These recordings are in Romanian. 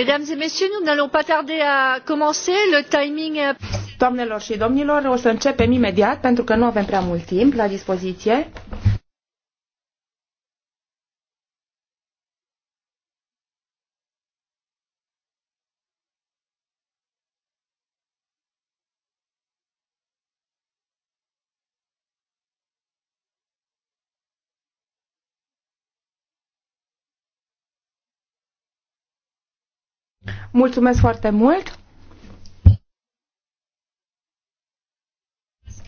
Mesdames et messieurs, nous n'allons pas tarder à commencer. Le timing est... Doamnelor și domnilor, o să începem imediat pentru că nu avem prea mult timp la dispoziție. Mulțumesc foarte mult!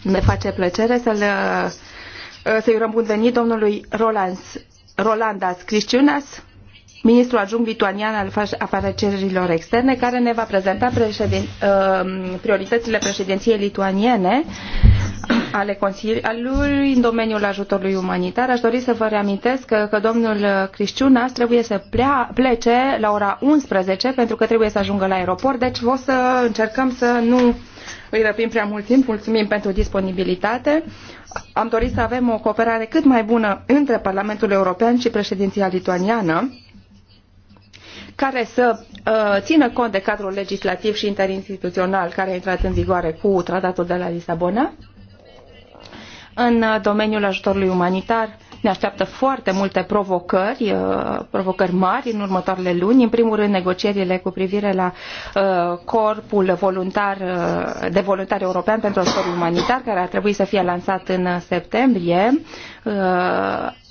Ne face plăcere să i uh, să-i urăm bun venit domnului Rolands, Rolandas Cristiunas, ministrul adjunct lituanian al afacerilor externe, care ne va prezenta președin, uh, prioritățile președinției lituaniene ale Consiliului în domeniul ajutorului umanitar. Aș dori să vă reamintesc că, că domnul Crișciunas trebuie să plea, plece la ora 11 pentru că trebuie să ajungă la aeroport, deci o să încercăm să nu îi răpim prea mult timp. Mulțumim pentru disponibilitate. Am dorit să avem o cooperare cât mai bună între Parlamentul European și președinția lituaniană care să uh, țină cont de cadrul legislativ și interinstituțional care a intrat în vigoare cu tratatul de la Lisabona. În domeniul ajutorului umanitar ne așteaptă foarte multe provocări, uh, provocări mari în următoarele luni. În primul rând, negocierile cu privire la uh, corpul voluntar, uh, de voluntari european pentru ajutorul umanitar, care ar trebui să fie lansat în septembrie.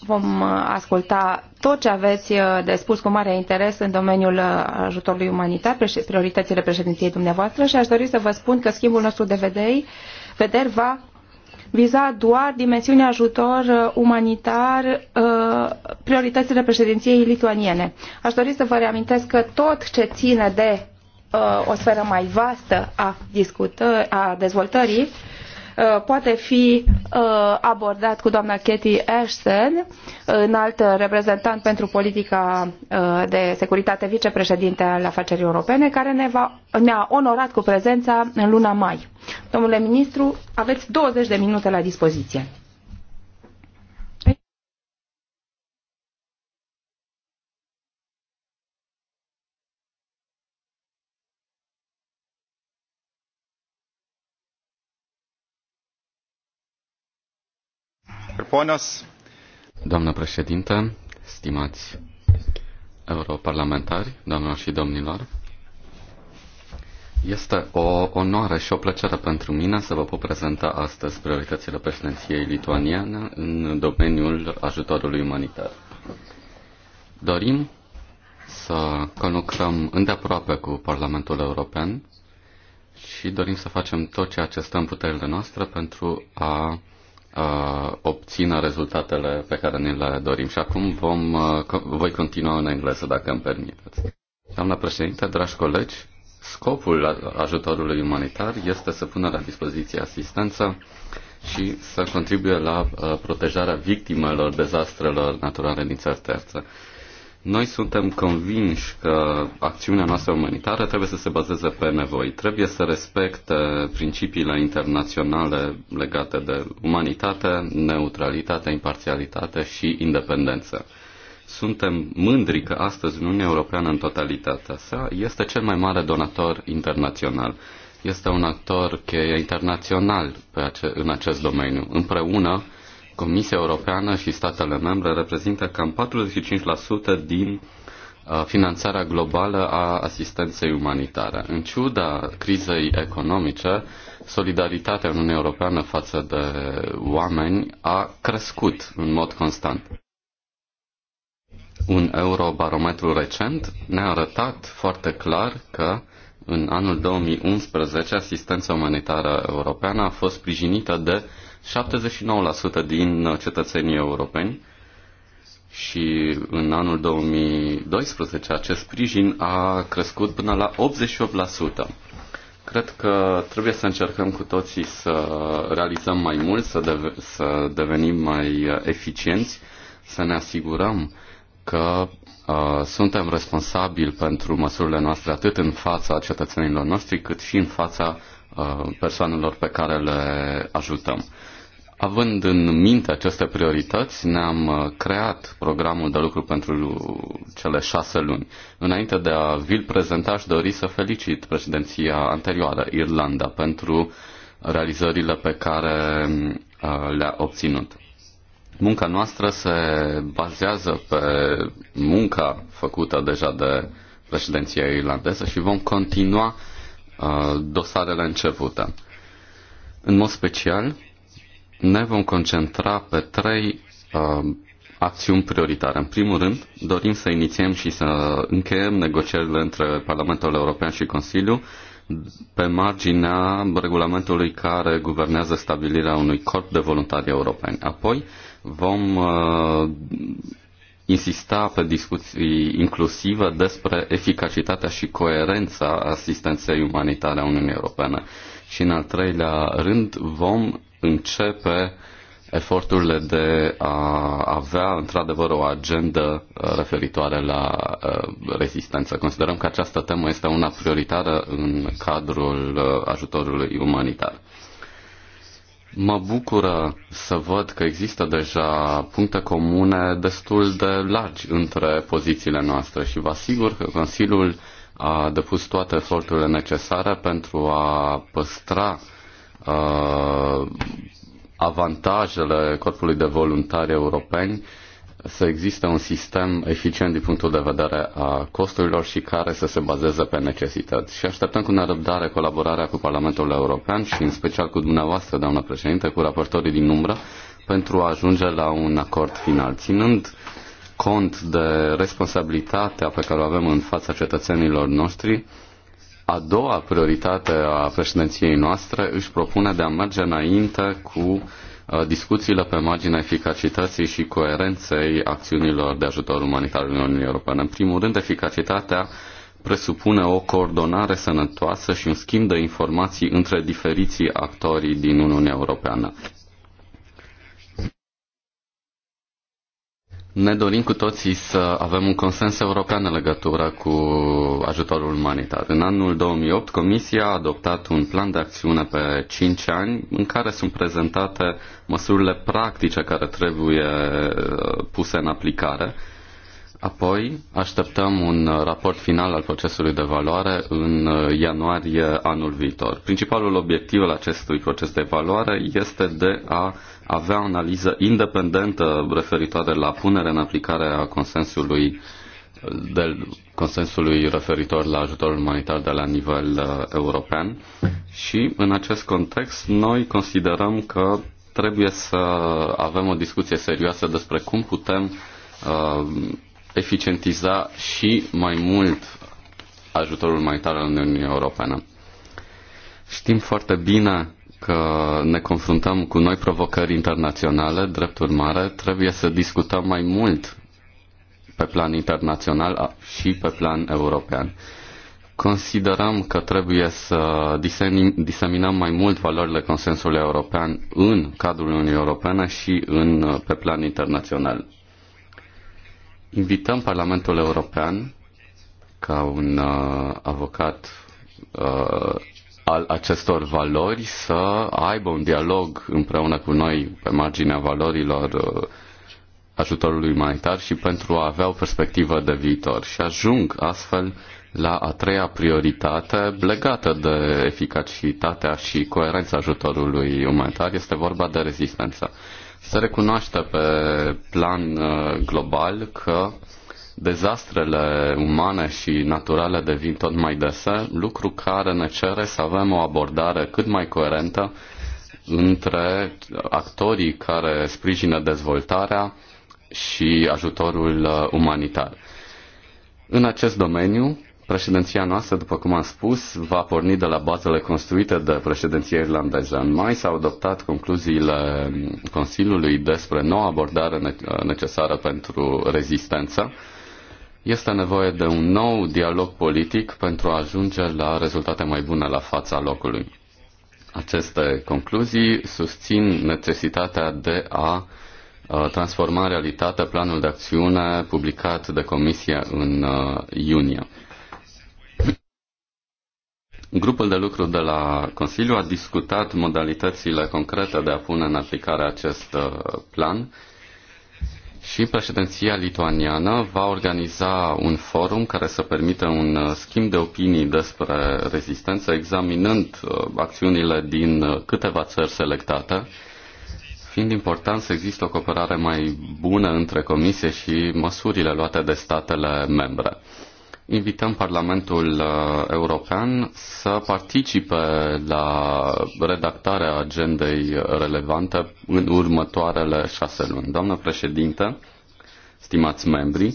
Vom asculta tot ce aveți de spus cu mare interes în domeniul ajutorului umanitar, prioritățile președinției dumneavoastră și aș dori să vă spun că schimbul nostru de vederi, vederi va viza doar dimensiunea ajutor uh, umanitar, uh, prioritățile președinției lituaniene. Aș dori să vă reamintesc că tot ce ține de uh, o sferă mai vastă a, discută, a dezvoltării Uh, poate fi uh, abordat cu doamna Katie Ashton, înalt reprezentant pentru politica uh, de securitate, vicepreședinte al afacerii europene, care ne va, ne-a onorat cu prezența în luna mai. Domnule ministru, aveți 20 de minute la dispoziție. Doamnă președintă, stimați europarlamentari, doamnelor și domnilor, este o onoare și o plăcere pentru mine să vă pot prezenta astăzi prioritățile președinției lituaniene în domeniul ajutorului umanitar. Dorim să conlucrăm îndeaproape cu Parlamentul European și dorim să facem tot ceea ce stă în puterile noastre pentru a uh, obțină rezultatele pe care ni le dorim. Și acum vom, uh, voi continua în engleză, dacă îmi permiteți. Doamna președinte, dragi colegi, scopul ajutorului umanitar este să pună la dispoziție asistență și să contribuie la uh, protejarea victimelor dezastrelor naturale din țări terțe. Noi suntem convinși că acțiunea noastră umanitară trebuie să se bazeze pe nevoi. Trebuie să respecte principiile internaționale legate de umanitate, neutralitate, imparțialitate și independență. Suntem mândri că astăzi Uniunea Europeană în totalitatea sa este cel mai mare donator internațional. Este un actor cheie internațional pe ace- în acest domeniu. Împreună, Comisia Europeană și statele membre reprezintă cam 45% din uh, finanțarea globală a asistenței umanitare. În ciuda crizei economice, solidaritatea Uniunii Europeană față de oameni a crescut în mod constant. Un eurobarometru recent ne-a arătat foarte clar că în anul 2011 asistența umanitară europeană a fost sprijinită de 79% din cetățenii europeni și în anul 2012 acest sprijin a crescut până la 88%. Cred că trebuie să încercăm cu toții să realizăm mai mult, să, de- să devenim mai eficienți, să ne asigurăm că uh, suntem responsabili pentru măsurile noastre atât în fața cetățenilor noștri cât și în fața uh, persoanelor pe care le ajutăm. Având în minte aceste priorități, ne-am uh, creat programul de lucru pentru cele șase luni. Înainte de a vi-l prezenta, aș dori să felicit președinția anterioară, Irlanda, pentru realizările pe care uh, le-a obținut. Munca noastră se bazează pe munca făcută deja de președinția irlandeză și vom continua uh, dosarele începute. În mod special, ne vom concentra pe trei uh, acțiuni prioritare. În primul rând, dorim să inițiem și să încheiem negocierile între Parlamentul European și Consiliu pe marginea regulamentului care guvernează stabilirea unui corp de voluntari europeni. Apoi vom uh, insista pe discuții inclusive despre eficacitatea și coerența asistenței umanitare a Uniunii Europene și în al treilea rând vom începe eforturile de a avea într-adevăr o agendă uh, referitoare la uh, rezistență. Considerăm că această temă este una prioritară în cadrul uh, ajutorului umanitar. Mă bucură să văd că există deja puncte comune destul de largi între pozițiile noastre și vă asigur că Consiliul a depus toate eforturile necesare pentru a păstra uh, avantajele Corpului de Voluntari Europeni să existe un sistem eficient din punctul de vedere a costurilor și care să se bazeze pe necesități. Și așteptăm cu nerăbdare colaborarea cu Parlamentul European și în special cu dumneavoastră, doamna președinte, cu raportorii din umbră, pentru a ajunge la un acord final, ținând cont de responsabilitatea pe care o avem în fața cetățenilor noștri, a doua prioritate a președinției noastre își propune de a merge înainte cu uh, discuțiile pe marginea eficacității și coerenței acțiunilor de ajutor umanitar în Uniunea Europeană. În primul rând, eficacitatea presupune o coordonare sănătoasă și un schimb de informații între diferiții actorii din Uniunea Europeană. Ne dorim cu toții să avem un consens european în legătură cu ajutorul umanitar. În anul 2008, Comisia a adoptat un plan de acțiune pe 5 ani în care sunt prezentate măsurile practice care trebuie uh, puse în aplicare. Apoi așteptăm un raport final al procesului de valoare în uh, ianuarie anul viitor. Principalul obiectiv al acestui proces de valoare este de a avea o analiză independentă referitoare la punerea în aplicare a consensului de consensului referitor la ajutorul umanitar de la nivel uh, european și în acest context noi considerăm că trebuie să avem o discuție serioasă despre cum putem uh, eficientiza și mai mult ajutorul umanitar al Uniunii Europene. Știm foarte bine că ne confruntăm cu noi provocări internaționale, drept urmare, trebuie să discutăm mai mult pe plan internațional și pe plan european. Considerăm că trebuie să diseminăm mai mult valorile consensului european în cadrul Uniunii Europene și în, pe plan internațional. Invităm Parlamentul European ca un uh, avocat uh, al acestor valori să aibă un dialog împreună cu noi pe marginea valorilor uh, ajutorului umanitar și pentru a avea o perspectivă de viitor. Și ajung astfel la a treia prioritate legată de eficacitatea și coerența ajutorului umanitar este vorba de rezistență. Se recunoaște pe plan uh, global că uh, dezastrele umane și naturale devin tot mai dese, lucru care ne cere să avem o abordare cât mai coerentă între actorii care sprijină dezvoltarea și ajutorul uh, umanitar. În acest domeniu, Președinția noastră, după cum am spus, va porni de la bazele construite de președinția irlandeză. În mai s-au adoptat concluziile Consiliului despre noua abordare uh, necesară pentru rezistență este nevoie de un nou dialog politic pentru a ajunge la rezultate mai bune la fața locului. Aceste concluzii susțin necesitatea de a transforma în realitate planul de acțiune publicat de Comisie în iunie. Grupul de lucru de la Consiliu a discutat modalitățile concrete de a pune în aplicare acest plan și președinția lituaniană va organiza un forum care să permită un uh, schimb de opinii despre rezistență, examinând uh, acțiunile din uh, câteva țări selectate, fiind important să există o cooperare mai bună între comisie și măsurile luate de statele membre invităm Parlamentul uh, European să participe la redactarea agendei relevante în următoarele șase luni. Doamnă președinte, stimați membri,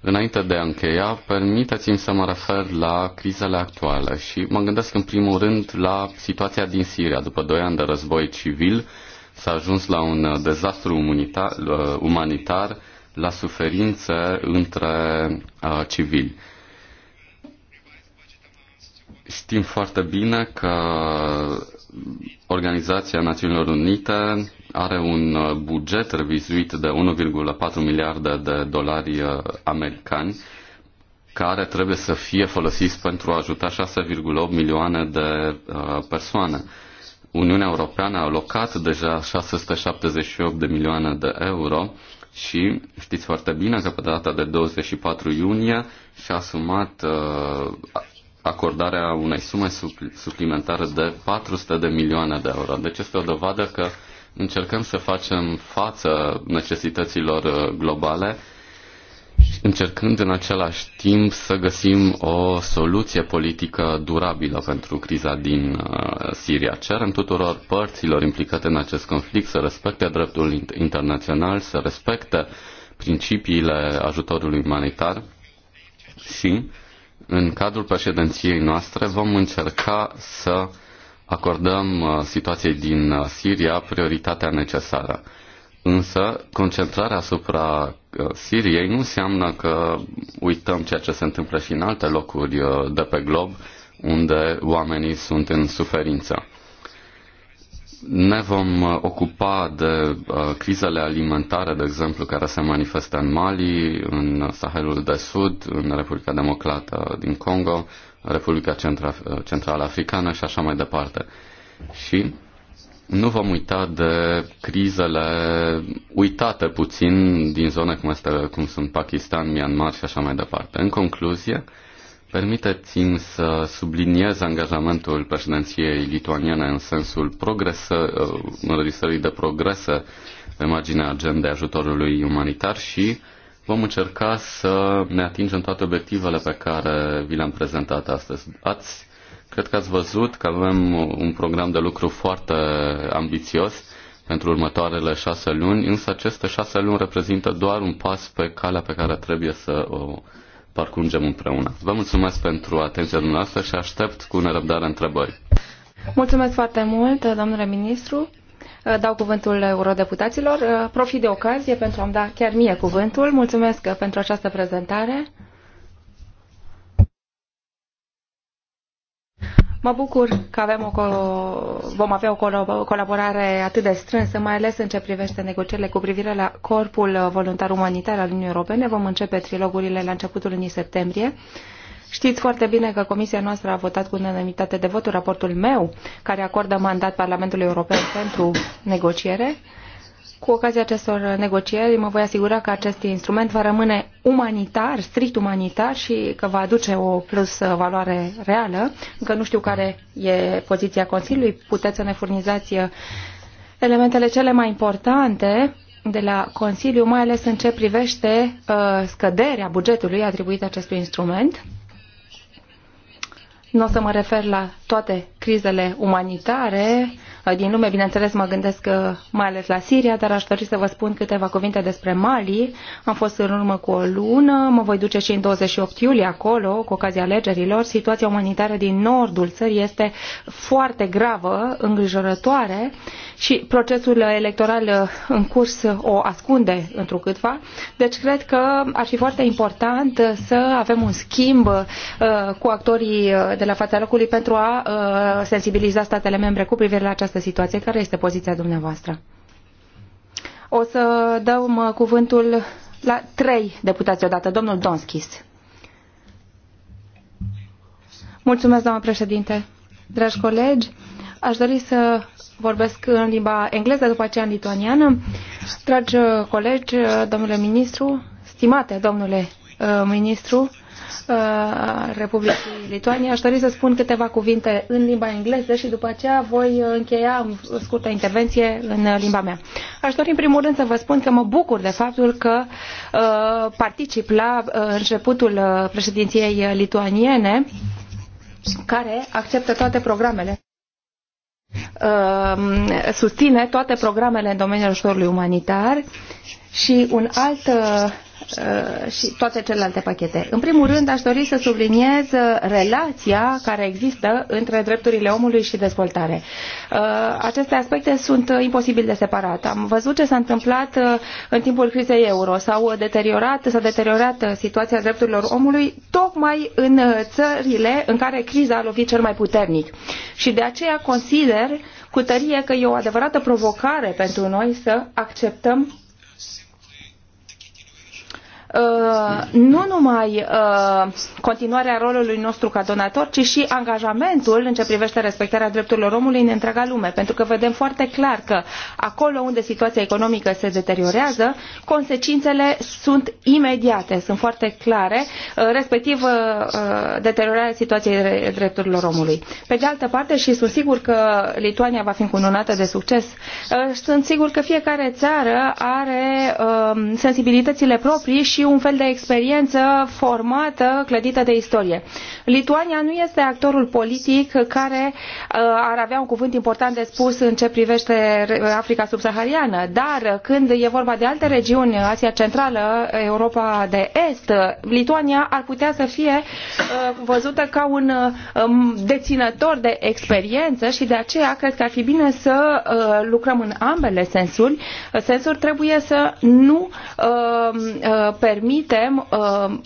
Înainte de a încheia, permiteți-mi să mă refer la crizele actuale și mă gândesc în primul rând la situația din Siria. După doi ani de război civil s-a ajuns la un dezastru umanitar, uh, umanitar la suferințe între uh, civili. Știm foarte bine că Organizația Națiunilor Unite are un buget revizuit de 1,4 miliarde de dolari uh, americani care trebuie să fie folosit pentru a ajuta 6,8 milioane de uh, persoane. Uniunea Europeană a alocat deja 678 de milioane de euro și știți foarte bine că pe data de 24 iunie și-a asumat uh, acordarea unei sume suplimentare de 400 de milioane de euro. Deci este o dovadă că încercăm să facem față necesităților uh, globale, încercând în același timp să găsim o soluție politică durabilă pentru criza din uh, Siria. Cerem tuturor părților implicate în acest conflict să respecte dreptul internațional, să respecte principiile ajutorului umanitar și în cadrul președinției noastre vom încerca să acordăm uh, situației din uh, Siria prioritatea necesară. Însă, concentrarea asupra uh, Siriei nu înseamnă că uităm ceea ce se întâmplă și în alte locuri de pe glob, unde oamenii sunt în suferință ne vom uh, ocupa de uh, crizele alimentare, de exemplu, care se manifestă în Mali, în Sahelul de Sud, în Republica Democrată din Congo, Republica Centra, uh, Centrală Africană și așa mai departe. Și nu vom uita de crizele uitate puțin din zone cum, este, cum sunt Pakistan, Myanmar și așa mai departe. În concluzie, uh, Permiteți-mi să subliniez angajamentul președinției lituaniene în sensul progresă, uh, înregistrării de progrese pe marginea agendei ajutorului umanitar și vom încerca să ne atingem toate obiectivele pe care vi le-am prezentat astăzi. Ați, cred că ați văzut că avem un program de lucru foarte ambițios pentru următoarele șase luni, însă aceste șase luni reprezintă doar un pas pe calea pe care trebuie să o parcurgem împreună. Vă mulțumesc pentru atenția dumneavoastră și aștept cu nerăbdare întrebări. Mulțumesc foarte mult, domnule ministru. Dau cuvântul eurodeputaților. Profit de ocazie pentru a-mi da chiar mie cuvântul. Mulțumesc pentru această prezentare. Mă bucur că avem o, vom avea o colaborare atât de strânsă, mai ales în ce privește negocierile cu privire la Corpul Voluntar Umanitar al Uniunii Europene. Vom începe trilogurile la începutul lunii septembrie. Știți foarte bine că comisia noastră a votat cu unanimitate de voturi raportul meu, care acordă mandat Parlamentului European pentru negociere. Cu ocazia acestor negocieri, mă voi asigura că acest instrument va rămâne umanitar, strict umanitar și că va aduce o plus uh, valoare reală. Încă nu știu care e poziția Consiliului. Puteți să ne furnizați uh, elementele cele mai importante de la Consiliu, mai ales în ce privește uh, scăderea bugetului atribuit acestui instrument. Nu o să mă refer la toate crizele umanitare, din lume. Bineînțeles, mă gândesc uh, mai ales la Siria, dar aș dori să vă spun câteva cuvinte despre Mali. Am fost în urmă cu o lună, mă voi duce și în 28 iulie acolo, cu ocazia alegerilor. Situația umanitară din nordul țării este foarte gravă, îngrijorătoare și procesul electoral uh, în curs o ascunde câtva. Deci cred că ar fi foarte important uh, să avem un schimb cu actorii de la fața locului pentru a sensibiliza statele membre cu privire la această această situație. Care este poziția dumneavoastră? O să dăm cuvântul la trei deputați odată. Domnul Donskis. Mulțumesc, doamnă președinte. Dragi colegi, aș dori să vorbesc în limba engleză, după aceea în lituaniană. Dragi colegi, domnule ministru, stimate domnule uh, ministru, Uh, Republicii Lituania. Aș dori să spun câteva cuvinte în limba engleză și după aceea voi încheia o scurtă intervenție în limba mea. Aș dori în primul rând să vă spun că mă bucur de faptul că uh, particip la uh, începutul președinției lituaniene care acceptă toate programele susține toate programele în domeniul ajutorului umanitar și un alt Uh, și toate celelalte pachete. În primul rând, aș dori să subliniez uh, relația care există între drepturile omului și dezvoltare. Uh, aceste aspecte sunt imposibil de separat. Am văzut ce s-a întâmplat în timpul crizei euro. s a deteriorat, deteriorat situația drepturilor omului tocmai în țările în care criza a lovit cel mai puternic. Și de aceea consider cu tărie că e o adevărată provocare pentru noi să acceptăm Uh, nu numai uh, continuarea rolului nostru ca donator, ci și angajamentul în ce privește respectarea drepturilor omului în întreaga lume. Pentru că vedem foarte clar că acolo unde situația economică se deteriorează, consecințele sunt imediate, sunt foarte clare, uh, respectiv deteriorarea situației drepturilor omului. Pe de altă parte, și sunt sigur că Lituania va fi încununată de succes, sunt sigur că fiecare țară are um, sensibilitățile proprii și și un fel de experiență formată, clădită de istorie. Lituania nu este actorul politic care uh, ar avea un cuvânt important de spus în ce privește Africa subsahariană, dar când e vorba de alte regiuni, Asia Centrală, Europa de Est, Lituania ar putea să fie uh, văzută ca un um, deținător de experiență și de aceea cred că ar fi bine să uh, lucrăm în ambele sensuri. Sensuri trebuie să nu pe permitem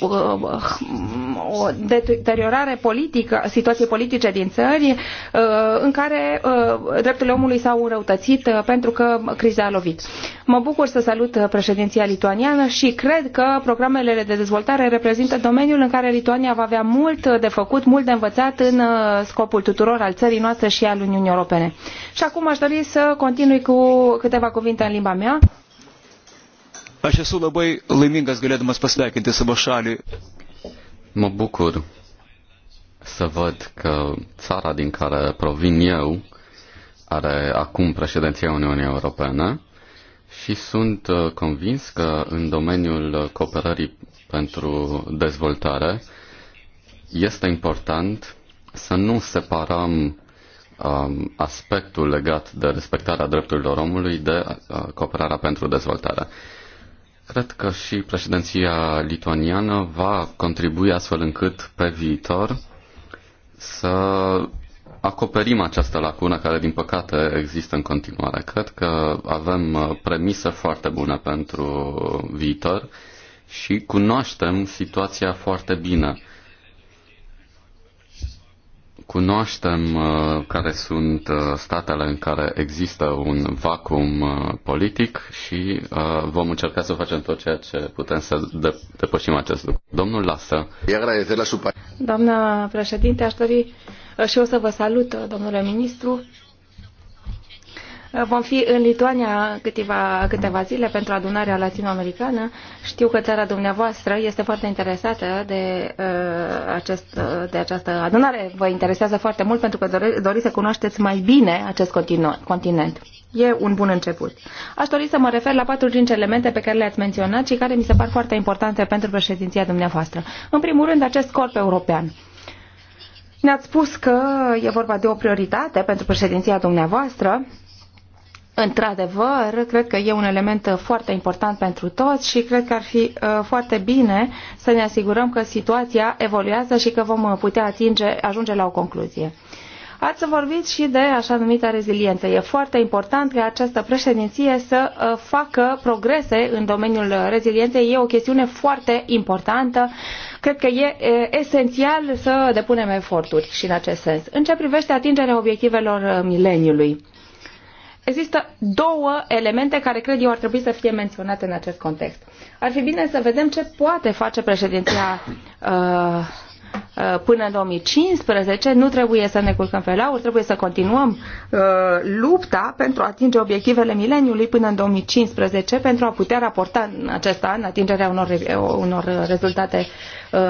uh, uh, o deteriorare politică, situației politice din țări uh, în care uh, drepturile omului s-au înrăutățit uh, pentru că criza a lovit. Mă bucur să salut uh, președinția lituaniană și cred că programele de dezvoltare reprezintă domeniul în care Lituania va avea mult uh, de făcut, mult de învățat în uh, scopul tuturor al țării noastre și al Uniunii Europene. Și acum aș dori să continui cu câteva cuvinte în limba mea. Aš esu labai laimingas galėdamas pasveikinti savo šalį. Mă bucur să văd că țara din care provin eu are acum președinția Uniunii Europene și sunt uh, convins că în domeniul cooperării pentru dezvoltare este important să nu separăm um, aspectul legat de respectarea drepturilor omului de uh, cooperarea pentru dezvoltare. Cred că și președinția lituaniană va contribui astfel încât pe viitor să acoperim această lacună care, din păcate, există în continuare. Cred că avem uh, premise foarte bune pentru viitor și cunoaștem situația foarte bine. Cunoaștem uh, care sunt uh, statele în care există un vacuum uh, politic și vom încerca să facem tot ceea ce putem să depășim acest lucru. Domnul Lasă. Doamna președinte, aș dori și eu să vă salut, domnule ministru. Vom fi în Lituania câteva, câteva zile pentru adunarea latinoamericană. Știu că țara dumneavoastră este foarte interesată de, uh, acest, uh, de această adunare. Vă interesează foarte mult pentru că dore, doriți să cunoașteți mai bine acest continent. E un bun început. Aș dori să mă refer la 4-5 elemente pe care le-ați menționat și care mi se par foarte importante pentru președinția dumneavoastră. În primul rând, acest corp european. Ne-ați spus că e vorba de o prioritate pentru președinția dumneavoastră Într-adevăr, cred că e un element uh, foarte important pentru toți și cred că ar fi uh, foarte bine să ne asigurăm că situația evoluează și că vom uh, putea atinge, ajunge la o concluzie. Ați vorbit și de așa numita reziliență. E foarte important ca această președinție să facă progrese în domeniul rezilienței. E o chestiune foarte importantă. Cred că e esențial să depunem eforturi și în acest sens. În ce privește atingerea obiectivelor mileniului Există două elemente care cred eu ar trebui să fie menționate în acest context. Ar fi bine să vedem ce poate face președinția uh, Uh, până în 2015, nu trebuie să ne culcăm pe lauri, trebuie să continuăm uh, lupta pentru a atinge obiectivele mileniului până în 2015, pentru a putea raporta în acest an atingerea unor, unor rezultate uh,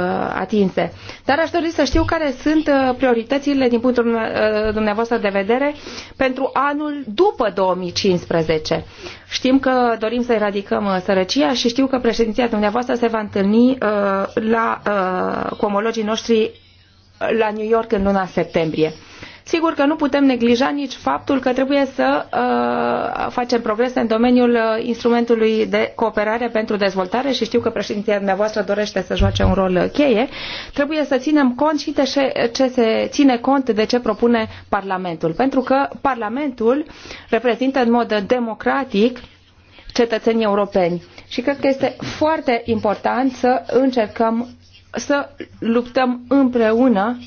atinse. Dar aș dori să știu care sunt uh, prioritățile din punctul uh, dumneavoastră de vedere pentru anul după 2015. Știm că dorim să eradicăm sărăcia și știu că președinția dumneavoastră se va întâlni uh, la, cu omologii noștri la New York în luna septembrie. Sigur că nu putem neglija nici faptul că trebuie să uh, facem progrese în domeniul uh, instrumentului de cooperare pentru dezvoltare și știu că președinția dumneavoastră dorește să joace un rol uh, cheie. Trebuie să ținem cont și de ce se ține cont de ce propune Parlamentul, pentru că Parlamentul reprezintă în mod democratic cetățenii europeni și cred că este foarte important să încercăm să luptăm împreună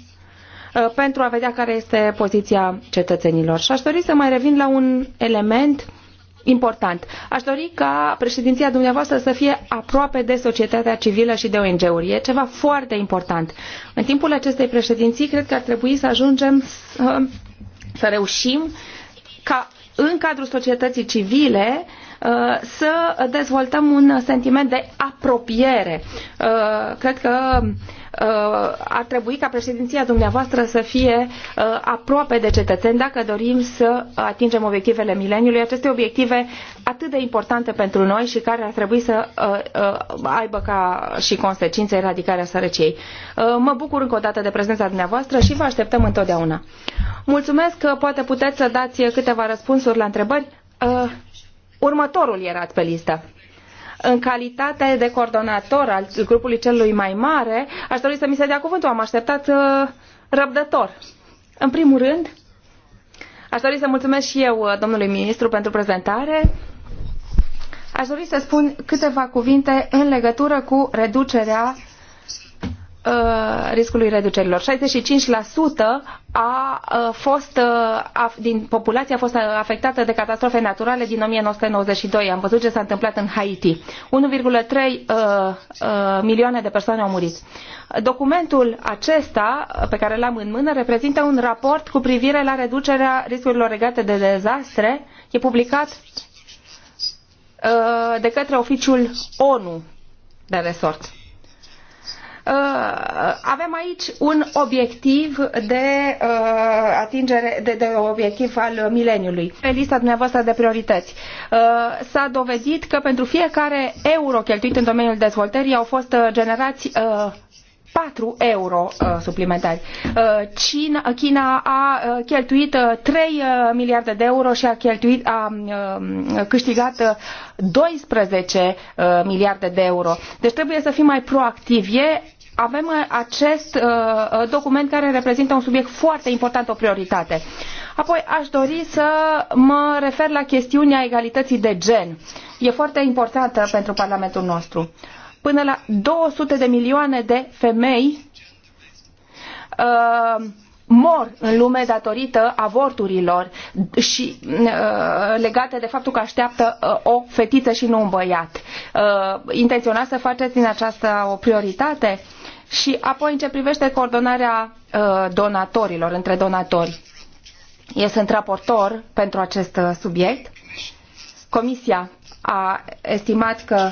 uh, pentru a vedea care este poziția cetățenilor. Și aș dori să mai revin la un element important. Aș dori ca președinția dumneavoastră să fie aproape de societatea civilă și de ONG-uri. E ceva foarte important. În timpul acestei președinții, cred că ar trebui să ajungem să, să reușim ca în cadrul societății civile Uh, să dezvoltăm un sentiment de apropiere. Uh, cred că uh, ar trebui ca președinția dumneavoastră să fie aproape de cetățeni dacă dorim să atingem obiectivele mileniului, aceste obiective atât de importante pentru noi și care ar trebui să aibă ca și consecințe eradicarea sărăciei. Mă bucur încă o dată de prezența dumneavoastră și vă așteptăm întotdeauna. Mulțumesc că poate puteți să dați câteva răspunsuri la întrebări. Următorul era pe listă. În calitate de coordonator al grupului celui mai mare, aș dori să mi se dea cuvântul. Am așteptat uh, răbdător. În primul rând, aș dori să mulțumesc și eu uh, domnului ministru pentru prezentare. Aș dori să spun câteva cuvinte în legătură cu reducerea Uh, riscului reducerilor. 65% a uh, fost, uh, a, din populație a fost afectată de catastrofe naturale din 1992. Am văzut ce s-a întâmplat în Haiti. 1,3 milioane de persoane au murit. Documentul acesta pe care l-am în mână reprezintă un raport cu privire la reducerea riscurilor legate de dezastre. E publicat de către oficiul ONU de resort. Uh, avem aici un obiectiv de uh, atingere, de, de obiectiv al mileniului. Pe lista dumneavoastră de priorități uh, s-a dovedit că pentru fiecare euro cheltuit în domeniul dezvoltării au fost generați patru euro uh, suplimentari. Uh, China, China a uh, cheltuit trei miliarde de euro și a, cheltuit, a um, câștigat 12 miliarde de euro. Deci trebuie să fim mai proactivi. E avem uh, acest uh, uh, document care reprezintă un subiect foarte important, o prioritate. Apoi aș dori să mă refer la chestiunea egalității de gen. E foarte importantă pentru Parlamentul nostru. Până la 200 de milioane de femei uh, mor în lume datorită avorturilor și uh, legate de faptul că așteaptă uh, o fetiță și nu un băiat. Uh, intenționați să faceți din aceasta o prioritate? Și apoi în ce privește coordonarea uh, donatorilor, între donatori. Eu sunt raportor pentru acest uh, subiect. Comisia a estimat că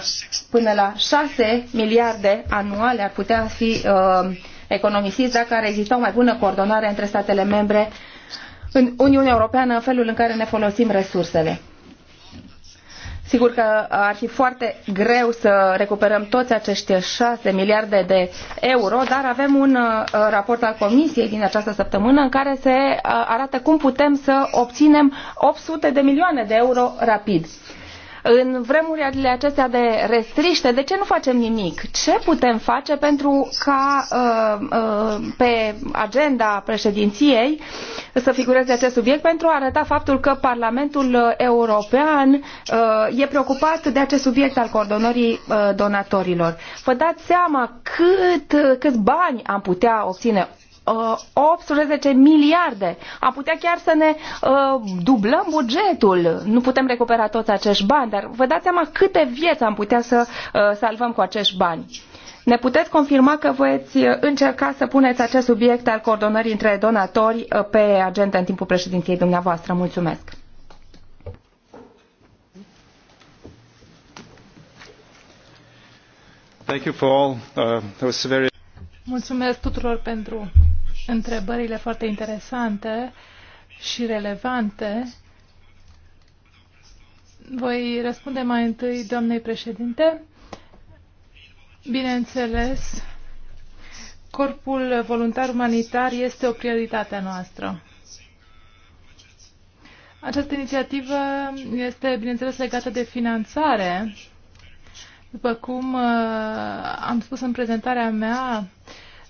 până la 6 miliarde anuale ar putea fi uh, economisiți dacă ar exista o mai bună coordonare între statele membre în Uniunea Europeană în felul în care ne folosim resursele. Sigur că ar fi foarte greu să recuperăm toți acești 6 miliarde de euro, dar avem un uh, raport al Comisiei din această săptămână în care se uh, arată cum putem să obținem 800 de milioane de euro rapid. În vremurile acestea de restriște, de ce nu facem nimic? Ce putem face pentru ca uh, uh, pe agenda președinției să figureze acest subiect pentru a arăta faptul că Parlamentul European uh, e preocupat de acest subiect al coordonării donatorilor. Vă dați seama cât, cât bani am putea obține 18 uh, miliarde. Am putea chiar să ne uh, dublăm bugetul. Nu putem recupera toți acești bani, dar vă dați seama câte vieți am putea să uh, salvăm cu acești bani. Ne puteți confirma că veți uh, încerca să puneți acest subiect al coordonării între donatori uh, pe agenda în timpul președinției dumneavoastră. Mulțumesc! Thank you for all. Uh, that was very... Mulțumesc tuturor pentru întrebările foarte interesante și relevante. Voi răspunde mai întâi doamnei președinte. Bineînțeles, corpul voluntar umanitar este o prioritate a noastră. Această inițiativă este, bineînțeles, legată de finanțare. După cum uh, am spus în prezentarea mea,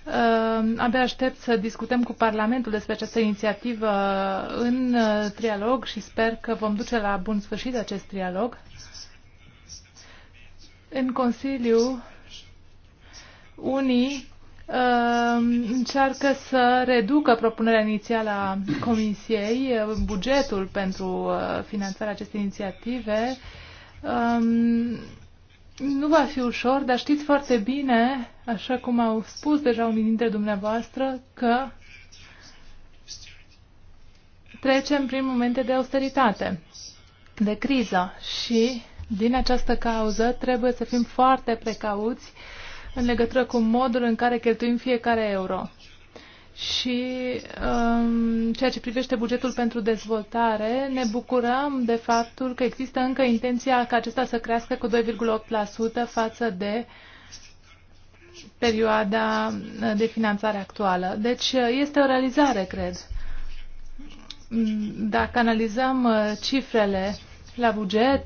Ehm, abia aștept să discutăm cu Parlamentul despre această inițiativă în eh, trialog și sper că vom duce la bun sfârșit acest trialog. În Consiliu, unii ehm, încearcă să reducă propunerea inițială a Comisiei, eh, bugetul pentru eh, finanțarea acestei inițiative ehm, nu va fi ușor, dar știți foarte bine, așa cum au spus deja unii dintre dumneavoastră, că trecem prin momente de austeritate, de criză și din această cauză trebuie să fim foarte precauți în legătură cu modul în care cheltuim fiecare euro. Și um, ceea ce privește bugetul pentru dezvoltare, ne bucurăm de faptul că există încă intenția ca acesta să crească cu 2,8% față de perioada uh, de finanțare actuală. Deci uh, este o realizare, cred. Mm, dacă analizăm uh, cifrele la buget,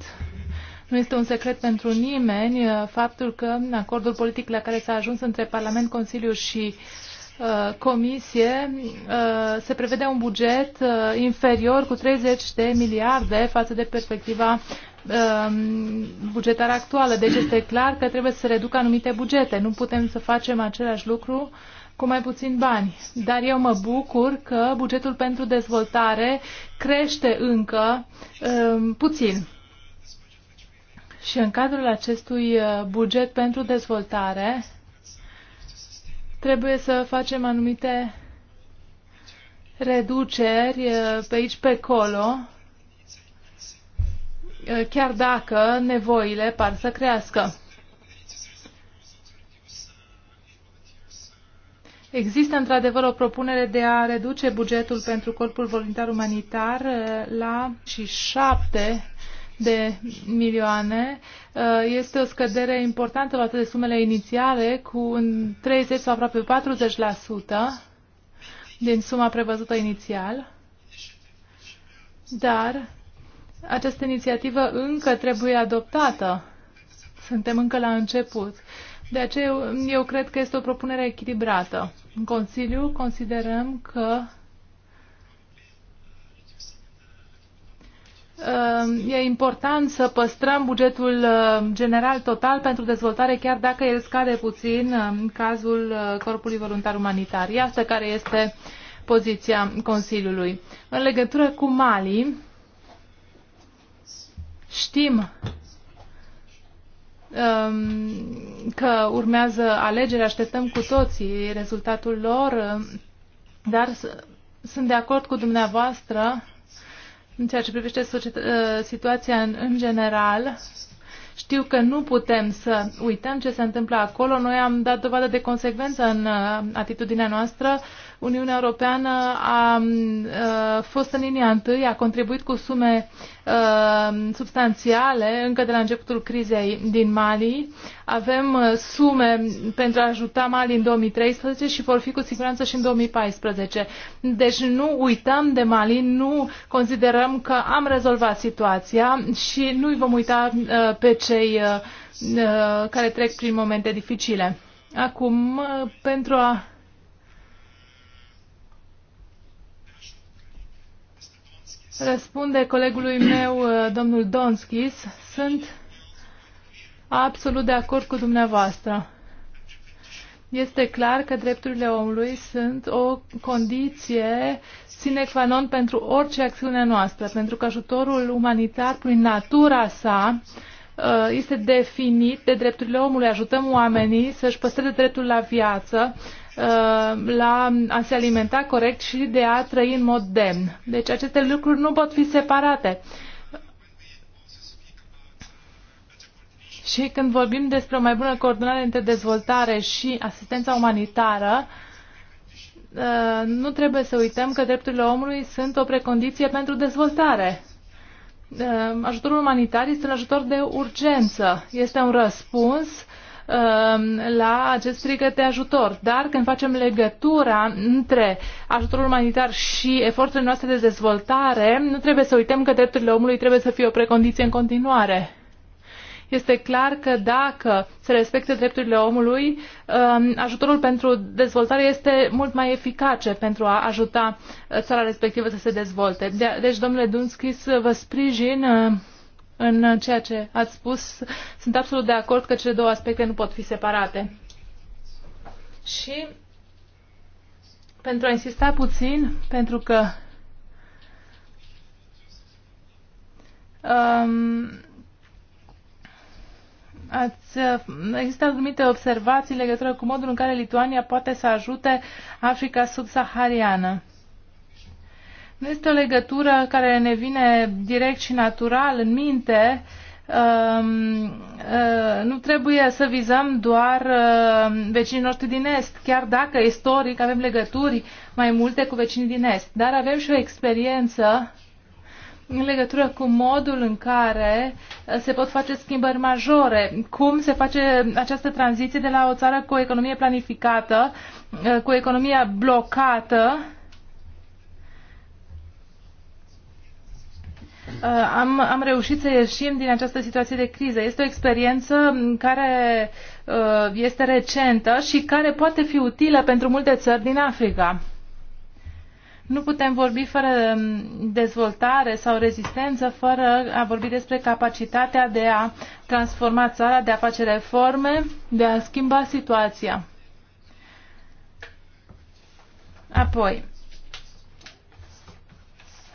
nu este un secret pentru nimeni faptul că acordul politic la care s-a ajuns între Parlament, Consiliu și uh, Uh, comisie uh, se prevede un buget uh, inferior cu 30 de miliarde față de perspectiva um, bugetară actuală. Deci este clar că trebuie să se reducă anumite bugete. Nu putem să facem același lucru cu mai puțin bani. Dar eu mă bucur că bugetul pentru dezvoltare crește încă um, puțin. Și în cadrul acestui buget pentru dezvoltare, trebuie să facem anumite reduceri uh, pe aici, pe colo, uh, chiar dacă nevoile par să crească. Există într-adevăr o propunere de a reduce bugetul pentru corpul voluntar umanitar uh, la și șapte de milioane uh, este o scădere importantă la de sumele inițiale cu 30 sau aproape 40% din suma prevăzută inițial. Dar această inițiativă încă trebuie adoptată. Suntem încă la început. De aceea eu, eu cred că este o propunere echilibrată. În Consiliu considerăm că Uh, e important să păstrăm bugetul uh, general total pentru dezvoltare, chiar dacă el scade puțin uh, în cazul Corpului Voluntar Umanitar. Iată care este poziția Consiliului. În legătură cu Mali, știm um, că urmează alegeri, așteptăm cu toții rezultatul lor, dar sunt de acord cu dumneavoastră în ceea ce privește ă, situația în, în general, știu că nu putem să uităm ce se întâmplă acolo. Noi am dat dovadă de consecvență în ă, atitudinea noastră Uniunea Europeană a, a fost în linia întâi, a contribuit cu sume a, substanțiale încă de la începutul crizei din Mali. Avem uh, sume pentru a ajuta Mali în 2013 și vor fi cu siguranță și în 2014. Deci nu uităm de Mali, nu considerăm că am rezolvat situația și nu îi vom uita a, uh, pe cei uh, care trec prin momente dificile. Acum, pentru a răspunde colegului meu, uh, domnul Donskis, sunt absolut de acord cu dumneavoastră. Este clar că drepturile omului sunt o condiție sine qua non pentru orice acțiune noastră, pentru că ajutorul umanitar, prin natura sa, uh, este definit de drepturile omului. Ajutăm oamenii să-și păstreze dreptul la viață, Uh, la a se alimenta corect și de a trăi în mod demn. Deci aceste lucruri nu pot fi separate. Și când vorbim despre o mai bună coordonare între dezvoltare și asistența umanitară, uh, nu trebuie să uităm că drepturile omului sunt o precondiție pentru dezvoltare. Uh, ajutorul umanitar este un ajutor de urgență, este un răspuns Um, la acest strigăt de ajutor. Dar când facem legătura între ajutorul umanitar și eforturile noastre de dezvoltare, nu trebuie să uităm că drepturile omului trebuie să fie o precondiție în continuare este clar că dacă se respectă drepturile omului, um, ajutorul pentru dezvoltare este mult mai eficace pentru a ajuta uh, țara respectivă să se dezvolte. Deci, domnule Dunschis, vă sprijin uh, în ceea ce ați spus. Sunt absolut de acord că cele două aspecte nu pot fi separate. Și pentru a insista puțin, pentru că um, Ați, există anumite observații în legătură cu modul în care Lituania poate să ajute Africa subsahariană. Nu este o legătură care ne vine direct și natural în minte. Um, uh, nu trebuie să vizăm doar uh, vecinii noștri din Est, chiar dacă istoric avem legături mai multe cu vecinii din Est. Dar avem și o experiență în legătură cu modul în care uh, se pot face schimbări majore, cum se face această tranziție de la o țară cu o economie planificată, cu o economie blocată, Uh, am, am reușit să ieșim din această situație de criză. Este o experiență care uh, este recentă și care poate fi utilă pentru multe țări din Africa. Nu putem vorbi fără um, dezvoltare sau rezistență, fără a vorbi despre capacitatea de a transforma țara, de a face reforme, de a schimba situația. Apoi,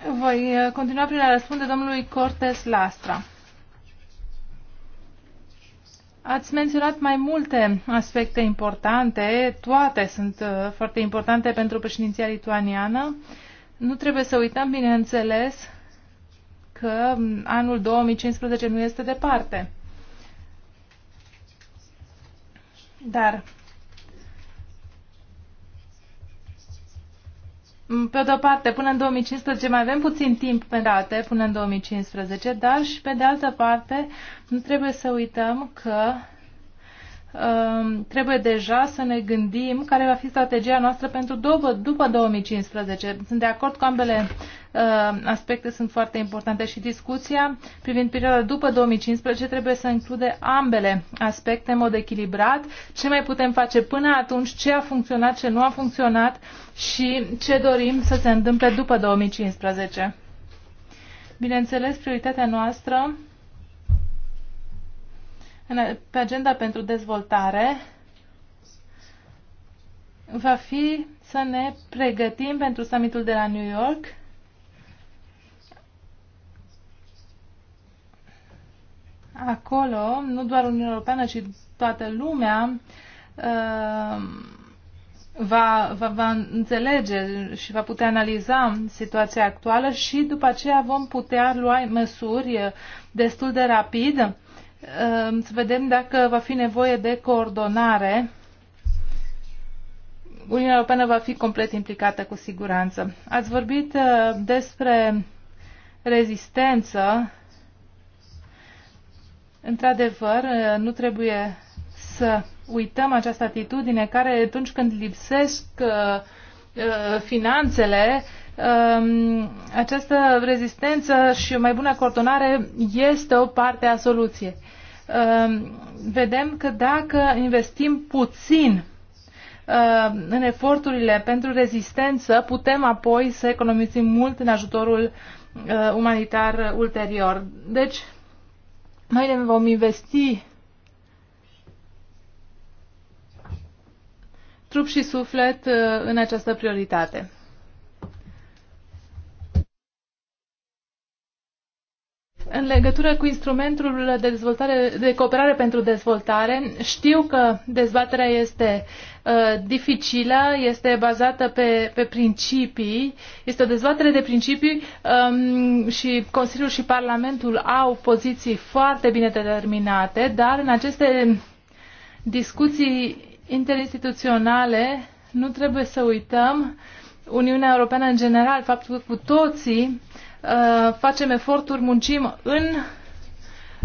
voi uh, continua prin a răspunde domnului Cortes Lastra. Ați menționat mai multe aspecte importante, toate sunt uh, foarte importante pentru președinția lituaniană. Nu trebuie să uităm, bineînțeles, că anul 2015 nu este departe. Dar Mm, pe de-o parte, până în 2015 mai avem puțin timp pe date, până în 2015, dar și pe de altă parte nu trebuie să uităm că Ehm, trebuie deja să ne gândim care va fi strategia noastră pentru după, după 2015. Sunt de acord că ambele ehm, aspecte sunt foarte importante și discuția privind perioada după 2015 trebuie să include ambele aspecte în mod echilibrat, ce mai putem face până atunci, ce a funcționat, ce nu a funcționat și ce dorim să se întâmple după 2015. Bineînțeles, prioritatea noastră pe agenda pentru dezvoltare va fi să ne pregătim pentru summitul de la New York acolo, nu doar Uniunea Europeană, ci toată lumea uh, va, va, va înțelege și va putea analiza situația actuală și după aceea vom putea lua măsuri destul de rapid Ehm, să vedem dacă va fi nevoie de coordonare. Uniunea Europeană va fi complet implicată cu siguranță. Ați vorbit eh, despre rezistență. Într-adevăr, eh, nu trebuie să uităm această atitudine care atunci când lipsesc eh, finanțele Ehm, această rezistență și o mai bună coordonare este o parte a soluției. Ehm, vedem că dacă investim puțin ehm, în eforturile pentru rezistență, putem apoi să economisim mult în ajutorul eh, umanitar ulterior. Deci, noi ne vom investi trup și suflet eh, în această prioritate. În legătură cu instrumentul de, dezvoltare, de cooperare pentru dezvoltare, știu că dezbaterea este uh, dificilă, este bazată pe, pe principii, este o dezbatere de principii um, și Consiliul și Parlamentul au poziții foarte bine determinate, dar în aceste discuții interinstituționale nu trebuie să uităm Uniunea Europeană în general, faptul că cu toții Uh, facem eforturi, muncim în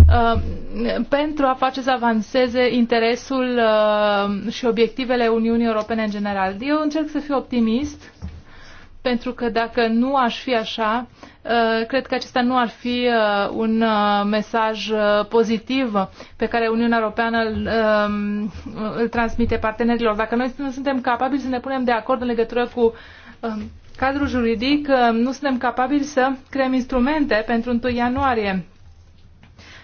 uh, pentru a face să avanseze interesul uh, și obiectivele Uniunii Europene în general. Eu încerc să fiu optimist, pentru că dacă nu aș fi așa, cred că acesta nu ar fi un mesaj pozitiv pe care Uniunea Europeană îl, îl transmite partenerilor. Dacă noi nu suntem capabili să ne punem de acord în legătură cu um, cadrul juridic uh, nu suntem capabili să creăm instrumente pentru 1 ianuarie.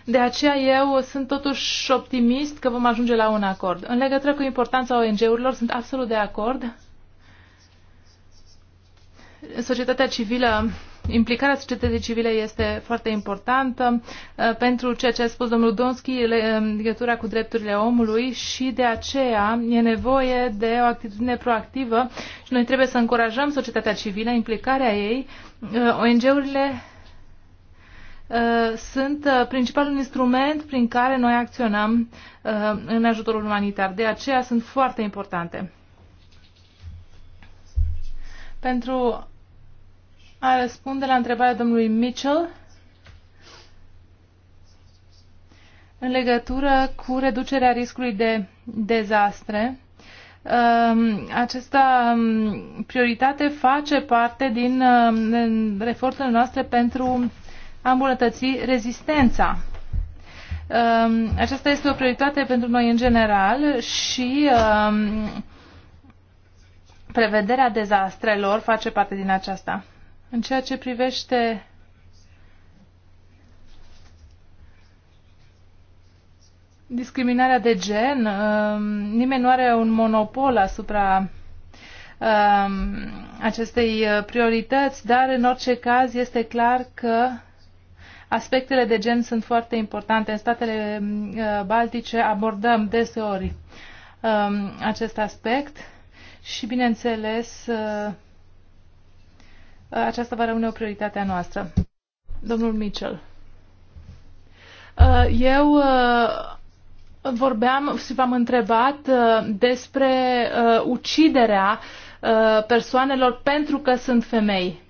De aceea eu sunt totuși optimist că vom ajunge la un acord. În legătură cu importanța ONG-urilor, sunt absolut de acord. Societatea civilă implicarea societății civile este foarte importantă uh, pentru ceea ce a spus domnul Donski uh, legătura cu drepturile omului și de aceea e nevoie de o actitudine proactivă și noi trebuie să încurajăm societatea civilă, implicarea ei. Uh, ONG-urile sunt principalul instrument prin care noi acționăm în ajutorul umanitar. De aceea sunt foarte importante. Pentru a răspunde la întrebarea domnului Mitchell în legătură cu reducerea riscului de dezastre. Um, această um, prioritate face parte din um, eforturile noastre pentru a îmbunătăți rezistența. Aceasta este o prioritate pentru noi în general și prevederea dezastrelor face parte din aceasta. În ceea ce privește discriminarea de gen, um, nimeni nu are un monopol asupra um, acestei uh, priorități, dar în orice caz este clar că aspectele de gen sunt foarte importante. În statele um, uh, baltice abordăm deseori acest aspect și, bineînțeles, uh, aceasta va rămâne o prioritate a noastră. Domnul Mitchell. Uh, eu uh, vorbeam și v-am întrebat uh, despre uciderea persoanelor pentru că sunt femei.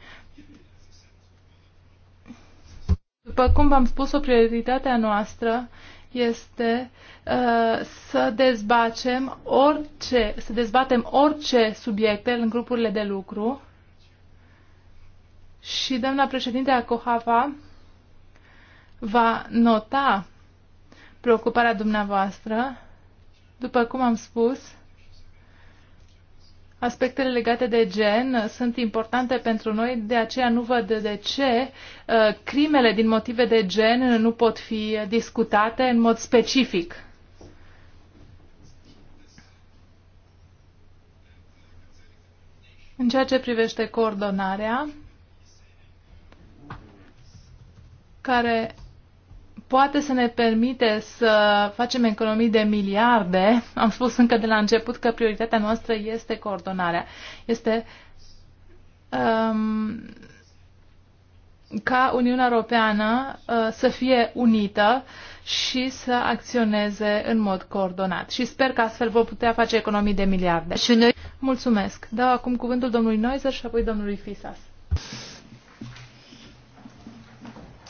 După cum v-am spus, o prioritate a noastră este uh, să dezbatem orice, să dezbatem orice subiecte în grupurile de lucru și doamna președinte a Cohava va nota preocuparea dumneavoastră. După cum am spus, aspectele legate de gen sunt importante pentru noi, de aceea nu văd de ce uh, crimele din motive de gen nu pot fi discutate în mod specific. În ceea ce privește coordonarea, care poate să ne permite să facem economii de miliarde. Am spus încă de la început că prioritatea noastră este coordonarea. Este um, ca Uniunea Europeană uh, să fie unită și să acționeze în mod coordonat. Și sper că astfel vom putea face economii de miliarde. Și noi... Mulțumesc. Dau acum cuvântul domnului Noizer și apoi domnului Fisas.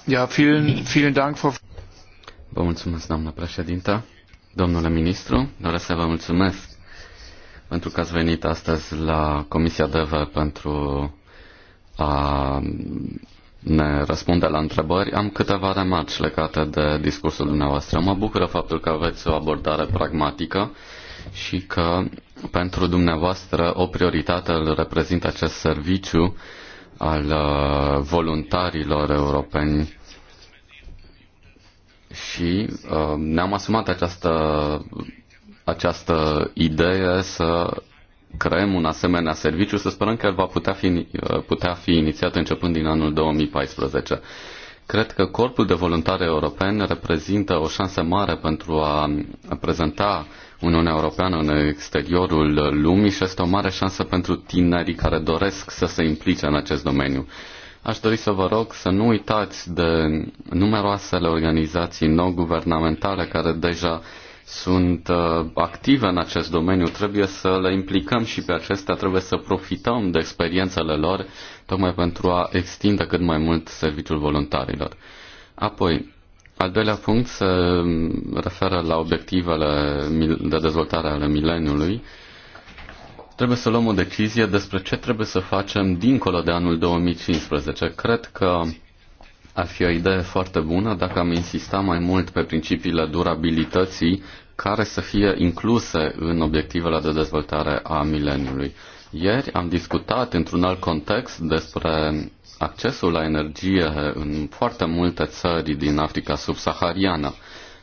Ja, vielen, vielen Dank, Frau... Vă mulțumesc, doamnă președintă. Domnule ministru, doresc să vă mulțumesc pentru că ați venit astăzi la Comisia DV pentru a ne răspunde la întrebări. Am câteva remarci legate de discursul dumneavoastră. Mă bucură faptul că aveți o abordare pragmatică și că pentru dumneavoastră o prioritate îl reprezintă acest serviciu al uh, voluntarilor europeni și uh, ne-am asumat această, această idee să creăm un asemenea serviciu, să sperăm că el va putea fi, uh, putea fi inițiat începând din anul 2014. Cred că Corpul de Voluntari Europeni reprezintă o șansă mare pentru a prezenta uh, Uniunea Europeană în exteriorul lumii și este o mare șansă pentru tinerii care doresc să se implice în acest domeniu. Aș dori să vă rog să nu uitați de numeroasele organizații non-guvernamentale care deja sunt uh, active în acest domeniu, trebuie să le implicăm și pe acestea, trebuie să profităm de experiențele lor, tocmai pentru a extinde cât mai mult serviciul voluntarilor. Apoi, al doilea punct se referă la obiectivele de dezvoltare ale mileniului. Trebuie să luăm o decizie despre ce trebuie să facem dincolo de anul 2015. Cred că ar fi o idee foarte bună dacă am insista mai mult pe principiile durabilității care să fie incluse în obiectivele de dezvoltare a mileniului. Ieri am discutat într-un alt context despre accesul la energie în foarte multe țări din Africa subsahariană.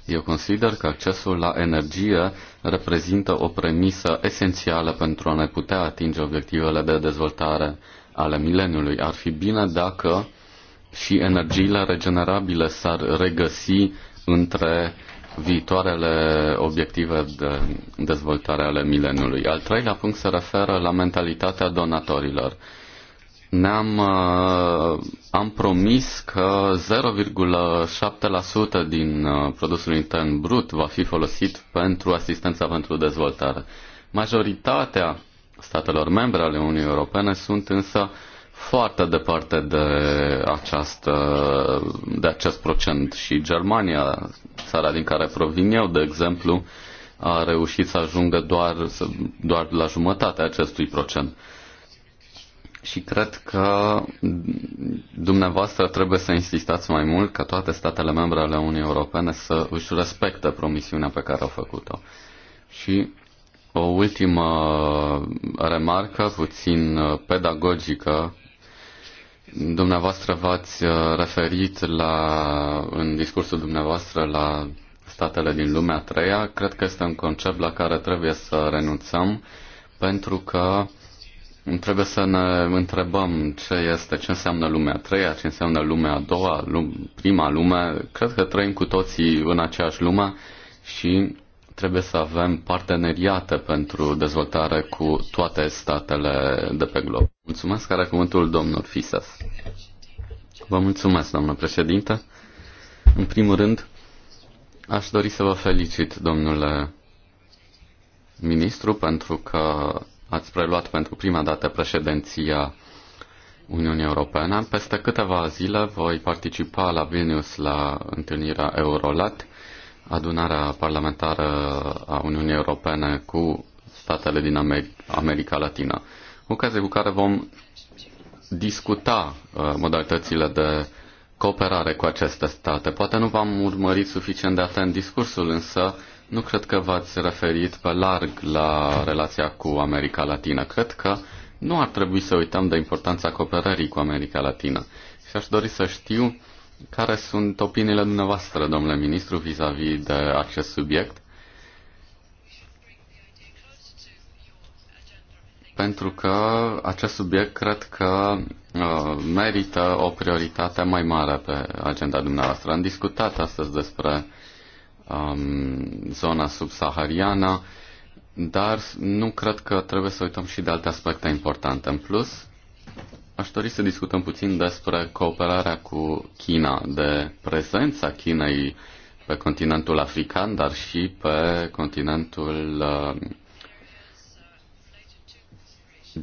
Eu consider că accesul la energie reprezintă o premisă esențială pentru a ne putea atinge obiectivele de dezvoltare ale mileniului. Ar fi bine dacă și energiile regenerabile s-ar regăsi între viitoarele obiective de dezvoltare ale mileniului. Al treilea punct se referă la mentalitatea donatorilor ne-am uh, am promis că 0,7% din uh, produsul intern brut va fi folosit pentru asistența pentru dezvoltare. Majoritatea statelor membre ale Uniunii Europene sunt însă foarte departe de, această, de acest procent și Germania, țara din care provin eu, de exemplu, a reușit să ajungă doar, doar la jumătatea acestui procent și cred că dumneavoastră trebuie să insistați mai mult ca toate statele membre ale Uniunii Europene să își respecte promisiunea pe care au făcut-o. Și o ultimă remarcă, puțin uh, pedagogică, Dumneavoastră v-ați uh, referit la, în discursul dumneavoastră la statele din lumea treia. Cred că este un concept la care trebuie să renunțăm pentru că Trebuie să ne întrebăm ce este, ce înseamnă lumea a treia, ce înseamnă lumea a doua, lume, prima lume. Cred că trăim cu toții în aceeași lume și trebuie să avem parteneriate pentru dezvoltare cu toate statele de pe glob. Mulțumesc, care cuvântul domnul Fisas. Vă mulțumesc, domnul președinte. În primul rând, aș dori să vă felicit, domnule ministru, pentru că ați preluat pentru prima dată președinția Uniunii Europene. Peste câteva zile voi participa la Vilnius la întâlnirea Eurolat, adunarea parlamentară a Uniunii Europene cu statele din America, America Latină, ocazie cu care vom discuta uh, modalitățile de cooperare cu aceste state. Poate nu v-am urmărit suficient de atent discursul, însă nu cred că v-ați referit pe larg la relația cu America Latină. Cred că nu ar trebui să uităm de importanța cooperării cu America Latină. Și aș dori să știu care sunt opiniile dumneavoastră, domnule ministru, vis-a-vis -vis de acest subiect. Pentru că acest subiect cred că uh, merită o prioritate mai mare pe agenda dumneavoastră. Am discutat astăzi despre uh, um, zona subsahariană, dar nu cred că trebuie să uităm și de alte aspecte importante. În plus, aș dori să discutăm puțin despre cooperarea cu China, de prezența Chinei pe continentul african, dar și pe continentul uh,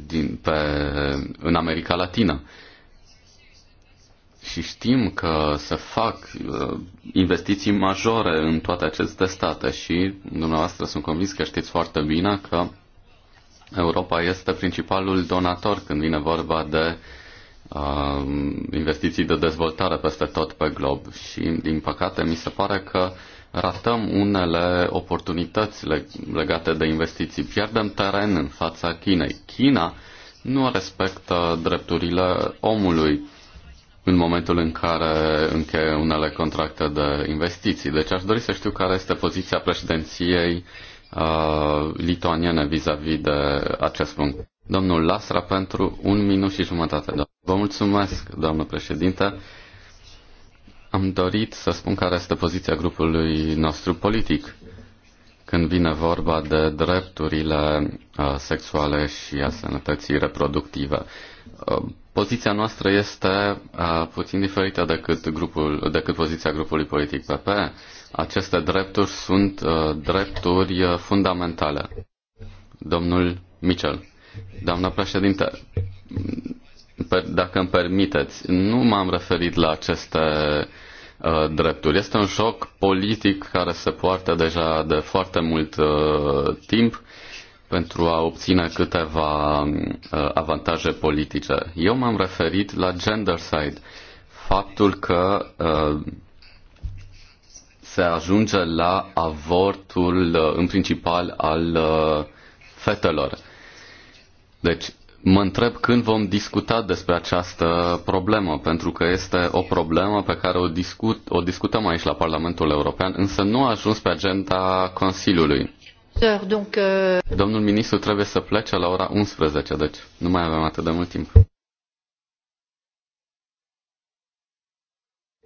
din, pe, în America Latină. Uh, și știm că se fac uh, investiții majore în toate aceste state și dumneavoastră sunt convins că știți foarte bine că Europa este principalul donator când vine vorba de uh, investiții de dezvoltare peste tot pe glob și, din păcate, mi se pare că ratăm unele oportunități legate de investiții. Pierdem teren în fața Chinei. China nu respectă drepturile omului în momentul în care încheie unele contracte de investiții. Deci aș dori să știu care este poziția președinției uh, lituaniene vis-a-vis -vis de acest punct. Domnul Lasra pentru un minut și jumătate. Vă mulțumesc, doamnă președinte. Am dorit să spun care este poziția grupului nostru politic când vine vorba de drepturile uh, sexuale și a sănătății reproductive. Uh, Poziția noastră este uh, puțin diferită decât, grupul, decât poziția grupului politic PP. Aceste drepturi sunt uh, drepturi uh, fundamentale. Domnul Mitchell, doamna președinte, per, dacă îmi permiteți, nu m-am referit la aceste uh, drepturi. Este un șoc politic care se poartă deja de foarte mult uh, timp pentru a obține câteva uh, avantaje politice. Eu m-am referit la gender side, faptul că uh, se ajunge la avortul uh, în principal al fetelor. Deci, mă întreb când vom discuta despre această problemă, pentru că este o problemă pe care o, discut, o discutăm aici la Parlamentul European, însă nu a ajuns pe agenda Consiliului. Euh, domnul ministru trebuie să plece la ora 11, deci nu mai avem atât de mult timp.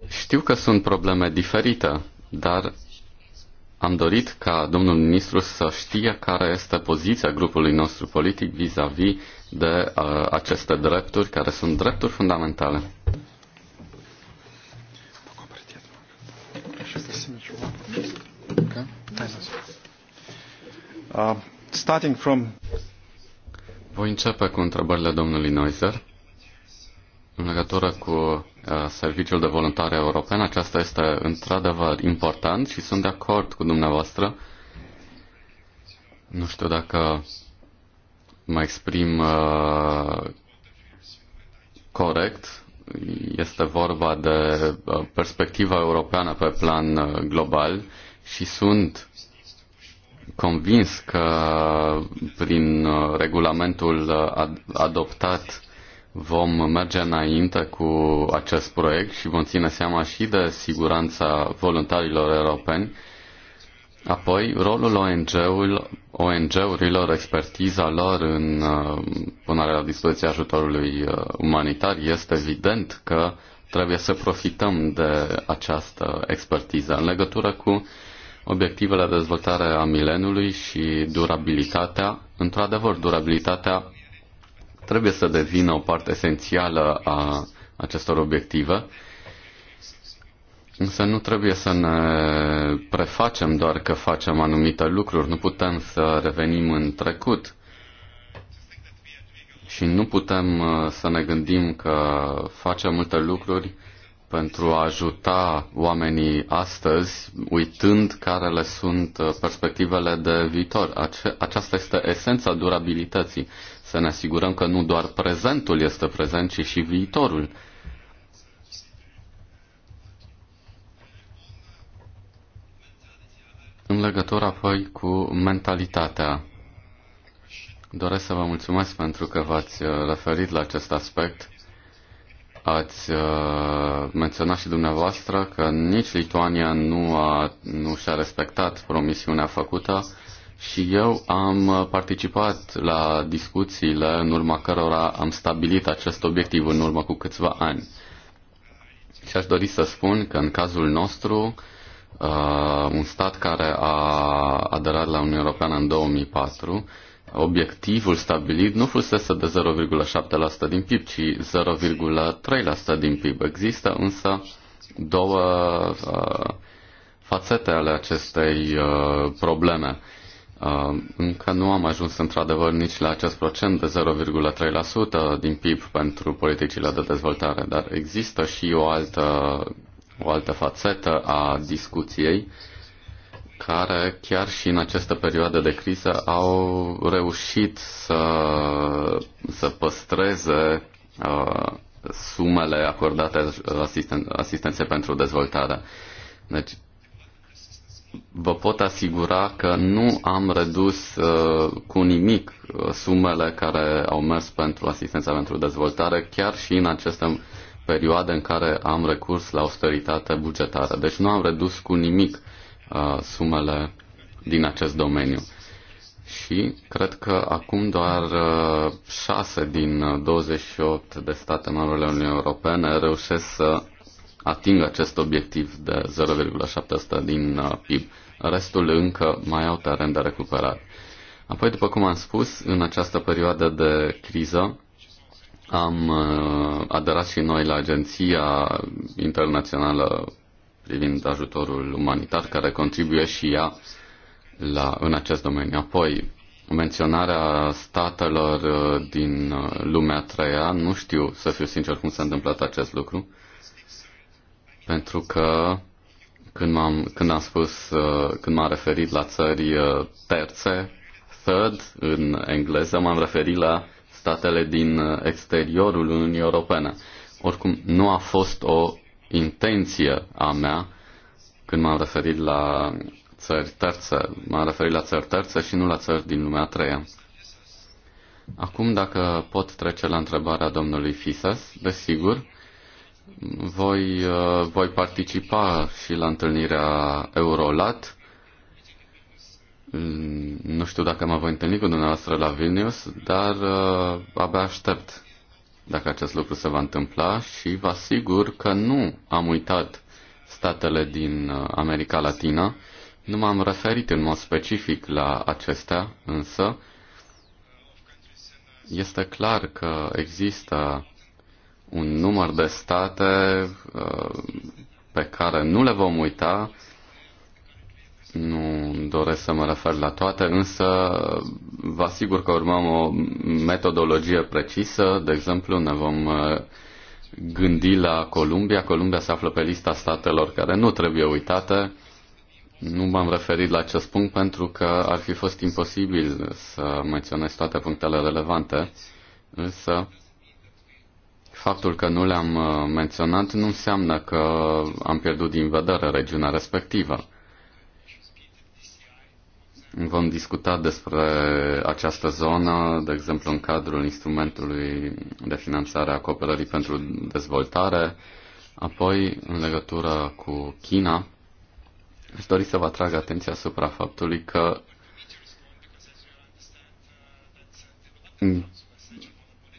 Știu că sunt probleme diferite, dar am dorit ca domnul ministru să știe care este poziția grupului nostru politic vis-a-vis -vis de uh, aceste drepturi, care sunt drepturi fundamentale. Okay. Uh, starting from... Voi începe cu întrebările domnului Neuser În legătură cu uh, Serviciul de Voluntare European, aceasta este într-adevăr important și sunt de acord cu dumneavoastră. Nu știu dacă mă exprim uh, corect. Este vorba de uh, perspectiva europeană pe plan uh, global și sunt convins că prin uh, regulamentul uh, adoptat vom merge înainte cu acest proiect și vom ține seama și de siguranța voluntarilor europeni. Apoi, rolul ONG-urilor, ONG expertiza lor în uh, punerea la dispoziție ajutorului umanitar, este evident că trebuie să profităm de această expertiză. În legătură cu uh, obiectivele de dezvoltare a milenului și durabilitatea. Într-adevăr, durabilitatea trebuie să devină o parte esențială a acestor obiective, însă nu trebuie să ne prefacem doar că facem anumite lucruri, nu putem să revenim în trecut și nu putem uh, să ne gândim că facem multe lucruri pentru a ajuta oamenii astăzi, uitând care le sunt uh, perspectivele de viitor. aceasta este esența durabilității. Să ne asigurăm că nu doar prezentul este prezent, ci și viitorul. În legătură apoi cu mentalitatea, doresc să vă mulțumesc pentru că v-ați uh, referit la acest aspect Ați uh, menționat și dumneavoastră că nici Lituania nu, a, nu și-a respectat promisiunea făcută și eu am participat la discuțiile în urma cărora am stabilit acest obiectiv în urmă cu câțiva ani. Și aș dori să spun că în cazul nostru, uh, un stat care a aderat la Uniunea Europeană în 2004, obiectivul stabilit nu fusese de 0,7% din PIB, ci 0,3% din PIB. Există însă două uh, fațete ale acestei uh, probleme. Uh, încă nu am ajuns într-adevăr nici la acest procent de 0,3% din PIB pentru politicile de dezvoltare, dar există și o altă, o altă fațetă a discuției uh, care chiar și în această perioadă de criză au reușit să, să păstreze uh, sumele acordate uh, asisten- asistenței pentru dezvoltare. Deci, vă pot asigura că nu am redus uh, cu nimic uh, sumele care au mers pentru asistența pentru dezvoltare, chiar și în această perioadă în care am recurs la austeritate bugetară. Deci nu am redus cu nimic Uh, sumele din acest domeniu. Și cred că acum doar 6 uh, din 28 de state membre ale Uniunii Europene reușesc să atingă acest obiectiv de 0,7% din uh, PIB. Restul încă mai au teren de recuperat. Apoi, după cum am spus, în această perioadă de criză am aderat și noi la Agenția Internațională privind ajutorul umanitar, care contribuie și ea la, în acest domeniu. Apoi, menționarea statelor uh, din uh, lumea a treia, nu știu să fiu sincer cum s-a întâmplat acest lucru, pentru că când, am când am spus, uh, când m-am referit la țări terțe, third în engleză, m-am referit la statele din exteriorul Uniunii Europene. Oricum, nu a fost o intenție a mea când m-am referit la țări terțe. M-am referit la țări terțe și nu la țări din lumea treia. Acum, dacă pot trece la întrebarea domnului Fisas, desigur, voi, uh, voi participa și la întâlnirea Eurolat. Nu știu dacă mă voi întâlni cu dumneavoastră la Vilnius, dar uh, abia aștept dacă acest lucru se va întâmpla și vă asigur că nu am uitat statele din uh, America Latina, nu m-am referit în mod specific la acestea, însă este clar că există un număr de state uh, pe care nu le vom uita, nu doresc să mă refer la toate, însă vă asigur că urmăm o metodologie precisă. De exemplu, ne vom uh, gândi la Columbia. Columbia se află pe lista statelor care nu trebuie uitate. Nu m-am referit la acest punct pentru că ar fi fost imposibil să menționez toate punctele relevante, însă faptul că nu le-am uh, menționat nu înseamnă că am pierdut din vedere regiunea respectivă. Vom discuta despre această zonă, de exemplu, în cadrul instrumentului de finanțare a cooperării pentru dezvoltare. Apoi, în legătură cu China, aș dori să vă atrag atenția asupra faptului că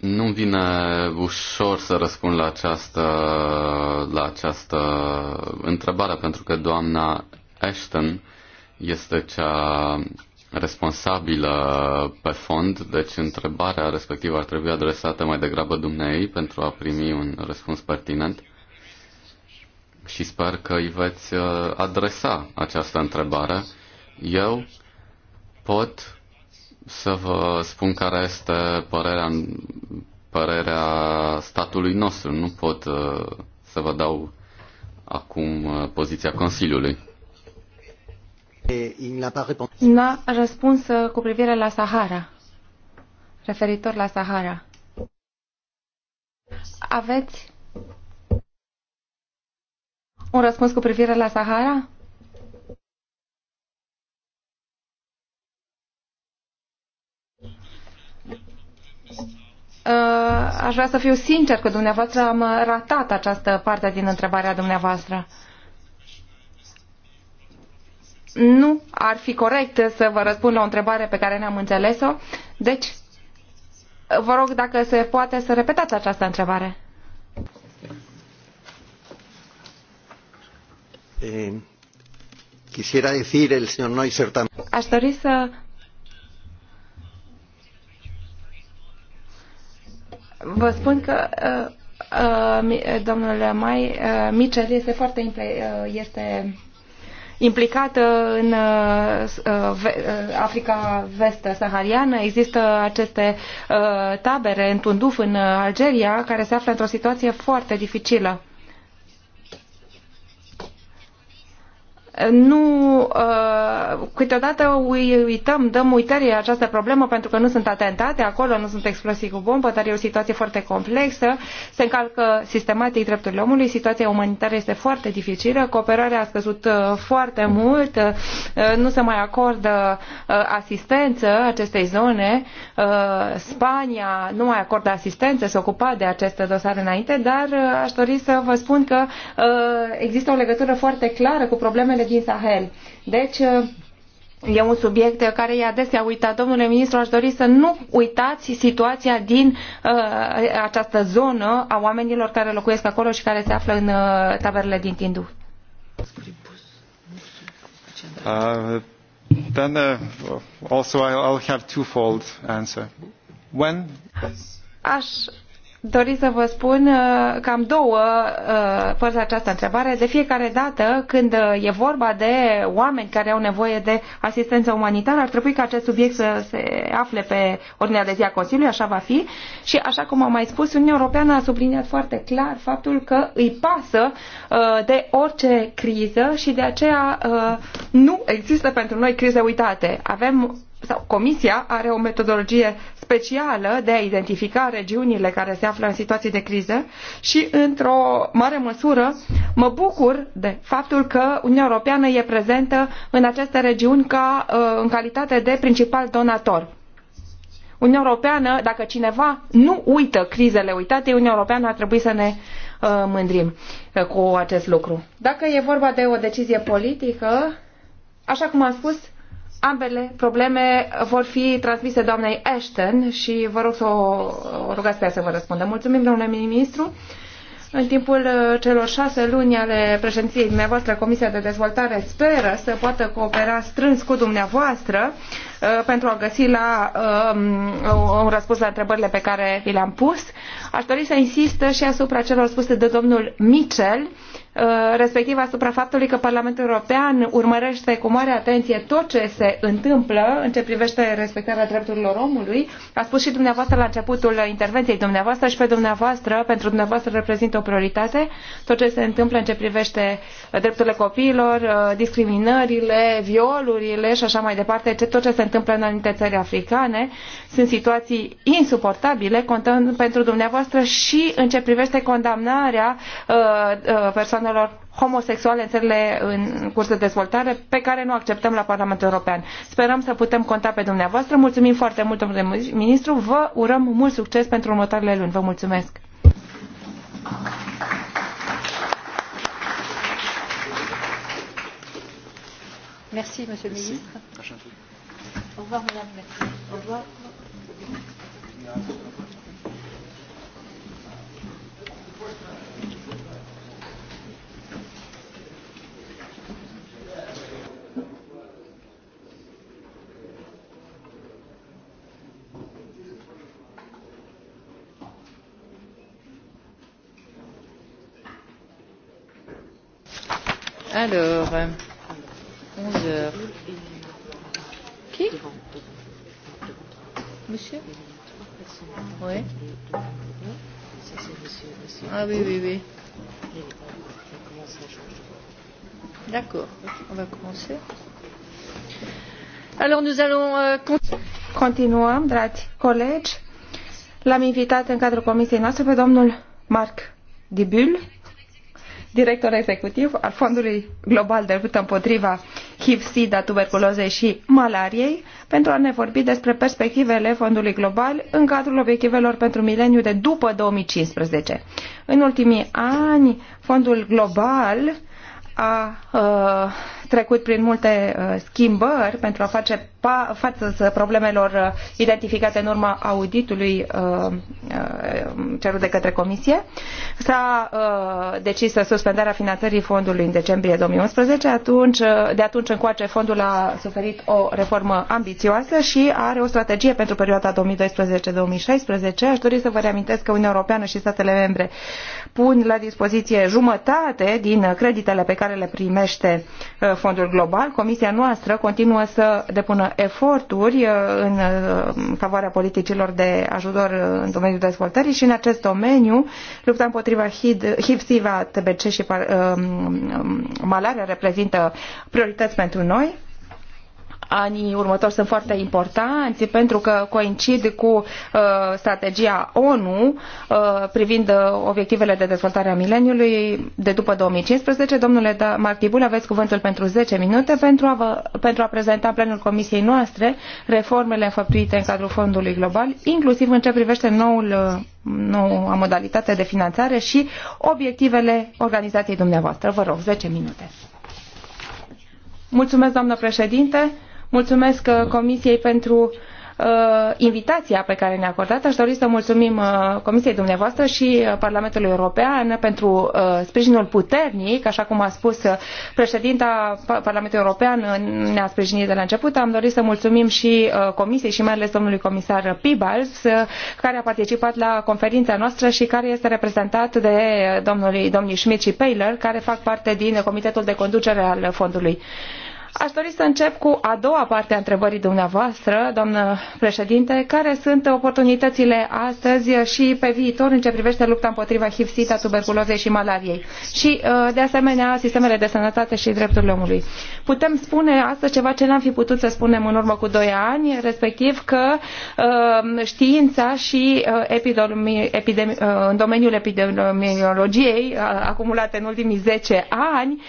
nu vine ușor să răspund la această, la această întrebare, pentru că doamna Ashton este cea responsabilă pe fond, deci întrebarea respectivă ar trebui adresată mai degrabă dumnei pentru a primi un răspuns pertinent și sper că îi veți uh, adresa această întrebare. Eu pot să vă spun care este părerea, părerea statului nostru. Nu pot uh, să vă dau acum uh, poziția Consiliului. Nu a răspuns uh, cu privire la Sahara, referitor la Sahara. Aveți un răspuns cu privire la Sahara? Uh, aș vrea să fiu sincer cu dumneavoastră, am ratat această parte din întrebarea dumneavoastră. Uh, nu ar fi corect să vă răspund la o întrebare pe care ne am înțeles-o. Deci, vă rog dacă se poate să repetați această întrebare. Eh, Aș dori să vă spun că eh, eh, domnule domnul Mai uh, Michel este foarte este implicată în uh, uh, uh, Africa Vest-Sahariană. Există aceste tabere în Tunduf, în Algeria, care se află într-o situație foarte dificilă nu, uh, câteodată uităm, dăm uitării această problemă pentru că nu sunt atentate acolo, nu sunt explosii cu bombă, dar e o situație foarte complexă, se încalcă sistematic drepturile omului, situația umanitară este foarte dificilă, cooperarea a scăzut uh, foarte mult, uh, nu se mai acordă uh, asistență acestei zone, uh, Spania nu mai acordă asistență, se ocupa de acest dosar înainte, dar uh, aș dori să vă spun că uh, există o legătură foarte clară cu problemele țările din Sahel. Deci, E un subiect care e adesea uitat. Domnule ministru, aș dori să nu uitați situația din uh, această zonă a oamenilor care locuiesc acolo și care se află în uh, taberele din Tindu. Uh, then uh, also I'll have twofold answer. When? Aș dori să vă spun uh, că am două uh, părți la această întrebare. De fiecare dată când uh, e vorba de oameni care au nevoie de asistență umanitară, ar trebui ca acest subiect să se afle pe ordinea de zi a Consiliului, așa va fi. Și așa cum am mai spus, Uniunea Europeană a subliniat foarte clar faptul că îi pasă de orice criză și de aceea nu există pentru noi crize uitate. Avem sau Comisia are o metodologie specială de a identifica regiunile care se află în situații de criză și, într-o mare măsură, mă bucur de faptul că Uniunea Europeană e prezentă în aceste regiuni ca, uh, în calitate de principal donator. Uniunea Europeană, dacă cineva nu uită crizele uitate, Uniunea Europeană ar trebui să ne uh, mândrim uh, cu acest lucru. Dacă e vorba de o decizie politică, așa cum am spus, ambele probleme vor fi transmise doamnei Ashton și vă rog să o, o rugați pe ea să vă răspundă. Mulțumim, domnule ministru. În timpul uh, celor șase luni ale președinției dumneavoastră, Comisia de Dezvoltare speră să poată coopera strâns cu dumneavoastră uh, pentru a găsi la um, un răspuns la întrebările pe care vi le-am pus. Aș dori să insist și asupra celor spuse de domnul Mitchell Uh, respectiv asupra faptului că Parlamentul European urmărește cu mare atenție tot ce se întâmplă în ce privește respectarea drepturilor omului. A spus și dumneavoastră la începutul intervenției dumneavoastră și pe dumneavoastră, pentru dumneavoastră reprezintă o prioritate tot ce se întâmplă în ce privește uh, drepturile copiilor, uh, discriminările, violurile și așa mai departe, tot ce se întâmplă în anumite țări africane, sunt situații insuportabile, contăm pentru dumneavoastră și în ce privește condamnarea uh, uh, persoanelor homosexuale în țările în curs de dezvoltare pe care nu acceptăm la Parlamentul European. Sperăm să putem conta pe dumneavoastră. Mulțumim foarte mult, domnule ministru. Vă urăm mult succes pentru următoarele luni. Vă mulțumesc! Merci, Monsieur le Ministre. Au revoir, Madame. Merci. Au revoir. Alors. 11 heures. Qui Monsieur Oui. Ah oui, oui, oui. D'accord, on va commencer. Alors nous allons euh, continuăm, dragi colegi. L-am invitat în cadrul comisiei noastre pe domnul Marc Dibul, director executiv al Fondului Global de Luptă împotriva HIV-SIDA, tuberculozei și malariei, pentru a ne vorbi despre perspectivele Fondului Global în cadrul obiectivelor pentru mileniu de după 2015. În ultimii ani, Fondul Global a uh, trecut prin multe uh, schimbări pentru a face față problemelor uh, identificate în urma auditului uh, cerut de către Comisie. S-a decis suspendarea finanțării fondului în decembrie 2011. Atunci, de atunci încoace, fondul a suferit o reformă ambițioasă și are o strategie pentru perioada 2012-2016. Aș dori să vă reamintesc că Uniunea Europeană și statele membre pun la dispoziție jumătate din creditele pe care le primește fondul global, Comisia noastră continuă să depună eforturi uh, în uh, favoarea politicilor de ajutor uh, în domeniul dezvoltării și în acest domeniu lupta împotriva HIV, SIVA, TBC și um, um, malaria reprezintă priorități pentru noi anii următori sunt foarte importanți pentru că coincid cu uh, strategia ONU uh, privind uh, obiectivele de dezvoltare a mileniului de după 2015. Domnule da, Martibul, aveți cuvântul pentru 10 minute pentru a, vă, pentru a prezenta plenul comisiei noastre reformele înfăptuite în cadrul fondului global, inclusiv în ce privește noul uh, noua modalitate de finanțare și obiectivele organizației dumneavoastră. Vă rog, 10 minute. Mulțumesc, doamnă președinte. Mulțumesc uh, Comisiei pentru uh, invitația pe care ne-a acordat. Aș dori să mulțumim uh, Comisiei dumneavoastră și Parlamentului European pentru sprijinul puternic, așa cum a spus președinta Parlamentului European, ne-a sprijinit de la început. Am dorit să mulțumim și Comisiei și mai ales domnului comisar Pibals, care a participat la conferința noastră și care este reprezentat de domnului, domnii Schmidt și Paler, care fac parte din Comitetul de Conducere al Fondului. Aș dori să încep cu a doua parte a întrebării dumneavoastră, doamnă președinte, care sunt oportunitățile astăzi și pe viitor în ce privește lupta împotriva HIV, SIDA, tuberculozei și malariei și, uh, de asemenea, sistemele de sănătate și drepturile omului. Putem spune astăzi ceva ce n-am fi putut să spunem în urmă cu doi ani, respectiv că uh, știința și uh, în domeniul epidemiologiei acumulate în ultimii zece ani,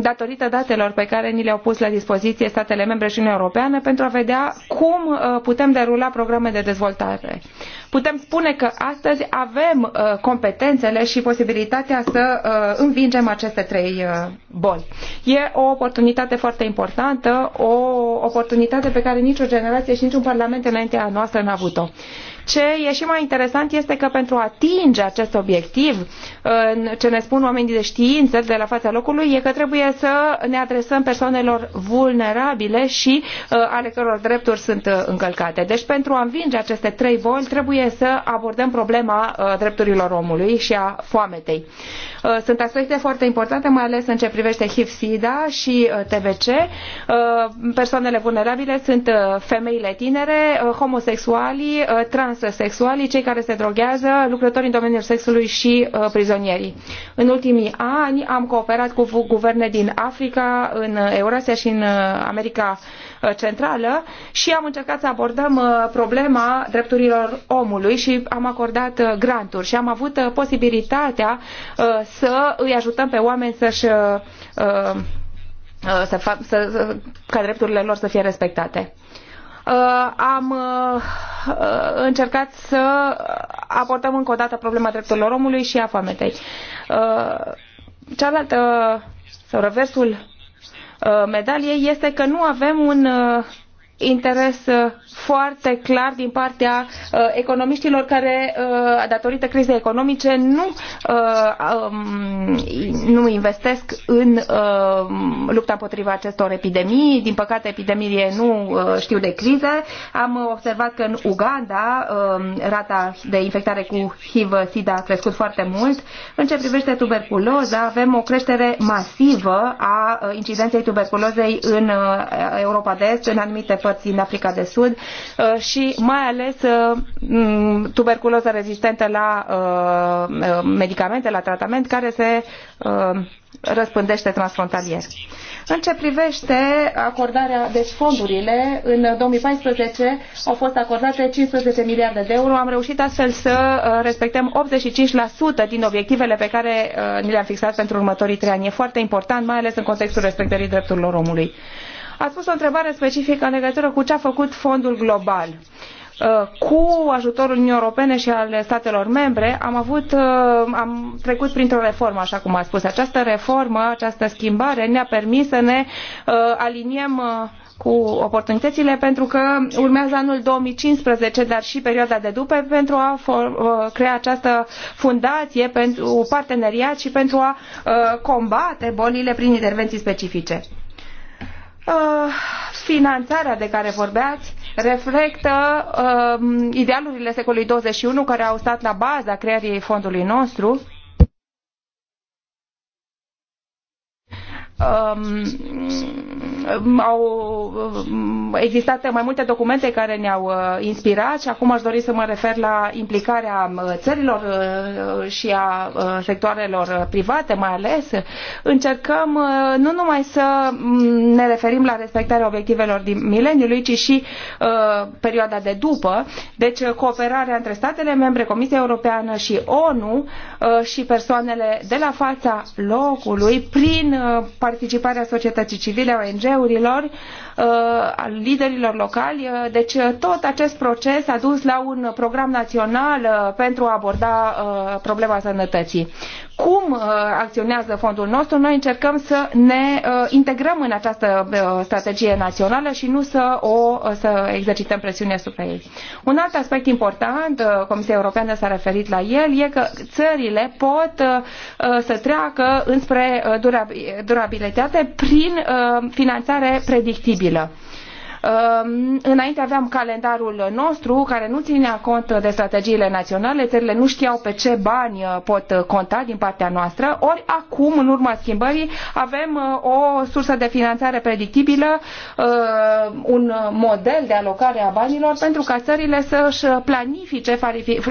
datorită datelor resurselor pe care ni le-au pus la dispoziție statele membre și Uniunea Europeană pentru a vedea cum uh, putem derula programe de dezvoltare. Putem spune că astăzi avem uh, competențele și posibilitatea să uh, învingem aceste trei boli. E o oportunitate foarte importantă, o oportunitate pe care nicio generație și niciun parlament înaintea noastră n-a avut-o. Ce e și mai interesant este că pentru a atinge acest obiectiv, ce ne spun oamenii de știință de la fața locului, e că trebuie să ne adresăm persoanelor vulnerabile și uh, ale căror drepturi sunt uh, încălcate. Deci pentru a învinge aceste trei boli trebuie să abordăm problema uh, drepturilor omului și a foametei. Uh, sunt aspecte foarte importante, mai ales în ce privește HIV-SIDA și uh, TBC. Uh, persoanele vulnerabile sunt femeile tinere, homosexualii, transsexualii, cei care se droghează, lucrătorii în domeniul sexului și prizonierii. În ultimii ani am cooperat cu guverne din Africa, în Eurasia și în America Uh, centrală și am încercat să abordăm uh, problema drepturilor omului și am acordat uh, granturi și am avut posibilitatea să îi ajutăm pe oameni să-și să, să, ca drepturile lor să fie respectate. am încercat să abordăm încă o dată problema drepturilor omului și a foametei. cealaltă, sau reversul Uh, medaliei este că nu avem un uh, interes uh, foarte clar din partea uh, economiștilor care, uh, datorită crizei economice, nu, um, nu investesc în lupta împotriva acestor epidemii. Din păcate, epidemiile nu știu de crize. Am observat că în Uganda um, rata de infectare cu HIV-SIDA a crescut foarte mult. În ce privește tuberculoza, avem o creștere masivă a incidenței tuberculozei în Europa de Est, în anumite părți părți din Africa de Sud uh, și mai ales uh, tuberculoză rezistentă la uh, medicamente, la tratament, care se răspândește transfrontalier. În ce privește acordarea, deci fondurile, în 2014 au fost acordate 15 miliarde de euro. Am reușit astfel să respectăm 85% din obiectivele pe care ni le-am fixat pentru următorii trei ani. E foarte important, mai ales în contextul respectării drepturilor omului. Ați pus o întrebare specifică în legătură cu ce a făcut fondul global. Uh, cu ajutorul Uniunii Europene și al statelor membre am, avut, uh, am trecut printr-o reformă, așa cum a spus. Această reformă, această schimbare ne-a permis să ne uh, aliniem cu oportunitățile pentru că urmează anul 2015, dar și perioada de după, pentru a crea această fundație pentru parteneriat și pentru a combate bolile prin intervenții specifice. Uh, finanțarea de care vorbeați reflectă uh, idealurile secolului 21 care au stat la baza creării fondului nostru um, au um, existat mai multe documente care ne-au uh, inspirat și acum aș dori să mă refer la implicarea uh, țărilor uh, și a sectoarelor private mai ales. Încercăm nu numai să um, ne referim la respectarea obiectivelor din mileniului, ci și uh, perioada de după. Deci cooperarea între statele membre, Comisia Europeană și ONU uh, și persoanele de la fața locului prin uh, participarea societății civile, ONG-urilor, uh, a liderilor locali. Uh, deci uh, tot acest proces a dus la un program național pentru a aborda problema sănătății cum uh, acționează fondul nostru, noi încercăm să ne uh, integrăm în această uh, strategie națională și nu să, o, să exercităm presiune asupra ei. Un alt aspect important, Comisia Europeană s-a referit la el, e că țările pot să treacă înspre durabilitate prin finanțare predictibilă Ehm, înainte aveam calendarul nostru care nu ținea cont de strategiile naționale, țările nu știau pe ce bani uh, pot uh, conta din partea noastră, ori acum, în urma schimbării, avem uh, o sursă de finanțare predictibilă, un model de alocare a banilor pentru ca țările să-și planifice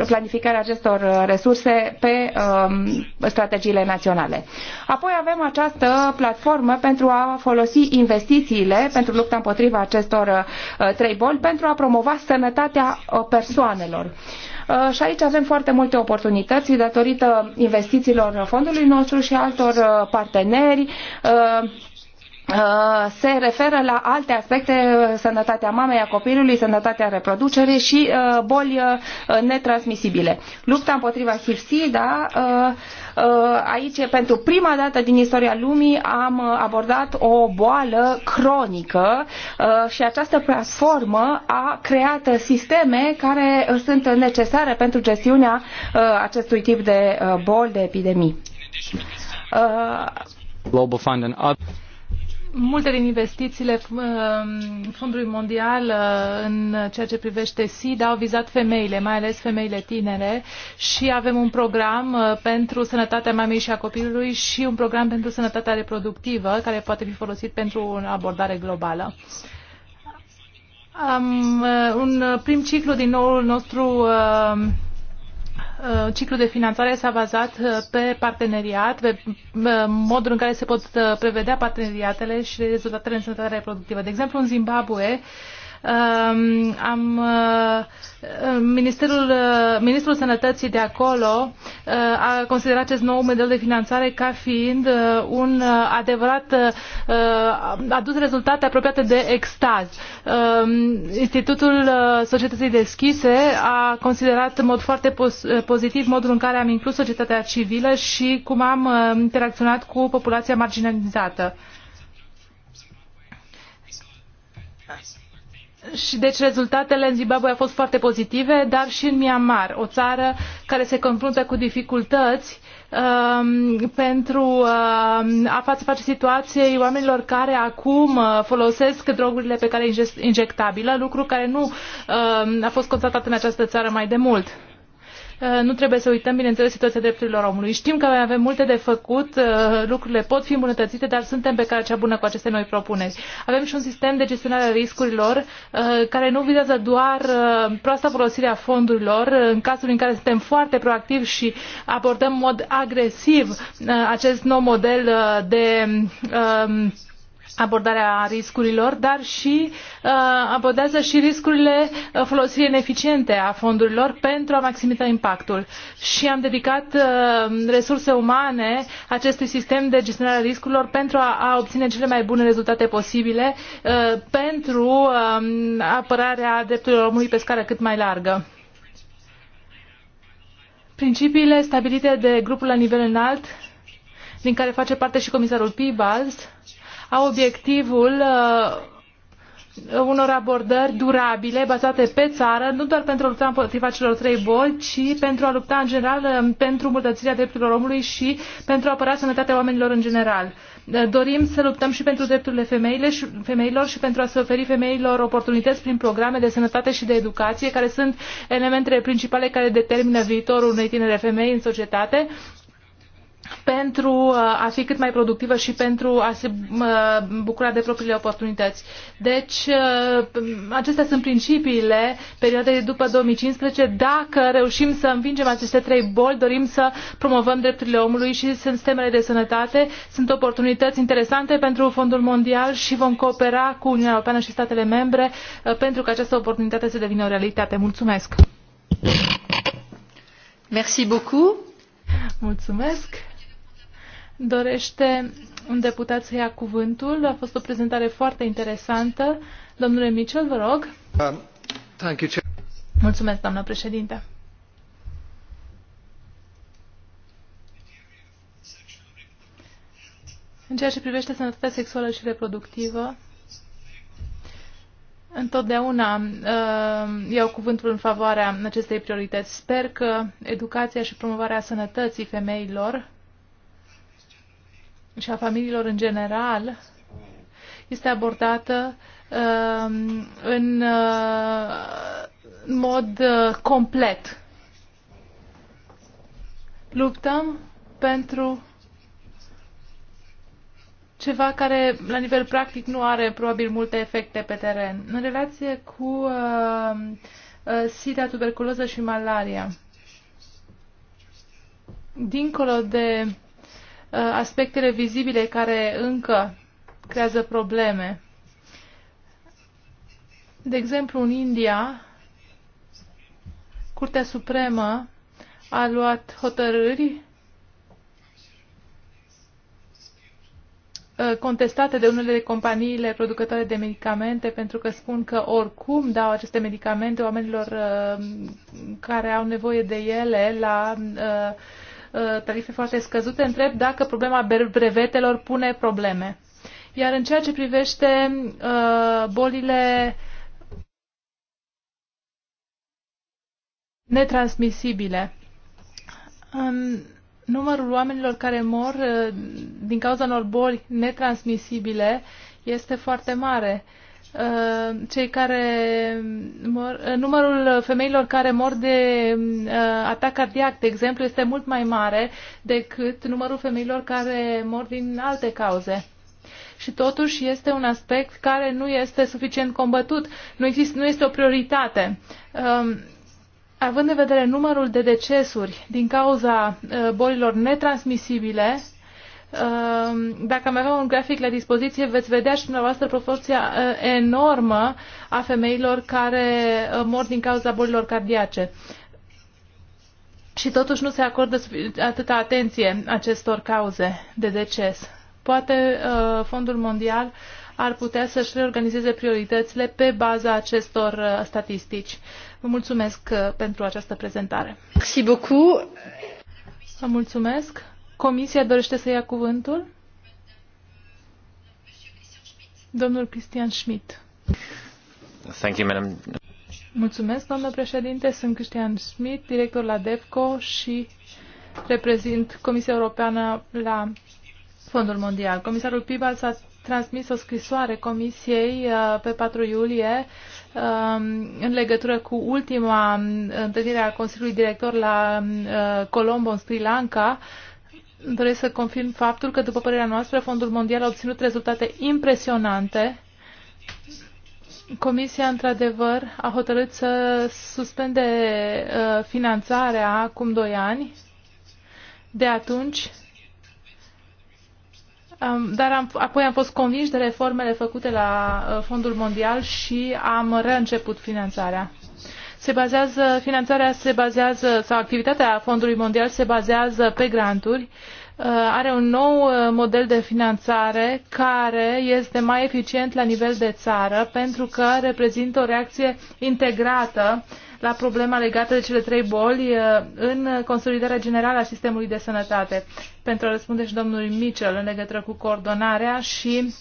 planificarea acestor resurse pe um, strategiile naționale. Apoi avem această platformă pentru a folosi investițiile pentru lupta împotriva acestor acestor uh, trei boli pentru a promova sănătatea uh, persoanelor. Uh, și aici avem foarte multe oportunități datorită investițiilor fondului nostru și altor parteneri Uh, se referă la alte aspecte, uh, sănătatea mamei, a copilului, sănătatea reproducerii și uh, boli netransmisibile. Lupta împotriva HIV-SIDA, aici pentru prima dată din istoria lumii am abordat o boală cronică și această platformă a creat sisteme care sunt necesare pentru gestiunea acestui tip de boli, de epidemii. Global Fund and other multe din investițiile um, Fondului Mondial uh, în ceea ce privește SIDA au vizat femeile, mai ales femeile tinere și avem un program uh, pentru sănătatea mamei și a copilului și un program pentru sănătatea reproductivă care poate fi folosit pentru o abordare globală. Am uh, un prim ciclu din noul nostru Uh, ciclul de finanțare s-a bazat uh, pe parteneriat, pe uh, modul în care se pot prevedea parteneriatele și rezultatele în sănătatea reproductivă. De exemplu, în Zimbabwe, Um, am, uh, uh, Ministerul, uh, Ministrul Sănătății de acolo a considerat acest nou model de finanțare ca fiind un adevărat adus rezultate apropiate de extaz. Um, Institutul Societății Deschise a considerat în mod foarte pozitiv modul în care am inclus societatea civilă și cum am interacționat cu populația marginalizată. Și deci rezultatele în Zimbabwe au fost foarte pozitive, dar și în Myanmar, o țară care se confruntă cu dificultăți um, pentru um, a face face situației oamenilor care acum uh, folosesc drogurile pe care injectabilă, lucru care nu um, a fost constatat în această țară mai de mult. Eh, nu trebuie să uităm, bineînțeles, situația drepturilor omului. Știm că mai avem multe de făcut, eh, lucrurile pot fi îmbunătățite, dar suntem pe calea cea bună cu aceste noi propuneri. Avem și un sistem de gestionare a riscurilor eh, care nu vizează doar proasta folosire a fondurilor, în cazul în care suntem foarte proactivi și abordăm în mod agresiv acest nou model de abordarea riscurilor, dar și uh, abordează și riscurile uh, folosirii ineficiente a fondurilor pentru a maximiza impactul. Și am dedicat uh, resurse umane acestui sistem de gestionare a riscurilor pentru a, a obține cele mai bune rezultate posibile uh, pentru uh, apărarea drepturilor omului pe scară cât mai largă. Principiile stabilite de grupul la nivel înalt, din care face parte și comisarul Pibals, au obiectivul uh, unor abordări durabile, bazate pe țară, nu doar pentru a lupta împotriva celor trei boli, ci pentru a lupta în general uh, pentru îmbunătățirea drepturilor omului și pentru a apăra sănătatea oamenilor în general. Uh, dorim să luptăm și pentru drepturile femeile și, femeilor și pentru a se oferi femeilor oportunități prin programe de sănătate și de educație, care sunt elementele principale care determină viitorul unei tinere femei în societate pentru uh, a fi cât mai productivă și pentru a se uh, bucura de propriile oportunități. Deci, uh, acestea sunt principiile perioadei după 2015. Dacă reușim să învingem aceste trei boli, dorim să promovăm drepturile omului și sunt sistemele de sănătate, sunt oportunități interesante pentru Fondul Mondial și vom coopera cu Uniunea Europeană și statele membre pentru că această oportunitate să devină o realitate. Mulțumesc! Merci beaucoup. Mulțumesc! Dorește un deputat să ia cuvântul. A fost o prezentare foarte interesantă. Domnule Mitchell, vă rog. Um, thank you, Mulțumesc, doamnă președinte. În ceea ce privește sănătatea sexuală și reproductivă, întotdeauna uh, iau cuvântul în favoarea acestei priorități. Sper că educația și promovarea sănătății femeilor și a familiilor în general este abordată um, uh, în uh, mod uh, complet. Luptăm pentru ceva care, la nivel practic, nu are probabil multe efecte pe teren. În relație cu uh, uh, sida, tuberculoză și malaria, dincolo de Uh, aspectele vizibile care încă creează probleme. De exemplu, în India, Curtea Supremă a luat hotărâri uh, contestate de unele companiile producătoare de medicamente pentru că spun că oricum dau aceste medicamente oamenilor uh, care au nevoie de ele la Uh, tarife foarte scăzute, întreb dacă problema brevetelor pune probleme. Iar în ceea ce privește uh, bolile netransmisibile, numărul oamenilor care mor uh, din cauza unor boli netransmisibile este foarte mare. Uh, Uh, cei care mor, uh, numărul femeilor care mor de uh, atac cardiac, de exemplu, este mult mai mare decât numărul femeilor care mor din alte cauze. Și totuși este un aspect care nu este suficient combătut, nu, există, nu este o prioritate. Um, având în vedere numărul de decesuri din cauza bolilor netransmisibile, Ehm, dacă am avea un grafic la dispoziție, veți vedea și dumneavoastră proporția eh, enormă a femeilor care eh, mor din cauza bolilor cardiace. Și totuși nu se acordă atâta atenție acestor cauze de deces. Poate eh, Fondul Mondial ar putea să-și reorganizeze prioritățile pe baza acestor statistici. Vă mulțumesc pentru această prezentare. Vă mulțumesc. Comisia dorește să ia cuvântul? Domnul Cristian Schmidt. Thank you, madam. Mulțumesc, domnule președinte. Sunt Cristian Schmidt, director la DEFCO și reprezint Comisia Europeană la Fondul Mondial. Comisarul s a transmis o scrisoare Comisiei uh, pe 4 iulie um, în legătură cu ultima um, întâlnire a Consiliului Director la um, uh, Colombo, în Sri Lanka, doresc să confirm faptul că, după părerea noastră, Fondul Mondial a obținut rezultate impresionante. Comisia, într-adevăr, a hotărât să suspende uh, finanțarea acum doi ani. De atunci, um, dar am, apoi am fost convinși de reformele făcute la uh, Fondul Mondial și am reînceput finanțarea se bazează, finanțarea se bazează, sau activitatea Fondului Mondial se bazează pe granturi, uh, are un nou uh, model de finanțare care este mai eficient la nivel de țară pentru că reprezintă o reacție integrată la problema legată de cele trei boli uh, în consolidarea generală a sistemului de sănătate. Pentru a răspunde și domnului Mitchell în legătură cu coordonarea și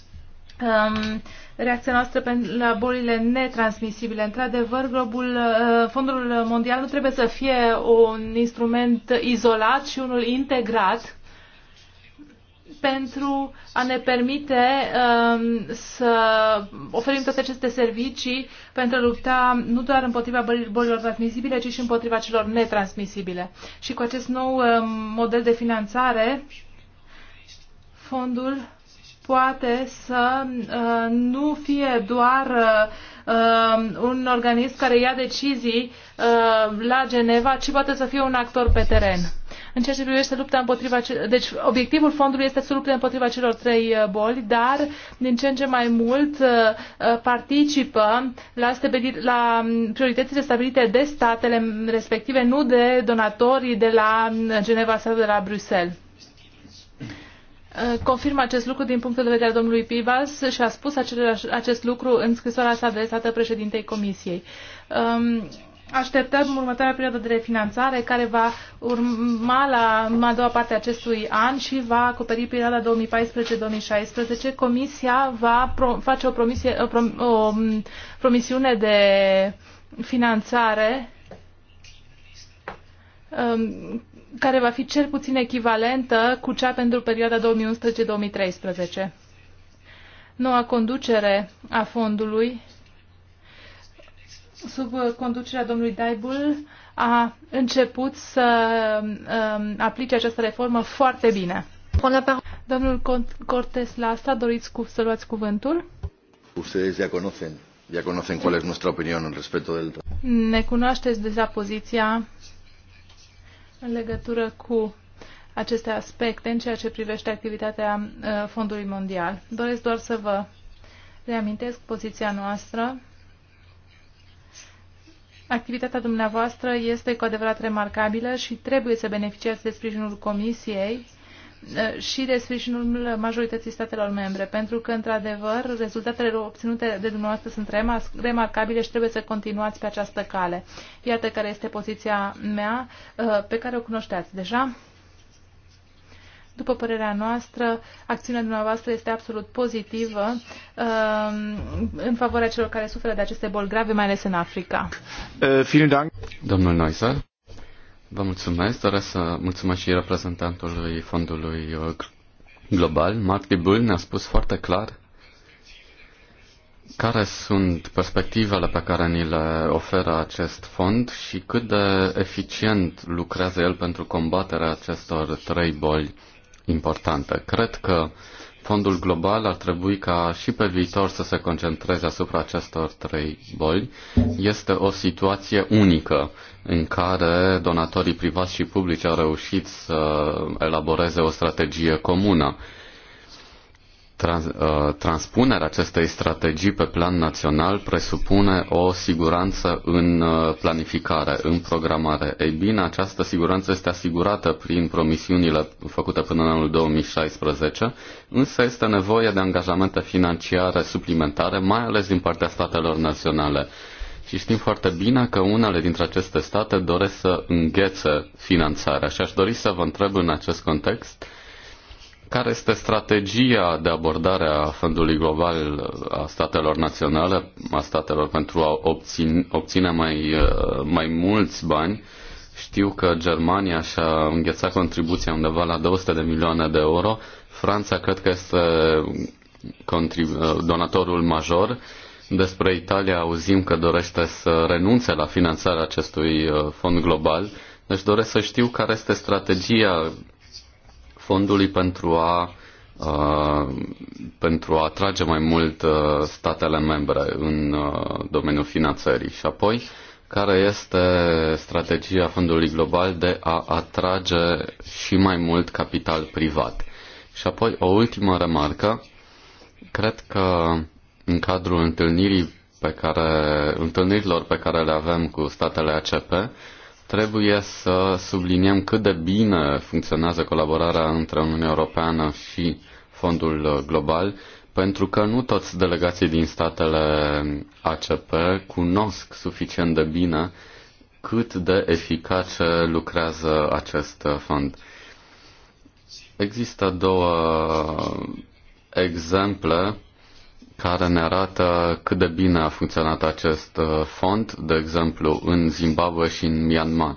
reacția noastră la bolile netransmisibile. Într-adevăr, globul, uh, Fondul Mondial nu trebuie să fie un instrument izolat și unul integrat pentru a ne permite um, să oferim toate aceste servicii pentru a lupta nu doar împotriva bolilor transmisibile, ci și împotriva celor netransmisibile. Și cu acest nou uh, model de finanțare, fondul poate să uh, nu fie doar uh, un organism care ia decizii uh, la Geneva, ci poate să fie un actor pe teren. În ceea ce privește lupta împotriva. Deci, obiectivul fondului este să lupte împotriva celor trei uh, boli, dar din ce în ce mai mult uh, uh, participă la, stabilit, la um, prioritățile stabilite de statele respective, nu de donatorii de la Geneva sau de la Bruxelles confirm acest lucru din punctul de vedere al domnului Pivas și a spus același, acest lucru în scrisoarea sa adresată președintei Comisiei. Um, așteptăm următoarea perioadă de refinanțare care va urma la a doua parte a acestui an și va acoperi perioada 2014-2016. Comisia va pro- face o, promisie, o, prom- o um, promisiune de finanțare um, care va fi cel puțin echivalentă cu cea pentru perioada 2011-2013. Noua conducere a fondului sub conducerea domnului Daibul a început să um, aplice această reformă foarte bine. Domnul Cortes, la asta doriți cu, să luați cuvântul? Ustedes ya conocen, ya conocen cuál es nuestra opinión en respecto del... Ne cunoașteți deja poziția în legătură cu aceste aspecte în ceea ce privește activitatea uh, Fondului Mondial. Doresc doar să vă reamintesc poziția noastră. Activitatea dumneavoastră este cu adevărat remarcabilă și trebuie să beneficiați de sprijinul Comisiei Eh, și de sprijinul majorității statelor membre, pentru că, într-adevăr, rezultatele obținute de dumneavoastră sunt remarcabile și trebuie să continuați pe această cale. Iată care este poziția mea eh, pe care o cunoșteați deja. După părerea noastră, acțiunea dumneavoastră este absolut pozitivă eh, în favoarea celor care suferă de aceste boli grave, mai ales în Africa. Domnul Neusser. Vă mulțumesc. Doresc să mulțumesc și reprezentantului Fondului uh, Global. Marty Bull ne-a spus foarte clar care sunt perspectivele pe care ni le oferă acest fond și cât de eficient lucrează el pentru combaterea acestor trei boli importante. Cred că uh, Fondul global ar trebui ca și pe viitor să se concentreze asupra acestor trei boli. Este o situație unică în care donatorii privați și publici au reușit să elaboreze o strategie comună Trans, uh, transpunerea acestei strategii pe plan național presupune o siguranță în uh, planificare, în programare. Ei bine, această siguranță este asigurată prin promisiunile făcute până în anul 2016, însă este nevoie de angajamente financiare suplimentare, mai ales din partea statelor naționale. Și știm foarte bine că unele dintre aceste state doresc să înghețe finanțarea și aș dori să vă întreb în acest context care este strategia de abordare a fondului global a statelor naționale, a statelor pentru a obține, obține mai, uh, mai mulți bani? Știu că Germania și-a înghețat contribuția undeva la 200 de milioane de euro. Franța cred că este uh, donatorul major. Despre Italia auzim că dorește să renunțe la finanțarea acestui uh, fond global. Deci doresc să știu care este strategia fondului pentru a pentru a atrage mai mult statele membre în domeniul finanțării și apoi care este strategia fondului global de a atrage și mai mult capital privat. Și apoi o ultimă remarcă, cred că în cadrul întâlnirii pe care, întâlnirilor pe care le avem cu statele ACP, Trebuie să subliniem cât de bine funcționează colaborarea între Uniunea Europeană și Fondul Global, pentru că nu toți delegații din statele ACP cunosc suficient de bine cât de eficace lucrează acest fond. Există două exemple care ne arată cât de bine a funcționat acest uh, fond, de exemplu în Zimbabwe și în Myanmar.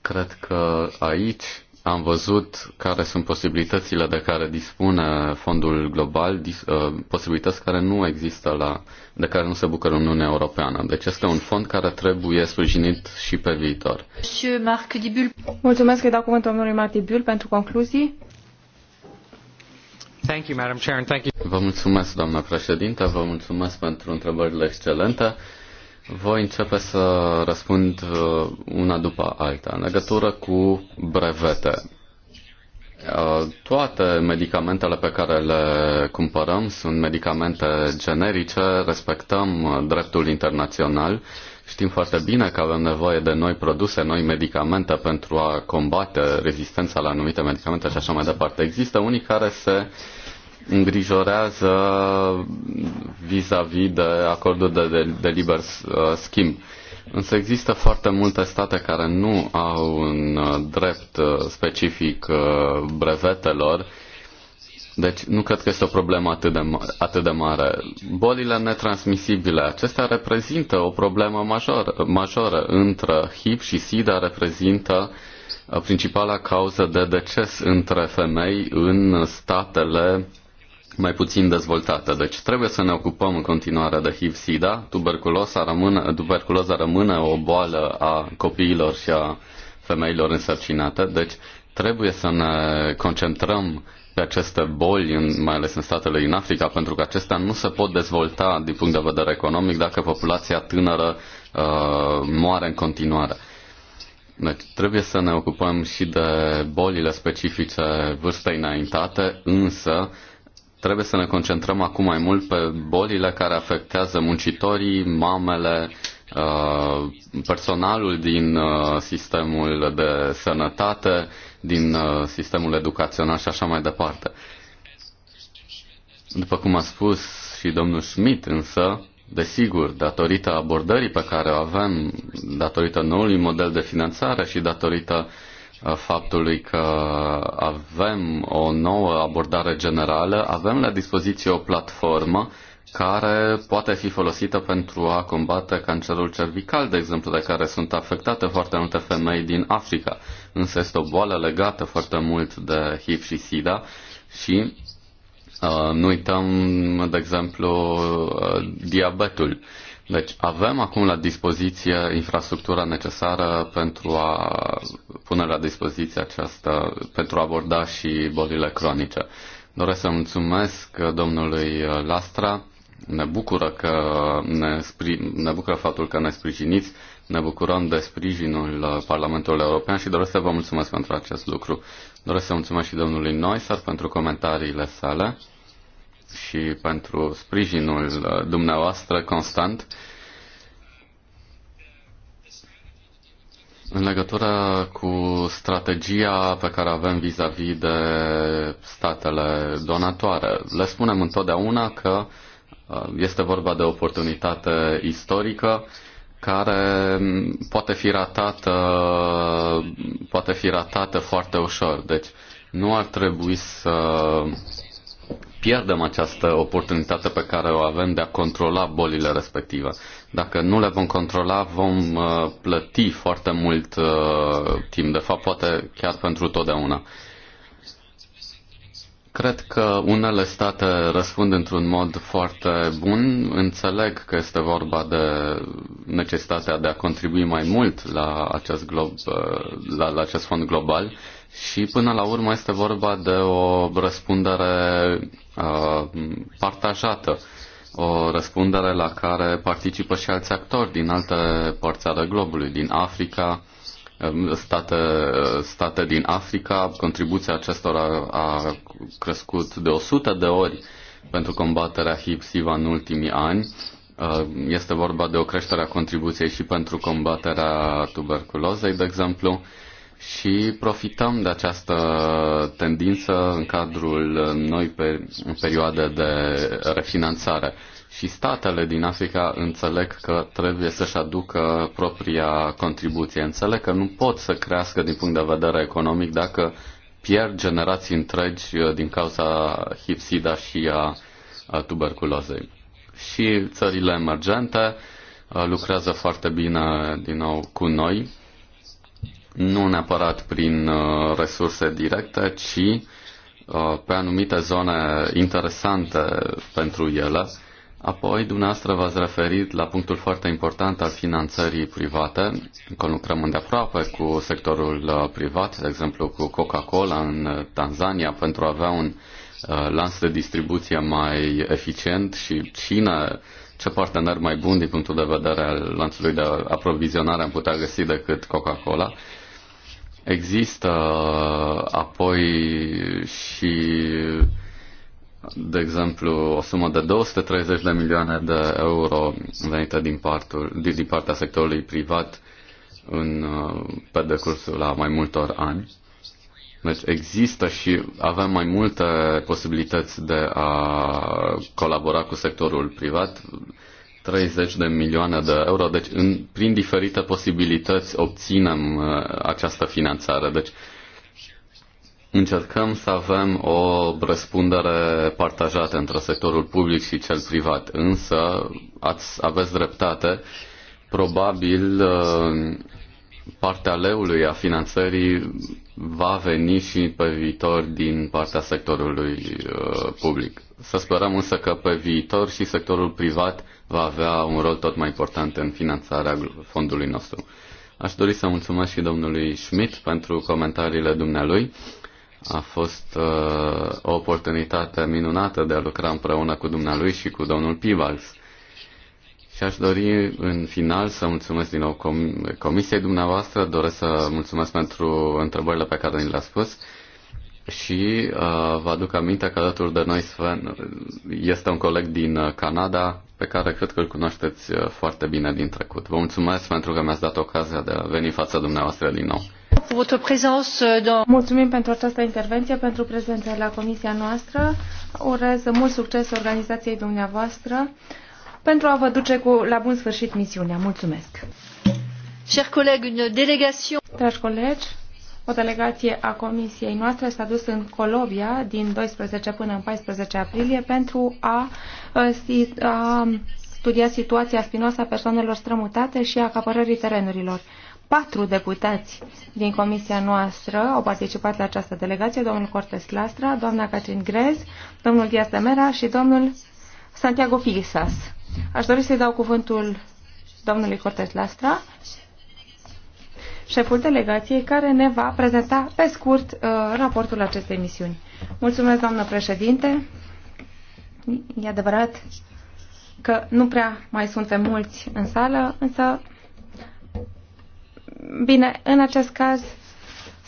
Cred că aici am văzut care sunt posibilitățile de care dispune fondul global, uh, posibilități care nu există la, de care nu se bucură Uniunea Europeană. Deci este un fond care trebuie sprijinit și pe viitor. Mulțumesc că dau cuvântul domnului Martibul pentru concluzii. Thank you, Madam Chair, and thank you. Vă mulțumesc, doamna președintă, vă mulțumesc pentru întrebările excelente. Voi începe să răspund uh, una după alta. În legătură cu brevete, uh, toate medicamentele pe care le cumpărăm sunt medicamente generice, respectăm uh, dreptul internațional, știm foarte bine că avem nevoie de noi produse, noi medicamente pentru a combate rezistența la anumite medicamente și așa mai departe. Există unii care se uh, îngrijorează vis-a-vis -vis de acordul de, de, de liber uh, schimb. Însă există foarte multe state care nu au un uh, drept uh, specific brevetelor, deci nu cred că este o problemă atât de, atât de mare. Bolile netransmisibile, acestea reprezintă o problemă majoră, majoră între HIV și SIDA reprezintă principala cauză de deces între femei în statele mai puțin dezvoltată. Deci trebuie să ne ocupăm în continuare de HIV-SIDA. Tuberculoza rămâne, tuberculoza rămâne o boală a copiilor și a femeilor însărcinate. Deci trebuie să ne concentrăm pe aceste boli, mai ales în statele din Africa, pentru că acestea nu se pot dezvolta din punct de vedere economic dacă populația tânără uh, moare în continuare. Deci trebuie să ne ocupăm și de bolile specifice vârstei înaintate, însă uh, Trebuie să ne concentrăm acum mai mult pe bolile care afectează muncitorii, mamele, uh, personalul din uh, sistemul de sănătate, din uh, sistemul educațional și așa mai departe. După cum a spus și domnul Schmidt, însă, desigur, datorită abordării pe care o avem, datorită noului model de finanțare și datorită uh, faptului că avem o nouă abordare generală, avem la dispoziție o platformă care poate fi folosită pentru a combate cancerul cervical, de exemplu, de care sunt afectate foarte multe femei din Africa. Însă este o boală legată foarte mult de HIV și SIDA și uh, nu uităm, de exemplu, uh, diabetul. Uh, deci avem acum la dispoziție infrastructura necesară pentru a pune la dispoziție aceasta, pentru a aborda și bolile cronice. Doresc să mulțumesc domnului Lastra. Ne bucură, că ne, spri, ne bucură faptul că ne sprijiniți, ne bucurăm de sprijinul Parlamentului European și doresc să vă mulțumesc pentru acest lucru. Doresc să mulțumesc și domnului Noisar pentru comentariile sale și pentru sprijinul uh, dumneavoastră constant. În legătură cu strategia pe care avem vis-a-vis -vis de statele donatoare, le spunem întotdeauna că uh, este vorba de oportunitate istorică care poate fi ratată, poate fi ratată foarte ușor. Deci nu ar trebui să pierdem această oportunitate pe care o avem de a controla bolile respective. Dacă nu le vom controla, vom uh, plăti foarte mult uh, timp, de fapt poate chiar pentru totdeauna. Cred că unele state răspund într-un mod foarte bun. Înțeleg că este vorba de necesitatea de a contribui mai mult la acest, glob, uh, la, la acest fond global și până la urmă este vorba de o răspundere uh, partajată, o răspundere la care participă și alți actori din alte părți ale globului, din Africa, um, state, state din Africa. Contribuția acestora a crescut de 100 de ori pentru combaterea HIV-SIVA în ultimii ani. Uh, este vorba de o creștere a contribuției și pentru combaterea tuberculozei, de exemplu și profităm de această tendință în cadrul noi pe, în perioade de refinanțare. Și statele din Africa înțeleg că trebuie să-și aducă propria contribuție. Înțeleg că nu pot să crească din punct de vedere economic dacă pierd generații întregi uh, din cauza hipsida și a, a tuberculozei. Și țările emergente uh, lucrează foarte bine din nou cu noi nu neapărat prin uh, resurse directe, ci uh, pe anumite zone interesante pentru ele. Apoi, dumneavoastră v-ați referit la punctul foarte important al finanțării private, că lucrăm îndeaproape cu sectorul uh, privat, de exemplu cu Coca-Cola în Tanzania, pentru a avea un lans de distribuție mai eficient și cine, ce partener mai bun din punctul de vedere al lanțului de aprovizionare am putea găsi decât Coca-Cola. Există uh, apoi și, de exemplu, o sumă de 230 de milioane de euro venită din, partul, din partea sectorului privat în, uh, pe decursul la mai multor ani. Deci există și avem mai multe posibilități de a colabora cu sectorul privat. 30 de milioane de euro. Deci, în, prin diferite posibilități obținem uh, această finanțare. Deci, încercăm să avem o răspundere partajată între sectorul public și cel privat, însă ați, aveți dreptate. Probabil uh, partea leului a finanțării va veni și pe viitor din partea sectorului uh, public. Să sperăm însă că pe viitor și sectorul privat va avea un rol tot mai important în finanțarea fondului nostru. Aș dori să mulțumesc și domnului Schmidt pentru comentariile dumnealui. A fost uh, o oportunitate minunată de a lucra împreună cu dumnealui și cu domnul Pivals. Și aș dori în final să mulțumesc din nou com- comisiei dumneavoastră, doresc să mulțumesc pentru întrebările pe care ni le-ați spus și uh, vă aduc aminte că alături de noi Sven este un coleg din uh, Canada pe care cred că îl cunoașteți uh, foarte bine din trecut. Vă mulțumesc pentru că mi-ați dat ocazia de a veni fața dumneavoastră din nou. Uh, Mulțumim pentru această intervenție, pentru prezența la comisia noastră. Urez mult succes organizației dumneavoastră pentru a vă duce cu, la bun sfârșit misiunea. Mulțumesc! Chers collègues, une délégation... Dragi colegi, o delegație a comisiei noastre s-a dus în Colombia din 12 până în 14 aprilie pentru a, a, a studia situația spinoasă a persoanelor strămutate și a acapărării terenurilor. Patru deputați din comisia noastră au participat la această delegație, domnul Cortes Lastra, doamna Catrin Grez, domnul Diaz de Mera și domnul Santiago Filisas. Aș dori să-i dau cuvântul domnului Cortes Lastra, șeful delegației, care ne va prezenta pe scurt uh, raportul acestei misiuni. Mulțumesc, doamnă președinte. E adevărat că nu prea mai suntem mulți în sală, însă, bine, în acest caz,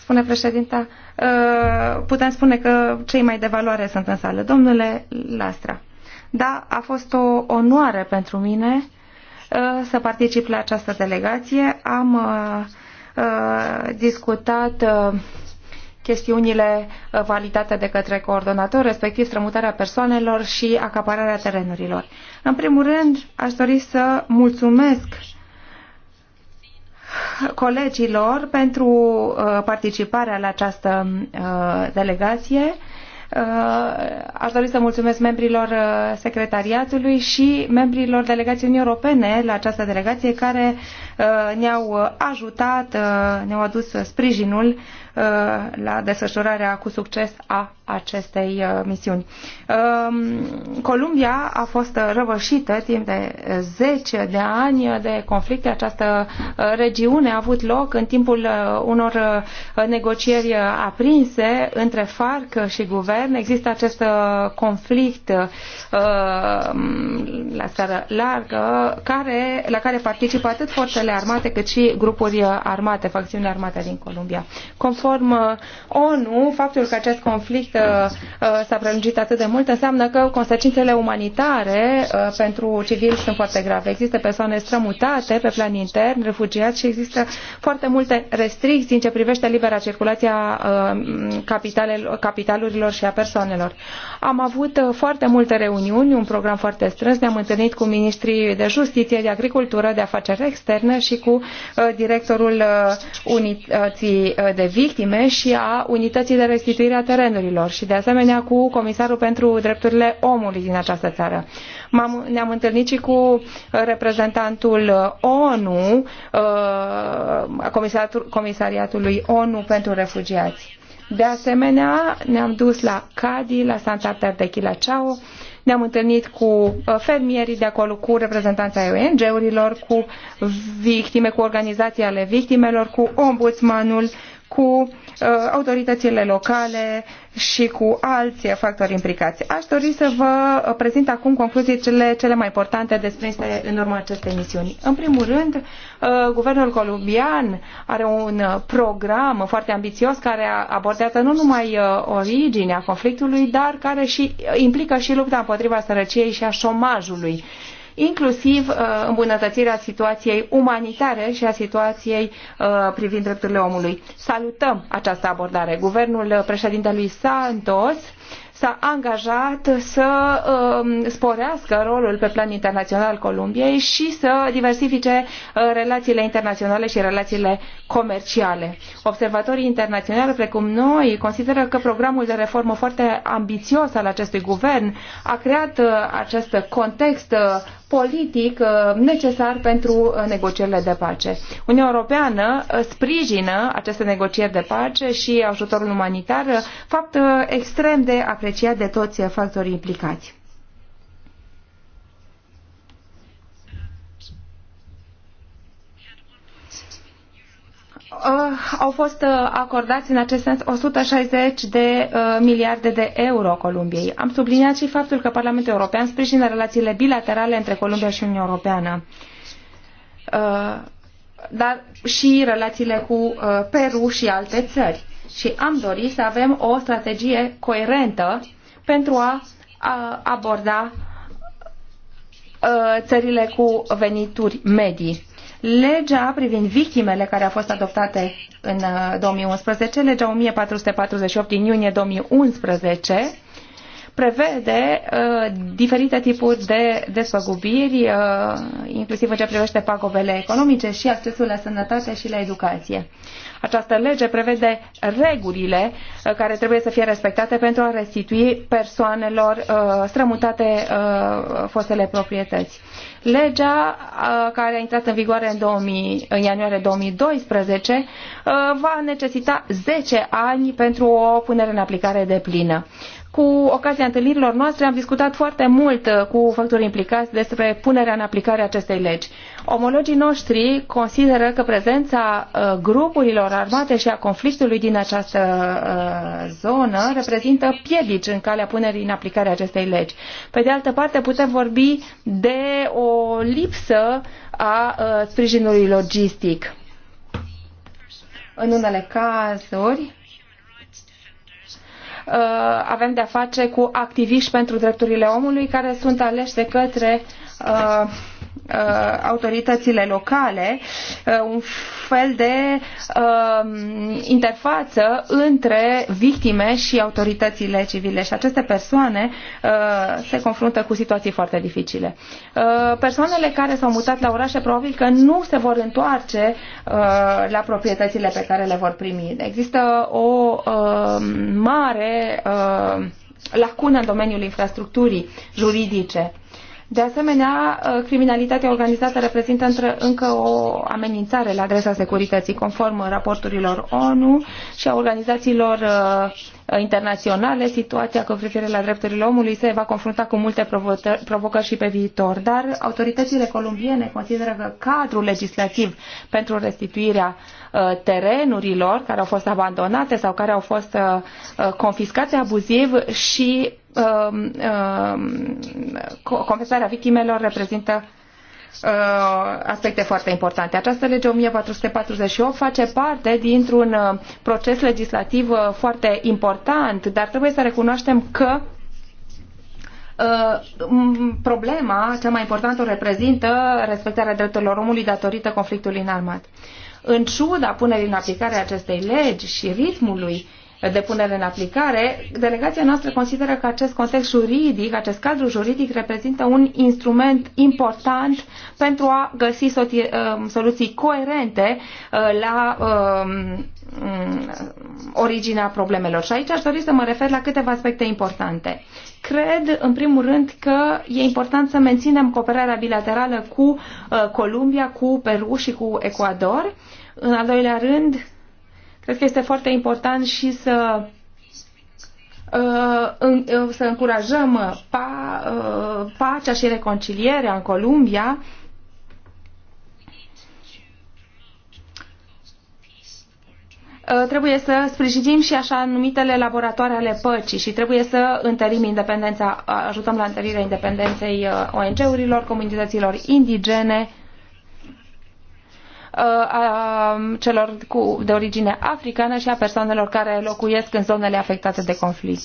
spune președinta, uh, putem spune că cei mai de valoare sunt în sală. Domnule Lastra. Da, a fost o onoare pentru mine uh, să particip la această delegație. Am uh, uh, discutat chestiunile validate de către coordonator, respectiv strămutarea persoanelor și acapararea terenurilor. În primul rând, aș dori să mulțumesc colegilor pentru participarea la această delegație Uh, aș dori să mulțumesc membrilor uh, secretariatului și membrilor delegației europene la această delegație care uh, ne-au ajutat, ne-au adus sprijinul la desfășurarea cu succes a acestei uh, misiuni. Um, Columbia a fost răvășită timp de 10 de ani de conflicte. Această uh, regiune a avut loc în timpul uh, unor negocieri aprinse între FARC și guvern. Există acest conflict la scară largă care, la care participă atât forțele armate cât și grupuri armate, facțiuni armate din Columbia. Conform ONU, faptul că acest conflict Uh, uh, s-a prelungit atât de mult, înseamnă că consecințele umanitare uh, pentru civili sunt foarte grave. Există persoane strămutate pe plan intern, refugiați și există foarte multe restricții în ce privește libera circulație a capitalurilor și a persoanelor. Am avut uh, foarte multe reuniuni, un program foarte strâns. Ne-am întâlnit cu ministrii de justiție, de agricultură, de afaceri externe și cu uh, directorul uh, unității de victime și a unității de restituire a terenurilor și de asemenea cu comisarul pentru drepturile omului din această țară. ne-am întâlnit și cu reprezentantul ONU, comisariatului ONU pentru refugiați. De asemenea, ne-am dus la Cadi, la Santander de Chilaceau, ne-am întâlnit cu uh, fermierii de acolo, cu reprezentanța ONG-urilor, cu victime, cu organizația ale victimelor, cu ombudsmanul cu uh, autoritățile locale și cu alți factori implicați. Aș dori să vă prezint acum concluziile cele mai importante desprinse în urma acestei misiuni. În primul rând, uh, guvernul columbian are un program foarte ambițios care abordează nu numai uh, originea conflictului, dar care și implică și lupta împotriva sărăciei și a șomajului inclusiv uh, îmbunătățirea situației umanitare și a situației uh, privind drepturile omului. Salutăm această abordare. Guvernul uh, președintelui Santos s-a angajat să um, sporească rolul pe plan internațional Columbiei și să diversifice relațiile internaționale și relațiile comerciale. Observatorii internaționali, precum noi, consideră că programul de reformă foarte ambițios al acestui guvern a creat uh, acest context uh, politic uh, necesar pentru negocierile de pace. Uniunea Europeană sprijină aceste negocieri de pace și ajutorul umanitar, fapt extrem de apreciat de toți factorii implicați. Uh, au fost uh, acordați în acest sens 160 de uh, miliarde de euro Columbiei. Am subliniat și faptul că Parlamentul European sprijină relațiile bilaterale între Columbia și Uniunea Europeană, dar și relațiile cu Peru și alte țări. Și am dorit să avem o strategie coerentă pentru a aborda țările cu venituri medii legea privind victimele care a fost adoptată în 2011, uh, legea 1448 din iunie 2011, prevede uh, diferite tipuri de desfăgubiri, uh, inclusiv în ce privește pagubele economice și accesul la sănătate și la educație. Această lege prevede regulile uh, care trebuie să fie respectate pentru a restitui persoanelor uh, strămutate uh, fostele proprietăți. Legea care a intrat în vigoare în, 2000, în ianuarie 2012 va necesita 10 ani pentru o punere în aplicare de plină. Cu ocazia întâlnirilor noastre am discutat foarte mult uh, cu factorii implicați despre punerea în aplicare a acestei legi. Omologii noștri consideră că prezența uh, grupurilor armate și a conflictului din această uh, zonă reprezintă piedici în calea punerii în aplicare a acestei legi. Pe de altă parte, putem vorbi de o lipsă a sprijinului logistic. În unele cazuri, Uh, avem de-a face cu activiști pentru drepturile omului care sunt aleși de către uh, Uh, autoritățile locale, uh, un fel de um, interfață între victime și autoritățile civile și aceste persoane uh, se confruntă cu situații foarte dificile. Persoanele care s-au mutat la orașe probabil că nu se vor întoarce la proprietățile pe care le vor primi. Există o um, mare lacună în domeniul infrastructurii juridice de asemenea, uh, criminalitatea organizată reprezintă încă o amenințare la adresa securității, conform raporturilor ONU și a organizațiilor uh, internaționale. Situația cu privire la drepturile omului se va confrunta cu multe provocări și pe viitor, dar autoritățile colombiene consideră că cadrul legislativ pentru restituirea uh, terenurilor care au fost abandonate sau care au fost confiscate abuziv și Um, um, compensarea victimelor reprezintă uh, aspecte foarte importante. Această lege 1448 face parte dintr-un uh, proces legislativ uh, foarte important, dar trebuie să recunoaștem că problema cea mai importantă o reprezintă respectarea drepturilor omului datorită conflictului înarmat. În ciuda punerii în aplicare a acestei legi și ritmului de punere în aplicare, delegația noastră consideră că acest context juridic, acest cadru juridic reprezintă un instrument important pentru a găsi uh, soluții coerente uh, la um, mm, originea problemelor. Și aici aș dori să mă refer la câteva aspecte importante. Cred, în primul rând, că e important să menținem cooperarea bilaterală cu uh, Columbia, cu Peru și cu Ecuador. În al doilea rând, Cred că este foarte important și să uh, uh, să încurajăm pa, uh, pacea și reconcilierea în Columbia. Trebuie să sprijinim și așa numitele laboratoare ale păcii și trebuie să întărim independența, ajutăm la întărirea independenței ONG-urilor, comunităților indigene Uh, a celor cu, de origine africană și a persoanelor care locuiesc în zonele afectate de conflict.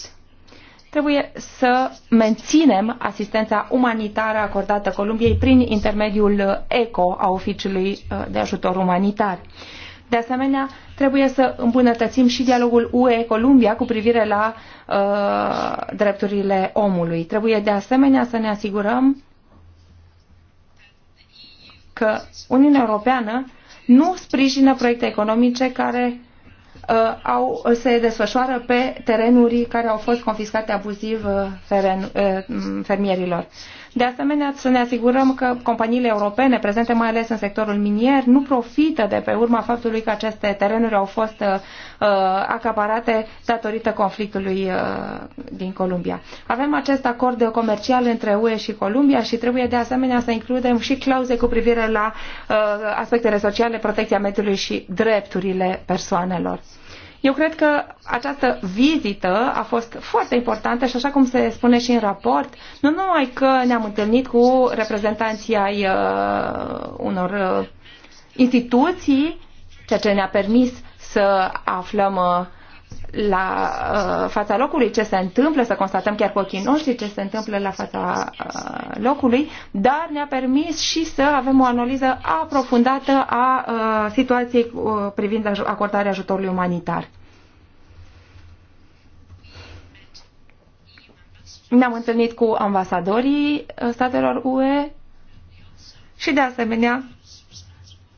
Trebuie să menținem asistența umanitară acordată Columbiei prin intermediul ECO a Oficiului uh, de Ajutor Umanitar. De asemenea, trebuie să îmbunătățim și dialogul UE-Columbia cu privire la uh, drepturile omului. Trebuie de asemenea să ne asigurăm că Uniunea Europeană nu sprijină proiecte economice care uh, au, se desfășoară pe terenuri care au fost confiscate abuziv teren, uh, uh fermierilor. De asemenea, să ne asigurăm că companiile europene, prezente mai ales în sectorul minier, nu profită de pe urma faptului că aceste terenuri au fost uh, uh, acaparate datorită conflictului uh, din Columbia. Avem acest acord comercial între UE și Columbia și trebuie de asemenea să includem și clauze cu privire la uh, aspectele sociale, protecția mediului și drepturile persoanelor. Eu cred că această vizită a fost foarte importantă și așa cum se spune și în raport, nu numai că ne-am întâlnit cu reprezentanții ai uh, unor uh, instituții, ceea ce ne-a permis să aflăm uh, la uh, fața locului ce se întâmplă, să constatăm chiar cu ochii noștri ce se întâmplă la fața uh, locului, dar ne-a permis și să avem o analiză aprofundată a uh, situației uh, privind aj acordarea ajutorului umanitar. Ne-am întâlnit cu ambasadorii uh, statelor UE și de asemenea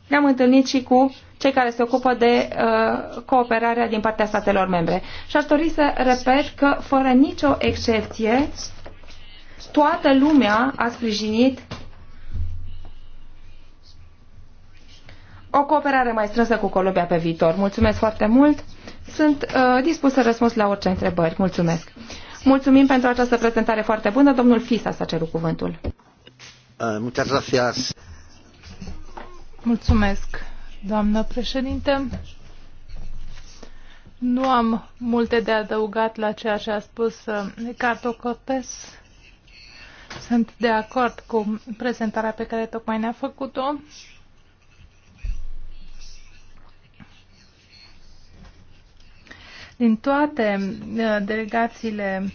ne-am întâlnit și cu cei care se ocupă de uh, cooperarea din partea statelor membre. Și aș dori să repet că, fără nicio excepție, toată lumea a sprijinit o cooperare mai strânsă cu Columbia pe viitor. Mulțumesc foarte mult. Sunt uh, dispus să răspuns la orice întrebări. Mulțumesc. Mulțumim pentru această prezentare foarte bună. Domnul Fisa s-a cerut cuvântul. Uh, Mulțumesc. Doamnă președinte, nu am multe de adăugat la ceea ce a spus uh, Ricardo Cortes. Sunt de acord cu prezentarea pe care tocmai ne-a făcut-o. Din toate uh, delegațiile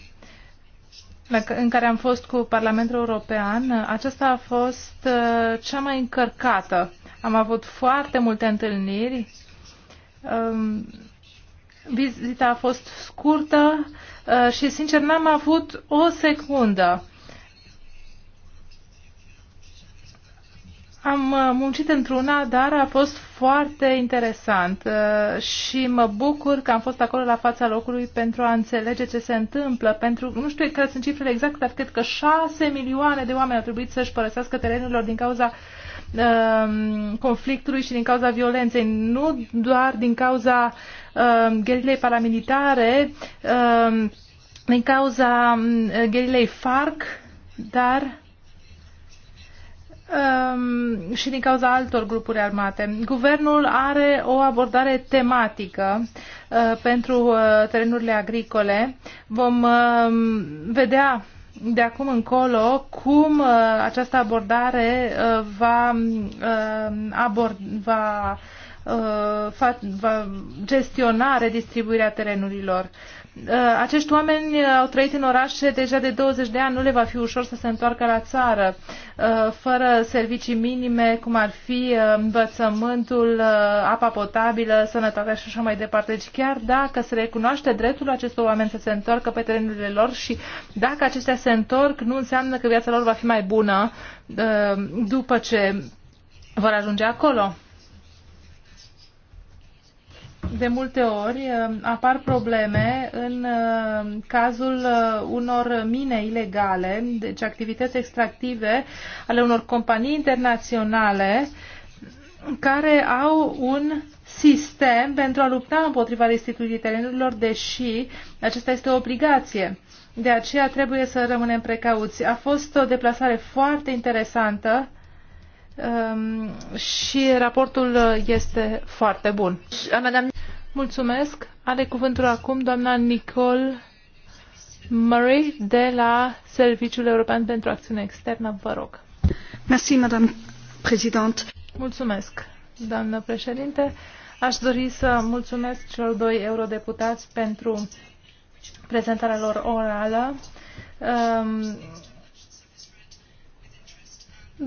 în care am fost cu Parlamentul European, uh, aceasta a fost cea mai încărcată am avut foarte multe întâlniri. Um, vizita a fost scurtă uh, și, sincer, n-am avut o secundă. Am uh, muncit într-una, dar a fost foarte interesant uh, și mă bucur că am fost acolo la fața locului pentru a înțelege ce se întâmplă. Pentru, nu știu care exact sunt cifrele exacte, dar cred că șase milioane de oameni au trebuit să-și părăsească terenurilor din cauza uh, Um, conflictului și din cauza violenței, nu doar din cauza uh, gherilei paramilitare, uh, din cauza uh, gherilei FARC, dar și din cauza altor grupuri armate. Guvernul are o abordare tematică uh, pentru uh, terenurile agricole. Vom uh, vedea de acum încolo cum uh, această abordare uh, va, uh, abord, va, uh, fa, va gestiona redistribuirea terenurilor. Uh, Uh, acești oameni uh, au trăit în orașe deja de 20 de ani, nu le va fi ușor să se întoarcă la țară, uh, fără servicii minime, cum ar fi învățământul, apa potabilă, sănătatea și așa mai departe. Deci chiar dacă se recunoaște dreptul acestor oameni să se întoarcă pe terenurile lor și dacă acestea se întorc, nu înseamnă că viața lor va fi mai bună după ce vor ajunge acolo de multe ori uh, apar probleme în uh, cazul uh, unor mine ilegale, deci activități extractive ale unor companii internaționale care au un sistem pentru a lupta împotriva restituirii terenurilor, deși acesta este o obligație. De aceea trebuie să rămânem precauți. A fost o deplasare foarte interesantă Ehm, și raportul uh, este foarte bun. Mulțumesc. Are cuvântul acum doamna Nicole Murray de la Serviciul European pentru Acțiune Externă. Vă rog. Merci, madame présidente. Mulțumesc, doamnă președinte. Aș dori să mulțumesc celor doi eurodeputați pentru prezentarea lor orală. Um,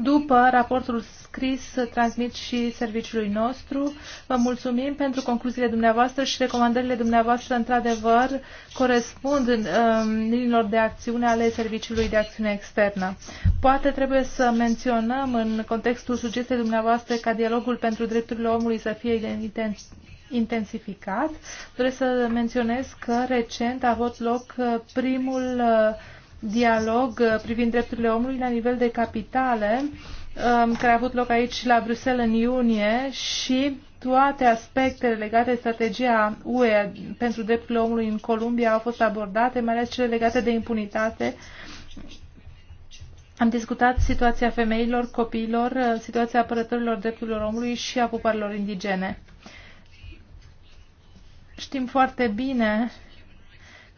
după raportul scris, transmit și serviciului nostru. Vă mulțumim pentru concluziile dumneavoastră și recomandările dumneavoastră, într-adevăr, corespund în, um, în linilor de acțiune ale serviciului de acțiune externă. Poate trebuie să menționăm în contextul sugestiei dumneavoastră ca dialogul pentru drepturile omului să fie intensificat. Doresc să menționez că recent a avut loc uh, primul uh, dialog uh, privind drepturile omului la nivel de capitale, um, care a avut loc aici la Bruxelles în iunie și toate aspectele legate de strategia UE pentru drepturile omului în Columbia au fost abordate, mai ales cele legate de impunitate. Am discutat situația femeilor, copiilor, uh, situația apărătorilor drepturilor omului și a popoarelor indigene. Știm foarte bine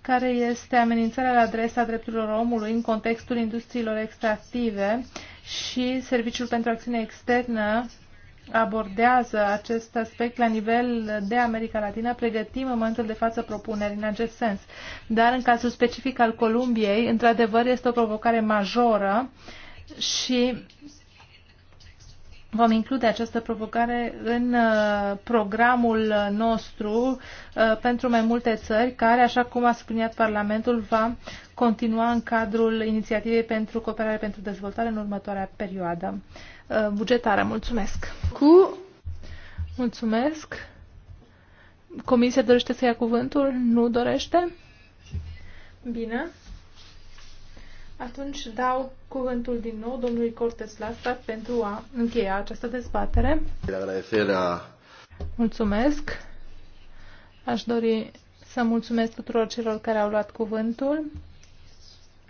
care este amenințarea la adresa drepturilor omului în contextul industriilor extractive și Serviciul pentru Acțiune Externă abordează acest aspect la nivel de America Latina, pregătim în momentul de față propuneri în acest sens. Dar în cazul specific al Columbiei, într-adevăr, este o provocare majoră și vom include această provocare în uh, programul nostru uh, pentru mai multe țări, care, așa cum a subliniat Parlamentul, va continua în cadrul inițiativei pentru cooperare pentru dezvoltare în următoarea perioadă uh, bugetară. Mulțumesc! Cu... Mulțumesc! Comisia dorește să ia cuvântul? Nu dorește? Bine. Atunci dau cuvântul din nou domnului Cortes Lasta pentru a încheia această dezbatere. Mulțumesc. Aș dori să mulțumesc tuturor celor care au luat cuvântul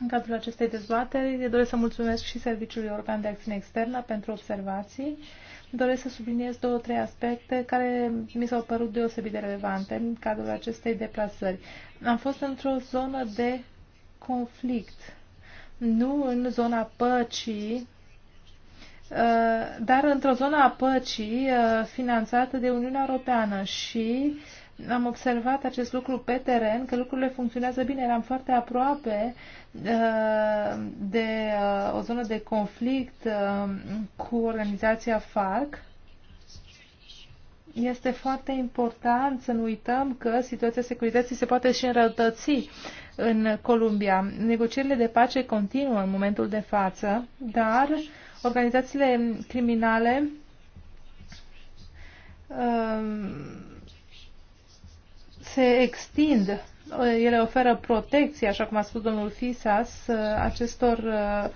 în cadrul acestei dezbateri. Eu doresc să mulțumesc și Serviciului European de Acțiune Externă pentru observații. Doresc să subliniez două, trei aspecte care mi s-au părut deosebit de relevante în cadrul acestei deplasări. Am fost într-o zonă de conflict nu în zona păcii, uh, dar într-o zonă a păcii uh, finanțată de Uniunea Europeană și am observat acest lucru pe teren, că lucrurile funcționează bine. Eram foarte aproape uh, de o zonă de conflict cu organizația FARC. Este foarte important să nu uităm că situația securității se poate și înrăutăți în Columbia. Negocierile de pace continuă în momentul de față, dar organizațiile criminale um, se extind, ele oferă protecție, așa cum a spus domnul Fisas, acestor uh,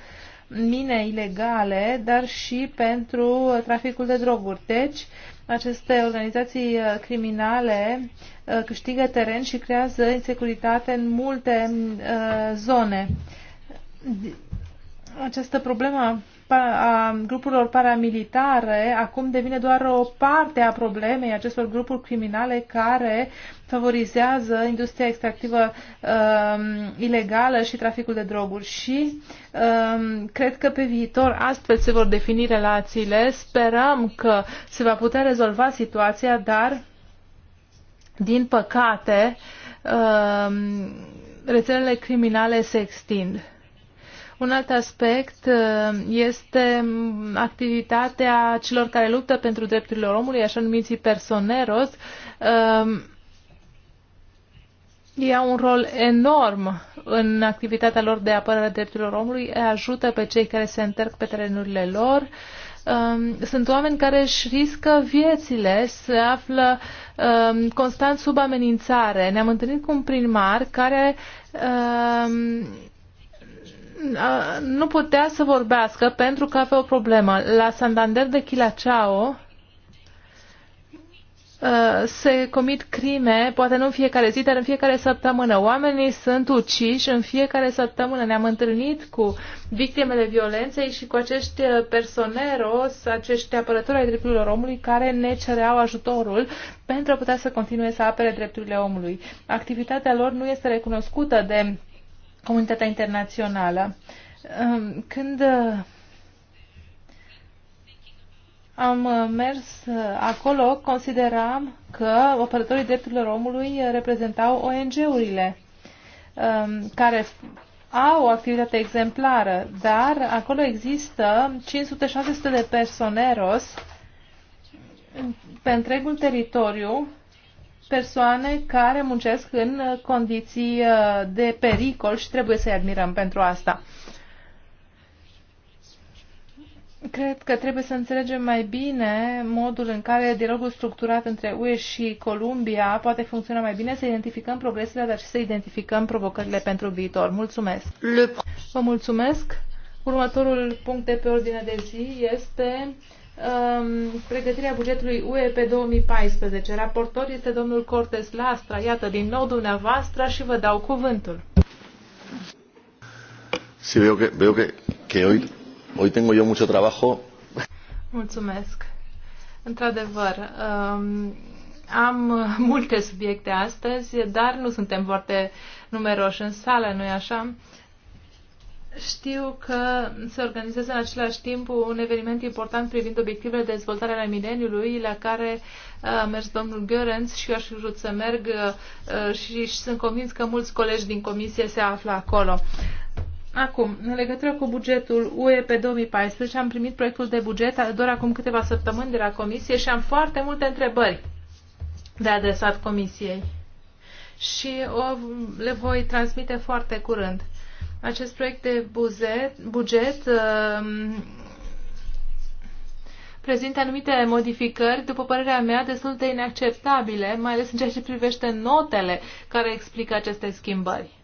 mine ilegale, dar și pentru traficul de droguri. Deci, aceste organizații uh, criminale uh, câștigă teren și creează insecuritate în multe uh, zone. Această problemă a grupurilor paramilitare acum devine doar o parte a problemei acestor grupuri criminale care favorizează industria extractivă um, ilegală și traficul de droguri. Și um, cred că pe viitor astfel se vor defini relațiile. Sperăm că se va putea rezolva situația, dar, din păcate, um, rețelele criminale se extind. Un alt aspect uh, este activitatea celor care luptă pentru drepturile omului, așa numiții personeros. Ei um, au un rol enorm în activitatea lor de apărare a drepturilor omului, ajută pe cei care se întărc pe terenurile lor. Um, sunt oameni care își riscă viețile, se află um, constant sub amenințare. Ne-am întâlnit cu un primar care nu putea să vorbească pentru că avea o problemă. La Santander de Chilaceao se comit crime, poate nu în fiecare zi, dar în fiecare săptămână. Oamenii sunt uciși în fiecare săptămână. Ne-am întâlnit cu victimele violenței și cu acești personeros, acești apărători ai drepturilor omului, care ne cereau ajutorul pentru a putea să continue să apere drepturile omului. Activitatea lor nu este recunoscută de comunitatea internațională. Când uh, am uh, mers uh, acolo, consideram că operatorii drepturilor omului reprezentau ONG-urile um, care au o activitate exemplară, dar acolo există 500-600 de personeros pe întregul teritoriu persoane care muncesc în uh, condiții uh, de pericol și trebuie să-i admirăm pentru asta. Cred că trebuie să înțelegem mai bine modul în care dialogul structurat între UE și Columbia poate funcționa mai bine, să identificăm progresele, dar și să identificăm provocările pentru viitor. Mulțumesc! Vă mulțumesc! Următorul punct de pe ordinea de zi este Ehm, pregătirea bugetului UE pe 2014. Raportor este domnul Cortes Lastra. Iată, din nou dumneavoastră și vă dau cuvântul. Sí, veo que, veo que, que hoy, hoy tengo yo mucho trabajo. Mulțumesc. Într-adevăr, um, am multe subiecte astăzi, dar nu suntem foarte numeroși în sală, nu-i așa? Știu că se organizează în același timp un eveniment important privind obiectivele de dezvoltare ale mileniului, la care a mers domnul Görens și eu aș fi vrut să merg și sunt convins că mulți colegi din comisie se află acolo. Acum, în legătură cu bugetul UE pe 2014, am primit proiectul de buget doar acum câteva săptămâni de la comisie și am foarte multe întrebări de adresat comisiei. Și o, le voi transmite foarte curând. Acest proiect de buzet, buget um, prezintă anumite modificări, după părerea mea, destul de inacceptabile, mai ales în ceea ce privește notele care explică aceste schimbări.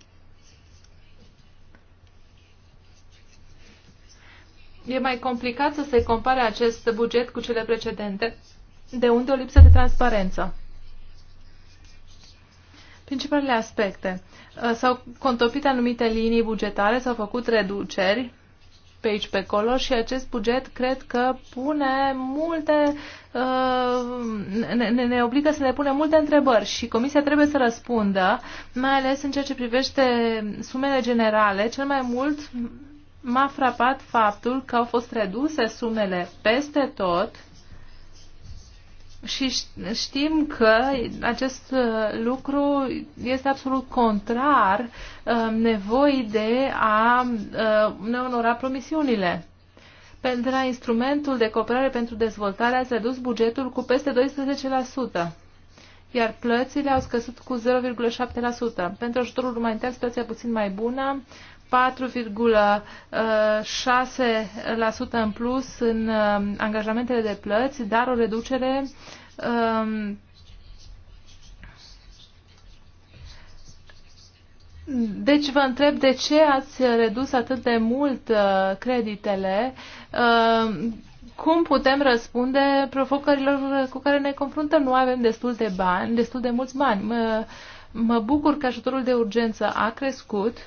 E mai complicat să se compare acest buget cu cele precedente, de unde o lipsă de transparență. Principalele aspecte. Uh, s-au contopit anumite linii bugetare, s-au făcut reduceri pe aici, pe acolo și acest buget cred că pune multe, uh, ne, ne, obligă să ne punem multe întrebări și Comisia trebuie să răspundă, mai ales în ceea ce privește sumele generale. Cel mai mult m-a frapat faptul că au fost reduse sumele peste tot și știm că acest uh, lucru este absolut contrar uh, nevoii de a uh, ne onora promisiunile. Pentru a instrumentul de cooperare pentru dezvoltare s-a redus bugetul cu peste 12%, iar plățile au scăzut cu 0,7%. Pentru ajutorul umanitar situația puțin mai bună, 4,6% uh, în plus în uh, angajamentele de plăți, dar o reducere um, Deci vă întreb de ce ați redus atât de mult uh, creditele. Um, cum putem răspunde provocărilor cu care ne confruntăm? Nu avem destul de bani, destul de mulți bani. Mă, mă bucur că ajutorul de urgență a crescut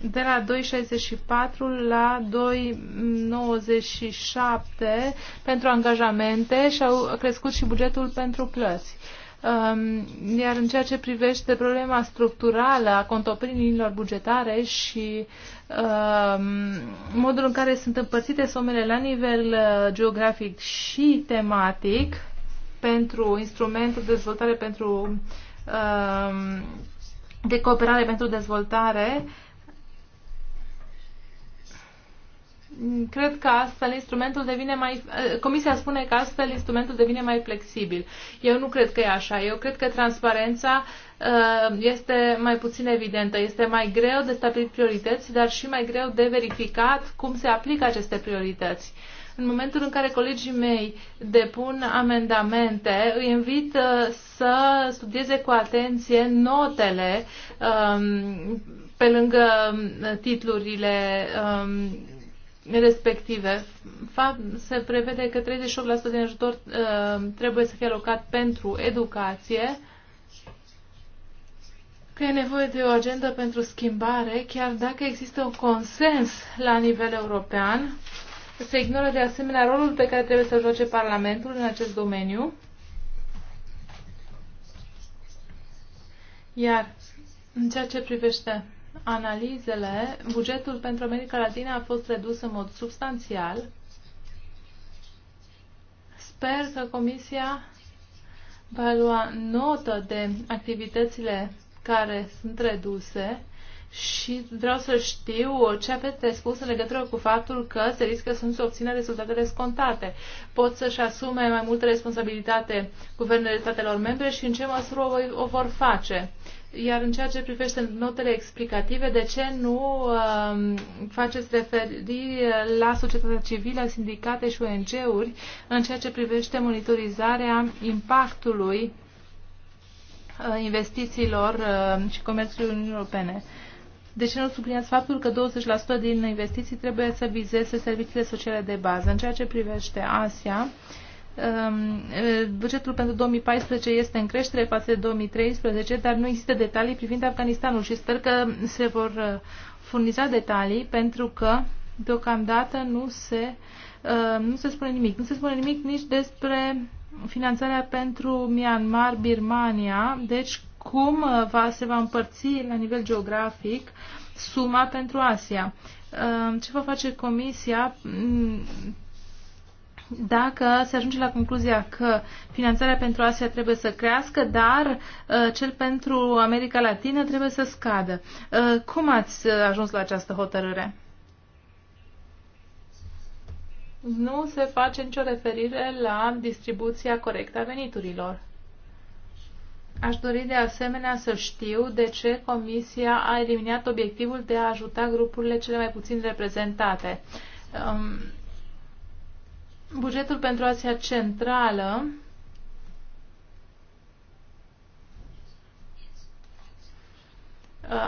de la 2,64 la 2,97 pentru angajamente și au crescut și bugetul pentru plăți. Um, iar în ceea ce privește problema structurală a contoprinilor bugetare și um, modul în care sunt împărțite somele la nivel uh, geografic și tematic pentru instrumentul dezvoltare pentru um, de cooperare pentru dezvoltare, uh, cred că astfel instrumentul devine mai... Comisia spune că astfel instrumentul devine mai flexibil. Eu nu cred că e așa. Eu cred că transparența uh, este mai puțin evidentă. Este mai greu de stabilit priorități, dar și mai greu de verificat cum se aplică aceste priorități. În momentul în care colegii mei depun amendamente, îi invit uh, să studieze cu atenție notele um, pe lângă uh, titlurile um, respective. Se prevede că 38% din ajutor uh, trebuie să fie alocat pentru educație, că e nevoie de o agendă pentru schimbare, chiar dacă există un consens la nivel european. Se ignoră de asemenea rolul pe care trebuie să-l joace Parlamentul în acest domeniu. Iar în ceea ce privește analizele, bugetul pentru America Latina a fost redus în mod substanțial. Sper că Comisia va lua notă de activitățile care sunt reduse și vreau să știu ce aveți de spus în legătură cu faptul că se riscă să nu se obțină rezultatele scontate. Pot să-și asume mai multă responsabilitate guvernele statelor membre și în ce măsură o, vor face. Iar în ceea ce privește notele explicative, de ce nu uh, faceți referiri la societatea civilă, sindicate și ONG-uri în ceea ce privește monitorizarea impactului uh, investițiilor uh, și comerțului Uniunii Europene? Uh, de ce nu subliniați faptul că 20% din investiții trebuie să vizeze serviciile sociale de bază? În ceea ce privește Asia, um, uh, bugetul pentru 2014 este în creștere față de 2013, dar nu există detalii privind Afganistanul și sper că se vor uh, furniza detalii pentru că deocamdată nu se, uh, nu se spune nimic. Nu se spune nimic nici despre finanțarea pentru Myanmar, Birmania, deci cum uh, va, se va împărți la nivel geografic suma pentru Asia. Uh, ce va face Comisia mm, dacă se ajunge la concluzia că finanțarea pentru Asia trebuie să crească, dar uh, cel pentru America Latină trebuie să scadă. cum ați ajuns la această hotărâre? Nu se face nicio referire la distribuția corectă a veniturilor. Aș dori de asemenea să știu de ce Comisia a eliminat obiectivul de a ajuta grupurile cele mai puțin reprezentate. Um, bugetul pentru Asia Centrală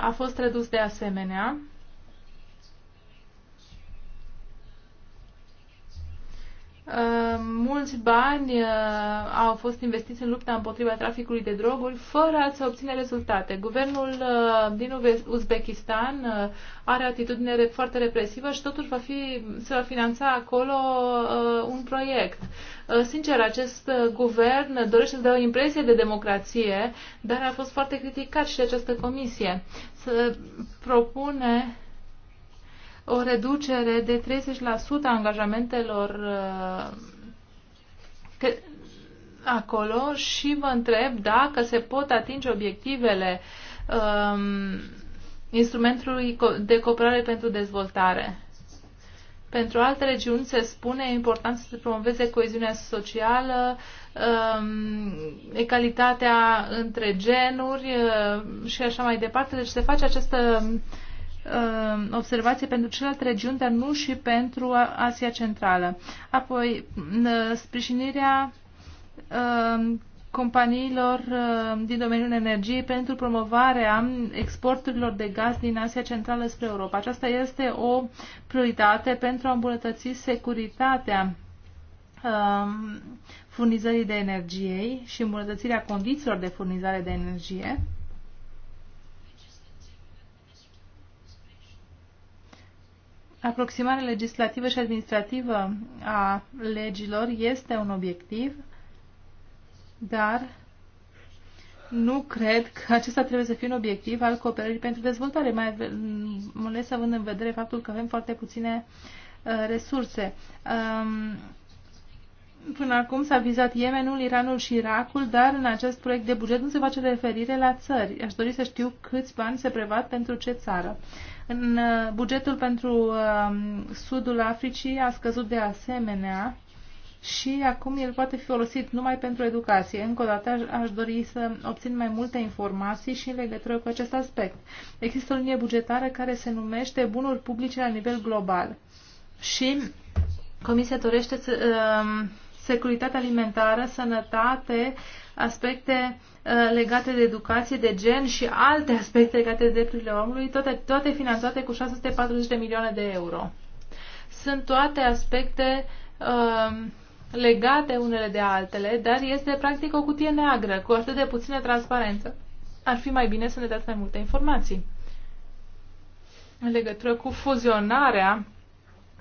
a fost redus de asemenea. Uh, mulți bani uh, au fost investiți în lupta împotriva traficului de droguri fără a se obține rezultate. Guvernul uh, din Uzbekistan are atitudine foarte represivă și totuși va fi, se va finanța acolo un proiect. Sincer, acest guvern dorește să dea o impresie de democrație, dar a fost foarte criticat și de această comisie. Să propune o reducere de 30% a angajamentelor uh, acolo și vă întreb dacă se pot atinge obiectivele um, instrumentului de cooperare pentru dezvoltare. Pentru alte regiuni se spune e important să se promoveze coeziunea socială, um, egalitatea între genuri uh, și așa mai departe. Deci se face această Uh, observație pentru celelalte regiuni, dar nu și pentru Asia Centrală. Apoi, uh, sprijinirea uh, companiilor din domeniul energiei pentru promovarea exporturilor de gaz din Asia Centrală spre Europa. Aceasta este o prioritate pentru a îmbunătăți securitatea um, furnizării de energie și îmbunătățirea condițiilor de furnizare de energie. Aproximarea legislativă și administrativă a legilor este un obiectiv, dar nu cred că acesta trebuie să fie un obiectiv al cooperării pentru dezvoltare, mai ales având în vedere faptul că avem foarte puține uh, resurse. Um, Până acum s-a vizat Yemenul, Iranul și Irakul, dar în acest proiect de buget nu se face referire la țări. Aș dori să știu câți bani se prevad pentru ce țară. În uh, bugetul pentru um, Sudul Africii a scăzut de asemenea și acum el poate fi folosit numai pentru educație. Încă o dată aș dori să obțin mai multe informații și în legătură cu acest aspect. Există o linie bugetară care se numește bunuri publice la nivel global și Comisia dorește să, um, securitatea alimentară, sănătate, aspecte uh, Uh, legate de educație, de gen și alte aspecte legate de drepturile omului, toate, toate finanțate cu 640 de milioane de euro. Sunt toate aspecte uh, legate unele de altele, dar este practic o cutie neagră, cu atât de puțină transparență. Ar fi mai bine să ne dați mai multe informații în legătură cu fuzionarea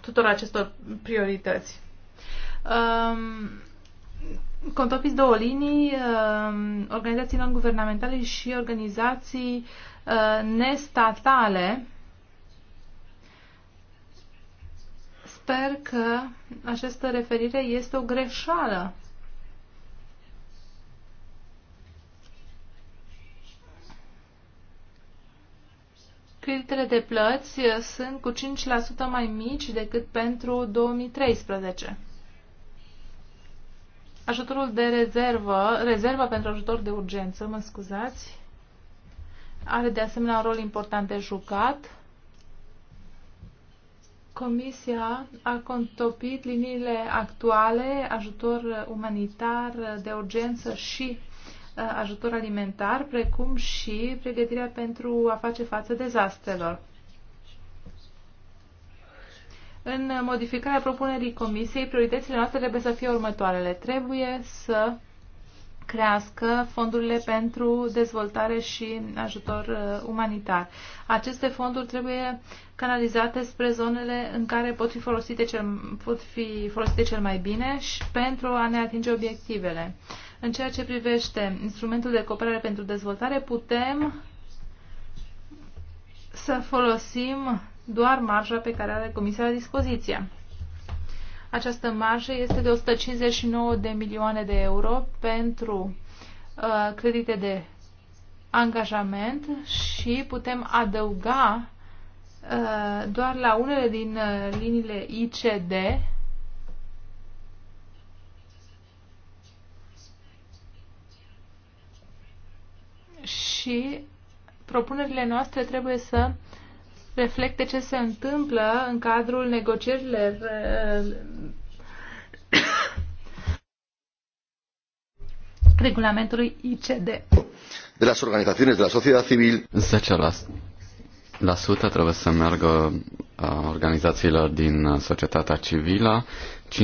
tuturor acestor priorități. Um, contopiți două linii, uh, organizații non-guvernamentale și organizații uh, nestatale. Sper că această referire este o greșeală. Creditele de plăți sunt cu 5% mai mici decât pentru 2013 ajutorul de rezervă, rezerva pentru ajutor de urgență, mă scuzați, are de asemenea un rol important de jucat. Comisia a contopit liniile actuale, ajutor umanitar de urgență și uh, ajutor alimentar, precum și pregătirea pentru a face față dezastrelor. În modificarea propunerii comisiei, prioritățile noastre trebuie să fie următoarele. Trebuie să crească fondurile pentru dezvoltare și ajutor uh, umanitar. Aceste fonduri trebuie canalizate spre zonele în care pot fi folosite cel, pot fi folosite cel mai bine și pentru a ne atinge obiectivele. În ceea ce privește instrumentul de cooperare pentru dezvoltare, putem să folosim doar marja pe care are Comisia la dispoziție. Această marjă este de 159 de milioane de euro pentru uh, credite de angajament și putem adăuga uh, doar la unele din uh, liniile ICD și propunerile noastre trebuie să reflecte ce se întâmplă în cadrul negocierilor uh, regulamentului ICD. De las organizaciones de la sociedad civil. 10% trebuie să meargă uh, organizațiilor din uh, societatea civilă, 5%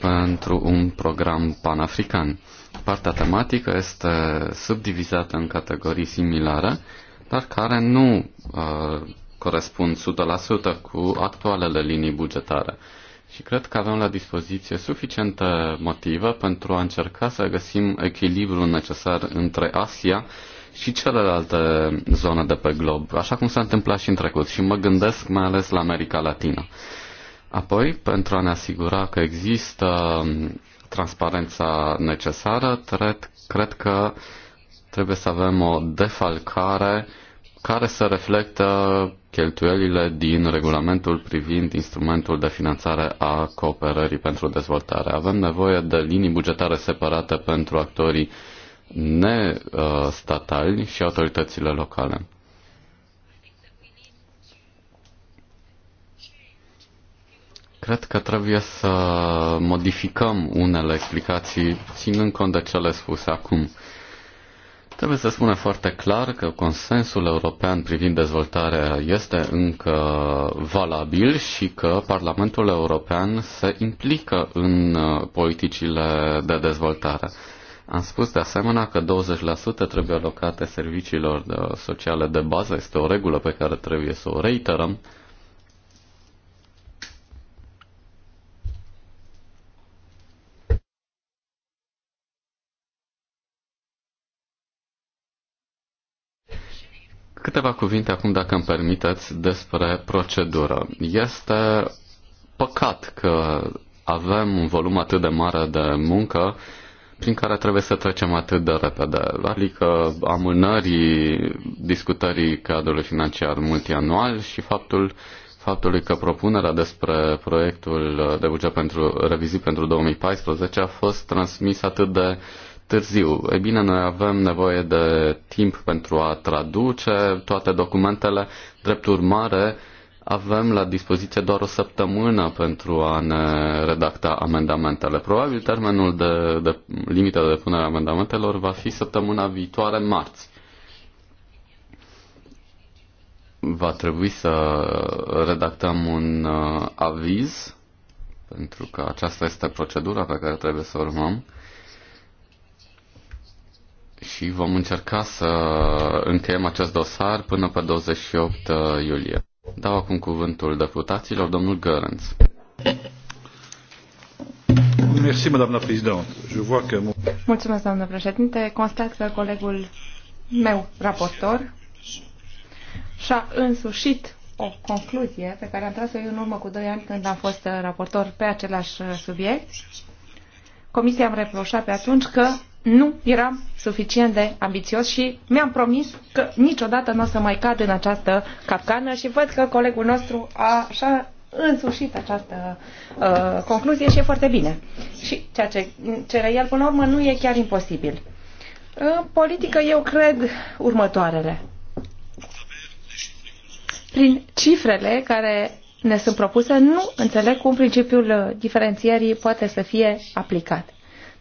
pentru un program panafrican. Partea tematică este subdivizată în categorii similare, dar care nu uh, corespund 100% cu actualele linii bugetare. Și cred că avem la dispoziție suficientă motivă pentru a încerca să găsim echilibrul necesar între Asia și celelalte zone de pe glob, așa cum s-a întâmplat și în trecut. Și mă gândesc mai ales la America Latină. Apoi, pentru a ne asigura că există transparența necesară, cred, cred că trebuie să avem o defalcare care să reflectă cheltuielile din regulamentul privind instrumentul de finanțare a cooperării pentru dezvoltare. Avem nevoie de linii bugetare separate pentru actorii nestatali și autoritățile locale. Cred că trebuie să modificăm unele explicații, ținând cont de cele spuse acum. Trebuie să spunem foarte clar că consensul european privind dezvoltarea este încă valabil și că Parlamentul European se implică în uh, politicile de dezvoltare. Am spus de asemenea că 20% trebuie alocate serviciilor uh, sociale de bază, este o regulă pe care trebuie să o reiterăm. Câteva cuvinte acum, dacă îmi permiteți, despre procedură. Este păcat că avem un volum atât de mare de muncă prin care trebuie să trecem atât de repede, adică amânării discutării cadrului financiar multianual și faptul faptului că propunerea despre proiectul de buget pentru revizii pentru 2014 a fost transmisă atât de uh, târziu. E bine, noi avem nevoie de timp pentru a traduce toate documentele. Drept urmare, avem la dispoziție doar o săptămână pentru a ne redacta amendamentele. Probabil termenul de, de limită de punere a amendamentelor va fi săptămâna viitoare, marți. Va trebui să redactăm un uh, aviz, pentru că aceasta este procedura pe care trebuie să urmăm și vom încerca să încheiem acest dosar până pe 28 uh, iulie. Dau acum cuvântul deputaților, domnul Gărânț. Mulțumesc, doamnă președinte. Constat că colegul meu, raportor, și-a însușit o concluzie pe care am tras-o eu în urmă cu doi ani când am fost raportor pe același subiect. Comisia am reproșat pe atunci că nu eram suficient de ambițios și mi-am promis că niciodată nu o să mai cad în această capcană și văd că colegul nostru a așa însușit această uh, concluzie și e foarte bine. Și ceea ce cere el până la urmă nu e chiar imposibil. În politică eu cred următoarele. Prin cifrele care ne sunt propuse, nu înțeleg cum principiul diferențierii poate să fie aplicat.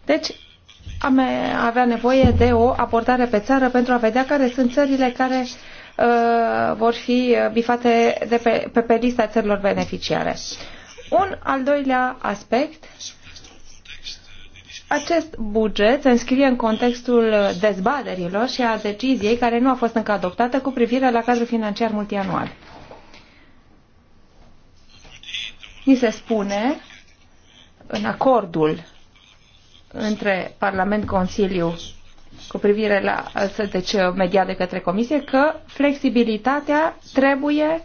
Deci, am avea nevoie de o abordare pe țară pentru a vedea care sunt țările care uh, vor fi bifate de pe, pe, pe lista țărilor beneficiare. Un al doilea aspect acest buget se înscrie în contextul dezbaterilor și a deciziei care nu a fost încă adoptată cu privire la cadrul financiar multianual. Ni se spune în acordul între Parlament, Consiliu cu privire la deci, media de către Comisie că flexibilitatea trebuie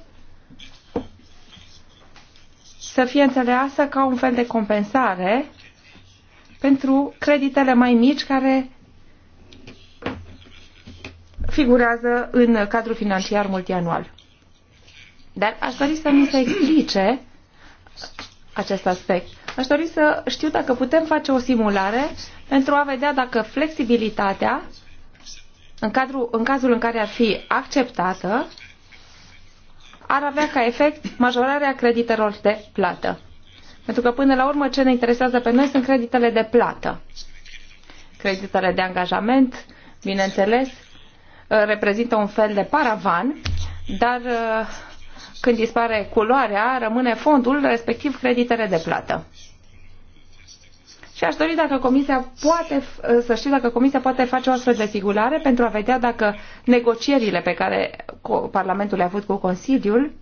să fie înțeleasă ca un fel de compensare pentru creditele mai mici care figurează în cadrul financiar multianual. Dar aș dori să mi se explice acest aspect. Aș dori să știu dacă putem face o simulare pentru a vedea dacă flexibilitatea, în, cadrul, în cazul în care ar fi acceptată, ar avea ca efect majorarea creditelor de plată. Pentru că, până la urmă, ce ne interesează pe noi sunt creditele de plată. Creditele de angajament, bineînțeles, reprezintă un fel de paravan, dar când dispare culoarea, rămâne fondul, respectiv creditele de plată. Și aș dori dacă comisia poate, să știu dacă comisia poate face o astfel de figurare pentru a vedea dacă negocierile pe care Parlamentul le-a avut cu Consiliul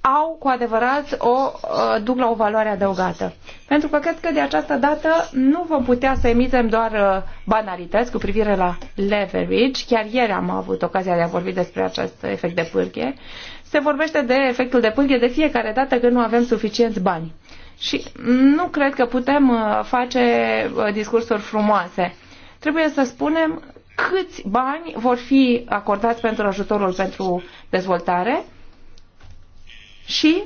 au cu adevărat o uh, duc la o valoare adăugată. Pentru că cred că de această dată nu vom putea să emitem doar uh, banalități cu privire la leverage. Chiar ieri am avut ocazia de a vorbi despre acest efect de pârghie. Se vorbește de efectul de pârghie de fiecare dată când nu avem suficienți bani. Și nu cred că putem uh, face discursuri frumoase. Trebuie să spunem câți bani vor fi acordați pentru ajutorul pentru dezvoltare, și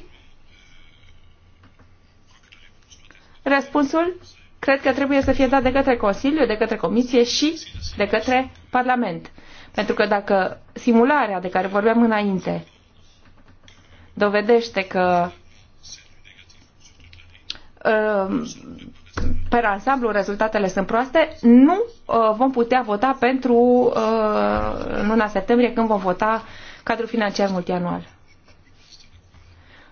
răspunsul cred că trebuie să fie dat de către Consiliu, de către Comisie și de către Parlament. Pentru că dacă simularea de care vorbeam înainte dovedește că um, pe ansamblu rezultatele sunt proaste, nu uh, vom putea vota pentru uh, luna septembrie când vom vota cadrul financiar multianual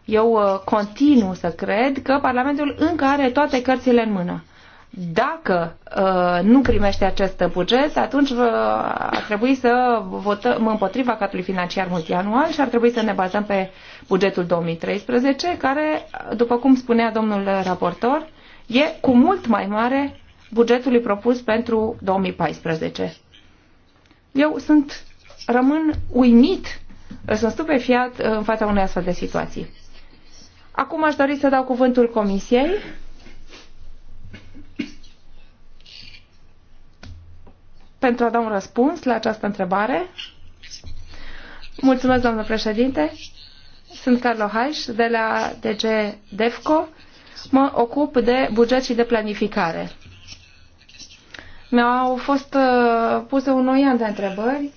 eu uh, continu să cred că Parlamentul încă are toate cărțile în mână. Dacă uh, nu primește acest buget, atunci uh, ar trebui să votăm împotriva cadrului financiar multianual și ar trebui să ne bazăm pe bugetul 2013, care, după cum spunea domnul raportor, e cu mult mai mare bugetului propus pentru 2014. Eu sunt, rămân uimit, sunt stupefiat uh, în fața unei astfel de situații. Acum aș dori să dau cuvântul Comisiei. pentru a da un răspuns la această întrebare. Mulțumesc, doamnă președinte. Sunt Carlo Haiș de la DG DEFCO. Mă ocup de buget și de planificare. Mi-au fost uh, puse un an de întrebări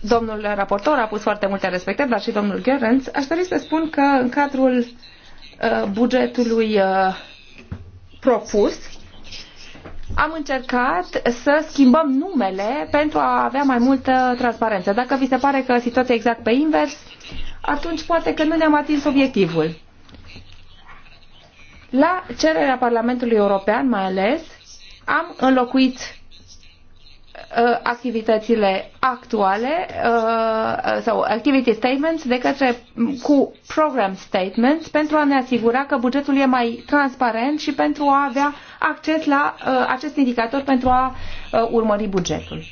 Domnul raportor a pus foarte multe respectări, dar și domnul Gerenț. Aș dori să spun că în cadrul uh, bugetului uh, propus, am încercat să schimbăm numele pentru a avea mai multă transparență. Dacă vi se pare că situația e exact pe invers, atunci poate că nu ne-am atins obiectivul. La cererea Parlamentului European, mai ales, am înlocuit Uh, activitățile actuale uh, sau activity statements de către cu program statements pentru a ne asigura că bugetul e mai transparent și pentru a avea acces la uh, acest indicator pentru a urmări bugetul.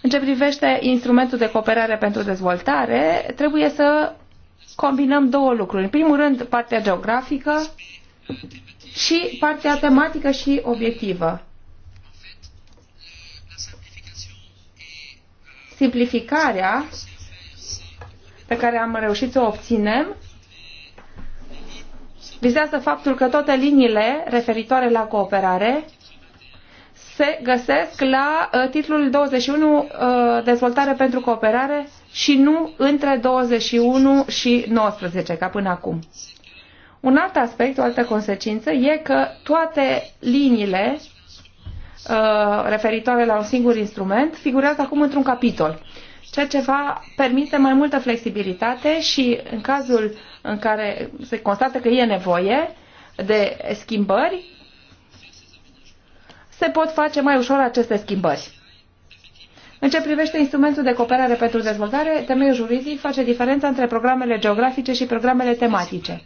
În ce privește instrumentul de cooperare pentru dezvoltare, trebuie să combinăm două lucruri. În primul rând, partea geografică și partea tematică și obiectivă. simplificarea pe care am reușit să o obținem vizează faptul că toate liniile referitoare la cooperare se găsesc la uh, titlul 21 uh, Dezvoltare pentru cooperare și nu între 21 și 19, ca până acum. Un alt aspect, o altă consecință, e că toate liniile Uh, referitoare la un singur instrument figurează acum într-un capitol, ceea ce va permite mai multă flexibilitate și în cazul în care se constată că e nevoie de schimbări, se pot face mai ușor aceste schimbări. În ce privește instrumentul de cooperare pentru dezvoltare, temeiul juridic face diferența între programele geografice și programele tematice.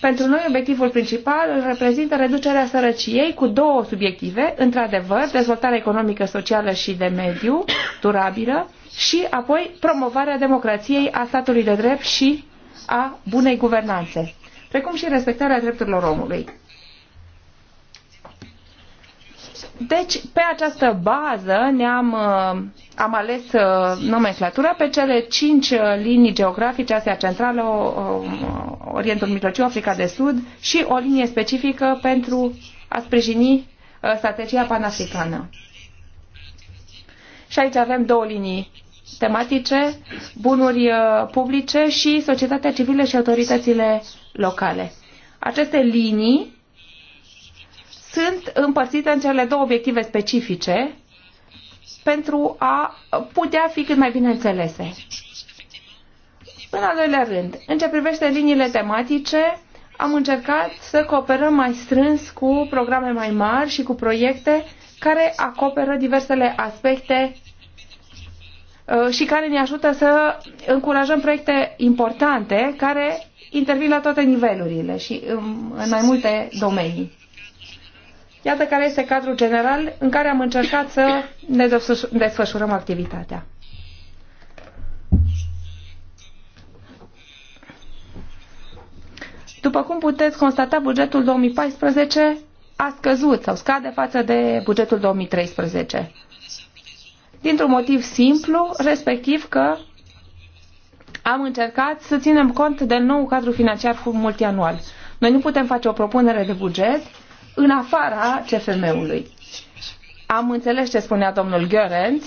Pentru noi, obiectivul principal reprezintă reducerea sărăciei cu două subiective, într-adevăr, dezvoltarea economică, socială și de mediu, durabilă, și apoi promovarea democrației, a statului de drept și a bunei guvernanțe, precum și respectarea drepturilor omului. Deci, pe această bază ne-am uh, am ales uh, nomenclatura pe cele cinci uh, linii geografice, Asia Centrală, Orientul Mijlociu, Africa de Sud și o linie specifică pentru a sprijini strategia panafricană. Și aici avem două linii tematice, bunuri publice și societatea civilă și autoritățile locale. Aceste linii sunt împărțite în cele două obiective specifice pentru a putea fi cât mai bine înțelese. În al doilea rând, în ce privește liniile tematice, am încercat să cooperăm mai strâns cu programe mai mari și cu proiecte care acoperă diversele aspecte uh, și care ne ajută să încurajăm proiecte importante care intervin la toate nivelurile și în mai multe domenii. Iată care este cadrul general în care am încercat să ne desfășurăm activitatea. După cum puteți constata, bugetul 2014 a scăzut sau scade față de bugetul 2013. Dintr-un motiv simplu, respectiv că am încercat să ținem cont de nou cadru financiar multianual. Noi nu putem face o propunere de buget în afara CFM-ului. Am înțeles ce spunea domnul Görenț,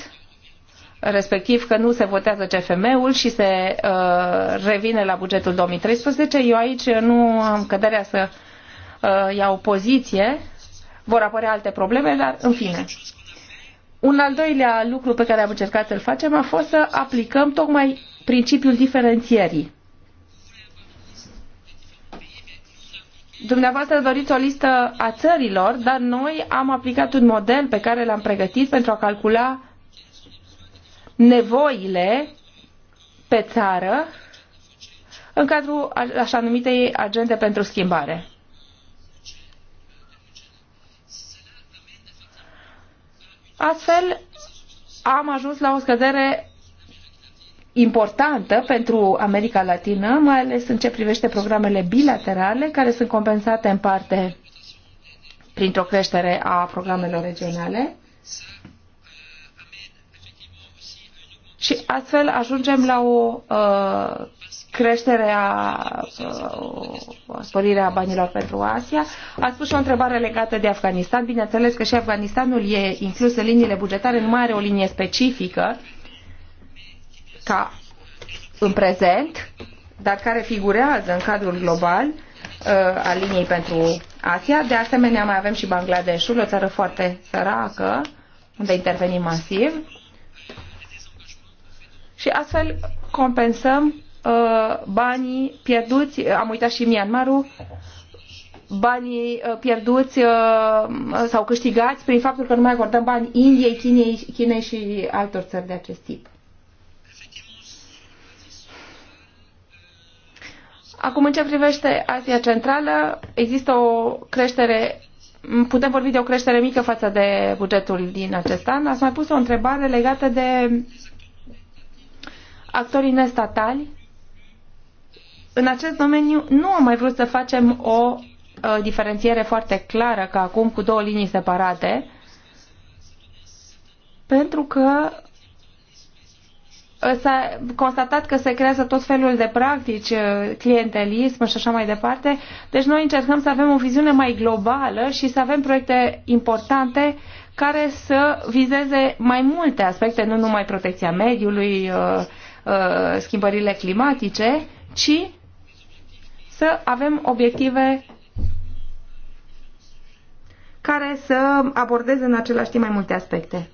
respectiv că nu se votează CFM-ul și se uh, revine la bugetul 2013. Eu aici nu am căderea să uh, iau poziție, vor apărea alte probleme, dar în fine. Un al doilea lucru pe care am încercat să-l facem a fost să aplicăm tocmai principiul diferențierii. Dumneavoastră doriți o listă a țărilor, dar noi am aplicat un model pe care l-am pregătit pentru a calcula nevoile pe țară în cadrul așa numitei agende pentru schimbare. Astfel, am ajuns la o scădere importantă pentru America Latină, mai ales în ce privește programele bilaterale, care sunt compensate în parte printr-o creștere a programelor regionale. Și astfel ajungem la o uh, creștere a uh, sporirea banilor pentru Asia. A spus și o întrebare legată de Afganistan. Bineînțeles că și Afganistanul e inclus în liniile bugetare, nu mai are o linie specifică uh, ca în prezent, dar care figurează în cadrul global uh, al liniei pentru Asia. De asemenea, mai avem și Bangladeshul, o țară foarte săracă, unde intervenim masiv. Și astfel compensăm uh, banii pierduți, am uitat și Myanmarul, banii uh, pierduți uh, sau câștigați prin faptul că nu mai acordăm bani Indiei, Chinei, Chinei și altor țări de acest tip. Acum, în ce privește Asia Centrală, există o creștere, putem vorbi de o creștere mică față de bugetul din acest an. Ați mai pus o întrebare legată de actorii nestatali. În acest domeniu nu am mai vrut să facem o uh, diferențiere foarte clară ca acum cu două linii separate, pentru că s-a constatat că se creează tot felul de practici, uh, clientelism și așa mai departe. Deci noi încercăm să avem o viziune mai globală și să avem proiecte importante care să vizeze mai multe aspecte, nu numai protecția mediului, uh, uh, schimbările climatice, ci să avem obiective care să abordeze în același timp mai multe aspecte.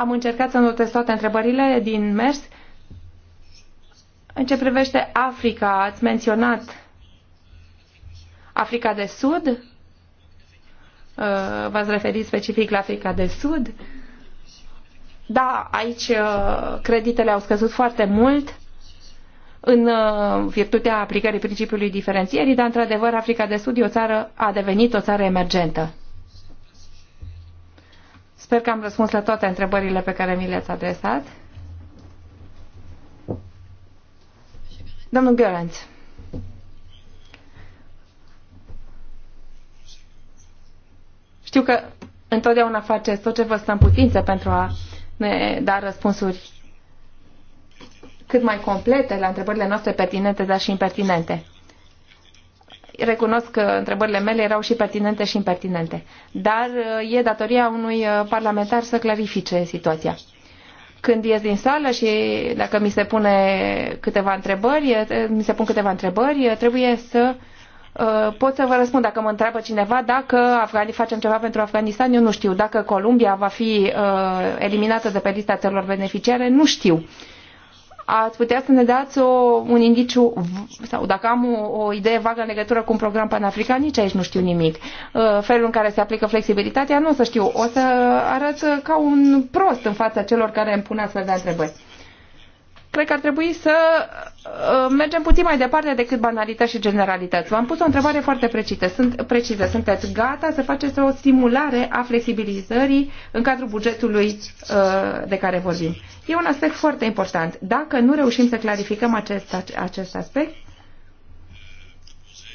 Am încercat să notez toate întrebările din mers. În ce privește Africa, ați menționat Africa de Sud? Uh, v-ați referit specific la Africa de Sud? Da, aici uh, creditele au scăzut foarte mult în uh, virtutea aplicării principiului diferențierii, dar într-adevăr Africa de Sud e o țară, a devenit o țară emergentă. Sper că am răspuns la toate întrebările pe care mi le-ați adresat. Domnul Gheorenț. Știu că întotdeauna faceți tot ce vă stă în putință pentru a ne da răspunsuri cât mai complete la întrebările noastre pertinente, dar și impertinente. Recunosc că întrebările mele erau și pertinente și impertinente, dar uh, e datoria unui uh, parlamentar să clarifice situația. Când ies din sală și dacă mi se pune câteva întrebări, mi se pun câteva întrebări, trebuie să uh, pot să vă răspund dacă mă întreabă cineva dacă afganii facem ceva pentru Afganistan, eu nu știu. Dacă Columbia va fi eliminată de pe lista țărilor beneficiare, nu știu ați putea să ne dați o, un indiciu sau dacă am o, o idee vagă în legătură cu un program panafrican, nici aici nu știu nimic. Uh, felul în care se aplică flexibilitatea, nu o să știu. O să arăt ca un prost în fața celor care îmi pun astfel de întrebări cred că ar trebui să uh, mergem puțin mai departe decât banalități și generalități. V-am pus o întrebare foarte precisă. Sunt, precisă. Sunteți gata să faceți o simulare a flexibilizării în cadrul bugetului uh, de care vorbim? E un aspect foarte important. Dacă nu reușim să clarificăm acest, acest aspect,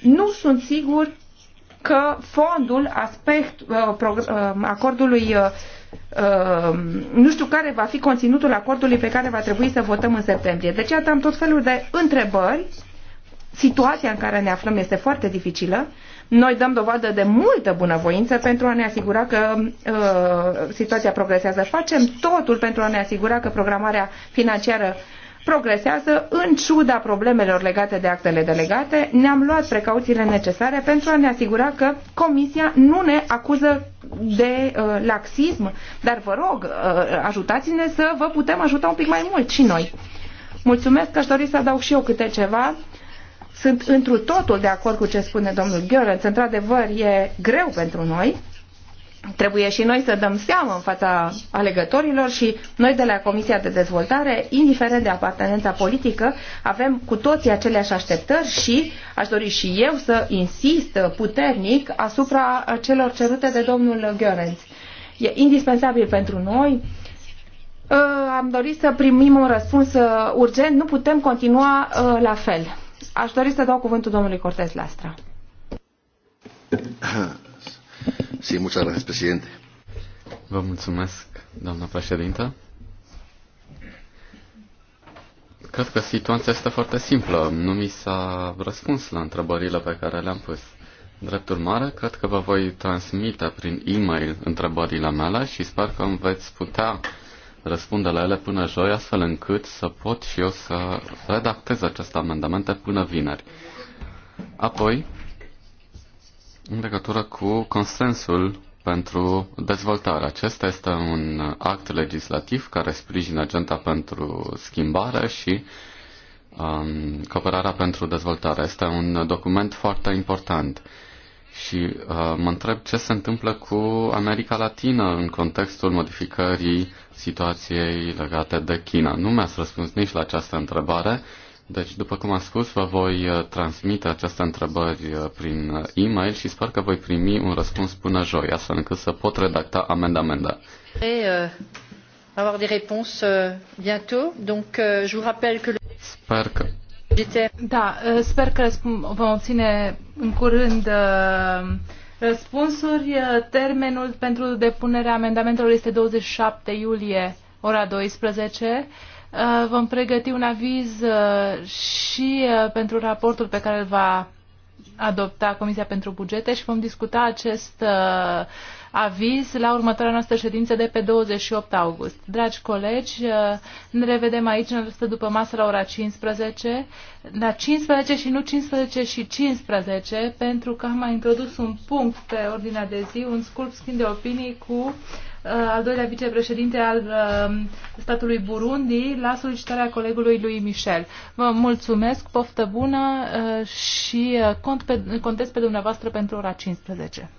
nu sunt sigur că fondul aspect, uh, acordului Ehm, nu știu care va fi conținutul acordului pe care va trebui să votăm în septembrie. Deci am tot felul de întrebări. Situația în care ne aflăm este foarte dificilă. Noi dăm dovadă de multă bunăvoință pentru a ne asigura că uh, situația progresează. Facem totul pentru a ne asigura că programarea financiară progresează în ciuda problemelor legate de actele delegate. Ne-am luat precauțiile necesare pentru a ne asigura că Comisia nu ne acuză de uh, laxism, dar vă rog, uh, ajutați-ne să vă putem ajuta un pic mai mult și noi. Mulțumesc că aș dori să adaug și eu câte ceva. Sunt întru totul de acord cu ce spune domnul Gheorens. Într-adevăr, e greu pentru noi trebuie și noi să dăm seamă în fața alegătorilor și noi de la Comisia de Dezvoltare, indiferent de apartenența politică, avem cu toții aceleași așteptări și aș dori și eu să insist puternic asupra celor cerute de domnul Gheorenț. E indispensabil pentru noi ă, am dorit să primim un răspuns ă, urgent, nu putem continua ă, la fel. Aș dori să dau cuvântul domnului Cortez Lastra. Sí, muchas gracias, presidente. Vă mulțumesc, doamna președintă. Cred că situația este foarte simplă. Nu mi s-a răspuns la întrebările pe care le-am pus. Drept urmare, cred că vă voi transmite prin e-mail întrebările mele și sper că îmi veți putea răspunde la ele până joi, astfel încât să pot și eu să redactez aceste amendamente până vineri. Apoi, în legătură cu consensul pentru dezvoltare. Acesta este un act legislativ care sprijină agenda pentru schimbare și um, cooperarea pentru dezvoltare. Este un document foarte important. Și uh, mă întreb ce se întâmplă cu America Latină în contextul modificării situației legate de China. Nu mi-ați răspuns nici la această întrebare. Uh, deci, după cum am spus, vă voi uh, transmite aceste întrebări uh, prin uh, e-mail și sper că voi primi un răspuns până joi, astfel încât să pot redacta amendamenta. amendamente. Sper că da, sper că vom obține în curând răspunsuri. Termenul pentru depunerea amendamentelor este 27 iulie, ora 12. Uh, vom pregăti un aviz uh, și uh, pentru raportul pe care îl va adopta Comisia pentru Bugete și vom discuta acest aviz la următoarea noastră ședință de pe 28 august. Dragi colegi, ne revedem aici în restă după masă la ora 15, la 15 și nu 15 și 15, pentru că am mai introdus un punct pe ordinea de zi, un scurt schimb de opinii cu Uh, al doilea vicepreședinte al uh, statului Burundi, la solicitarea colegului lui Michel. Vă mulțumesc, poftă bună uh, și cont pe, contez pe dumneavoastră pentru ora 15.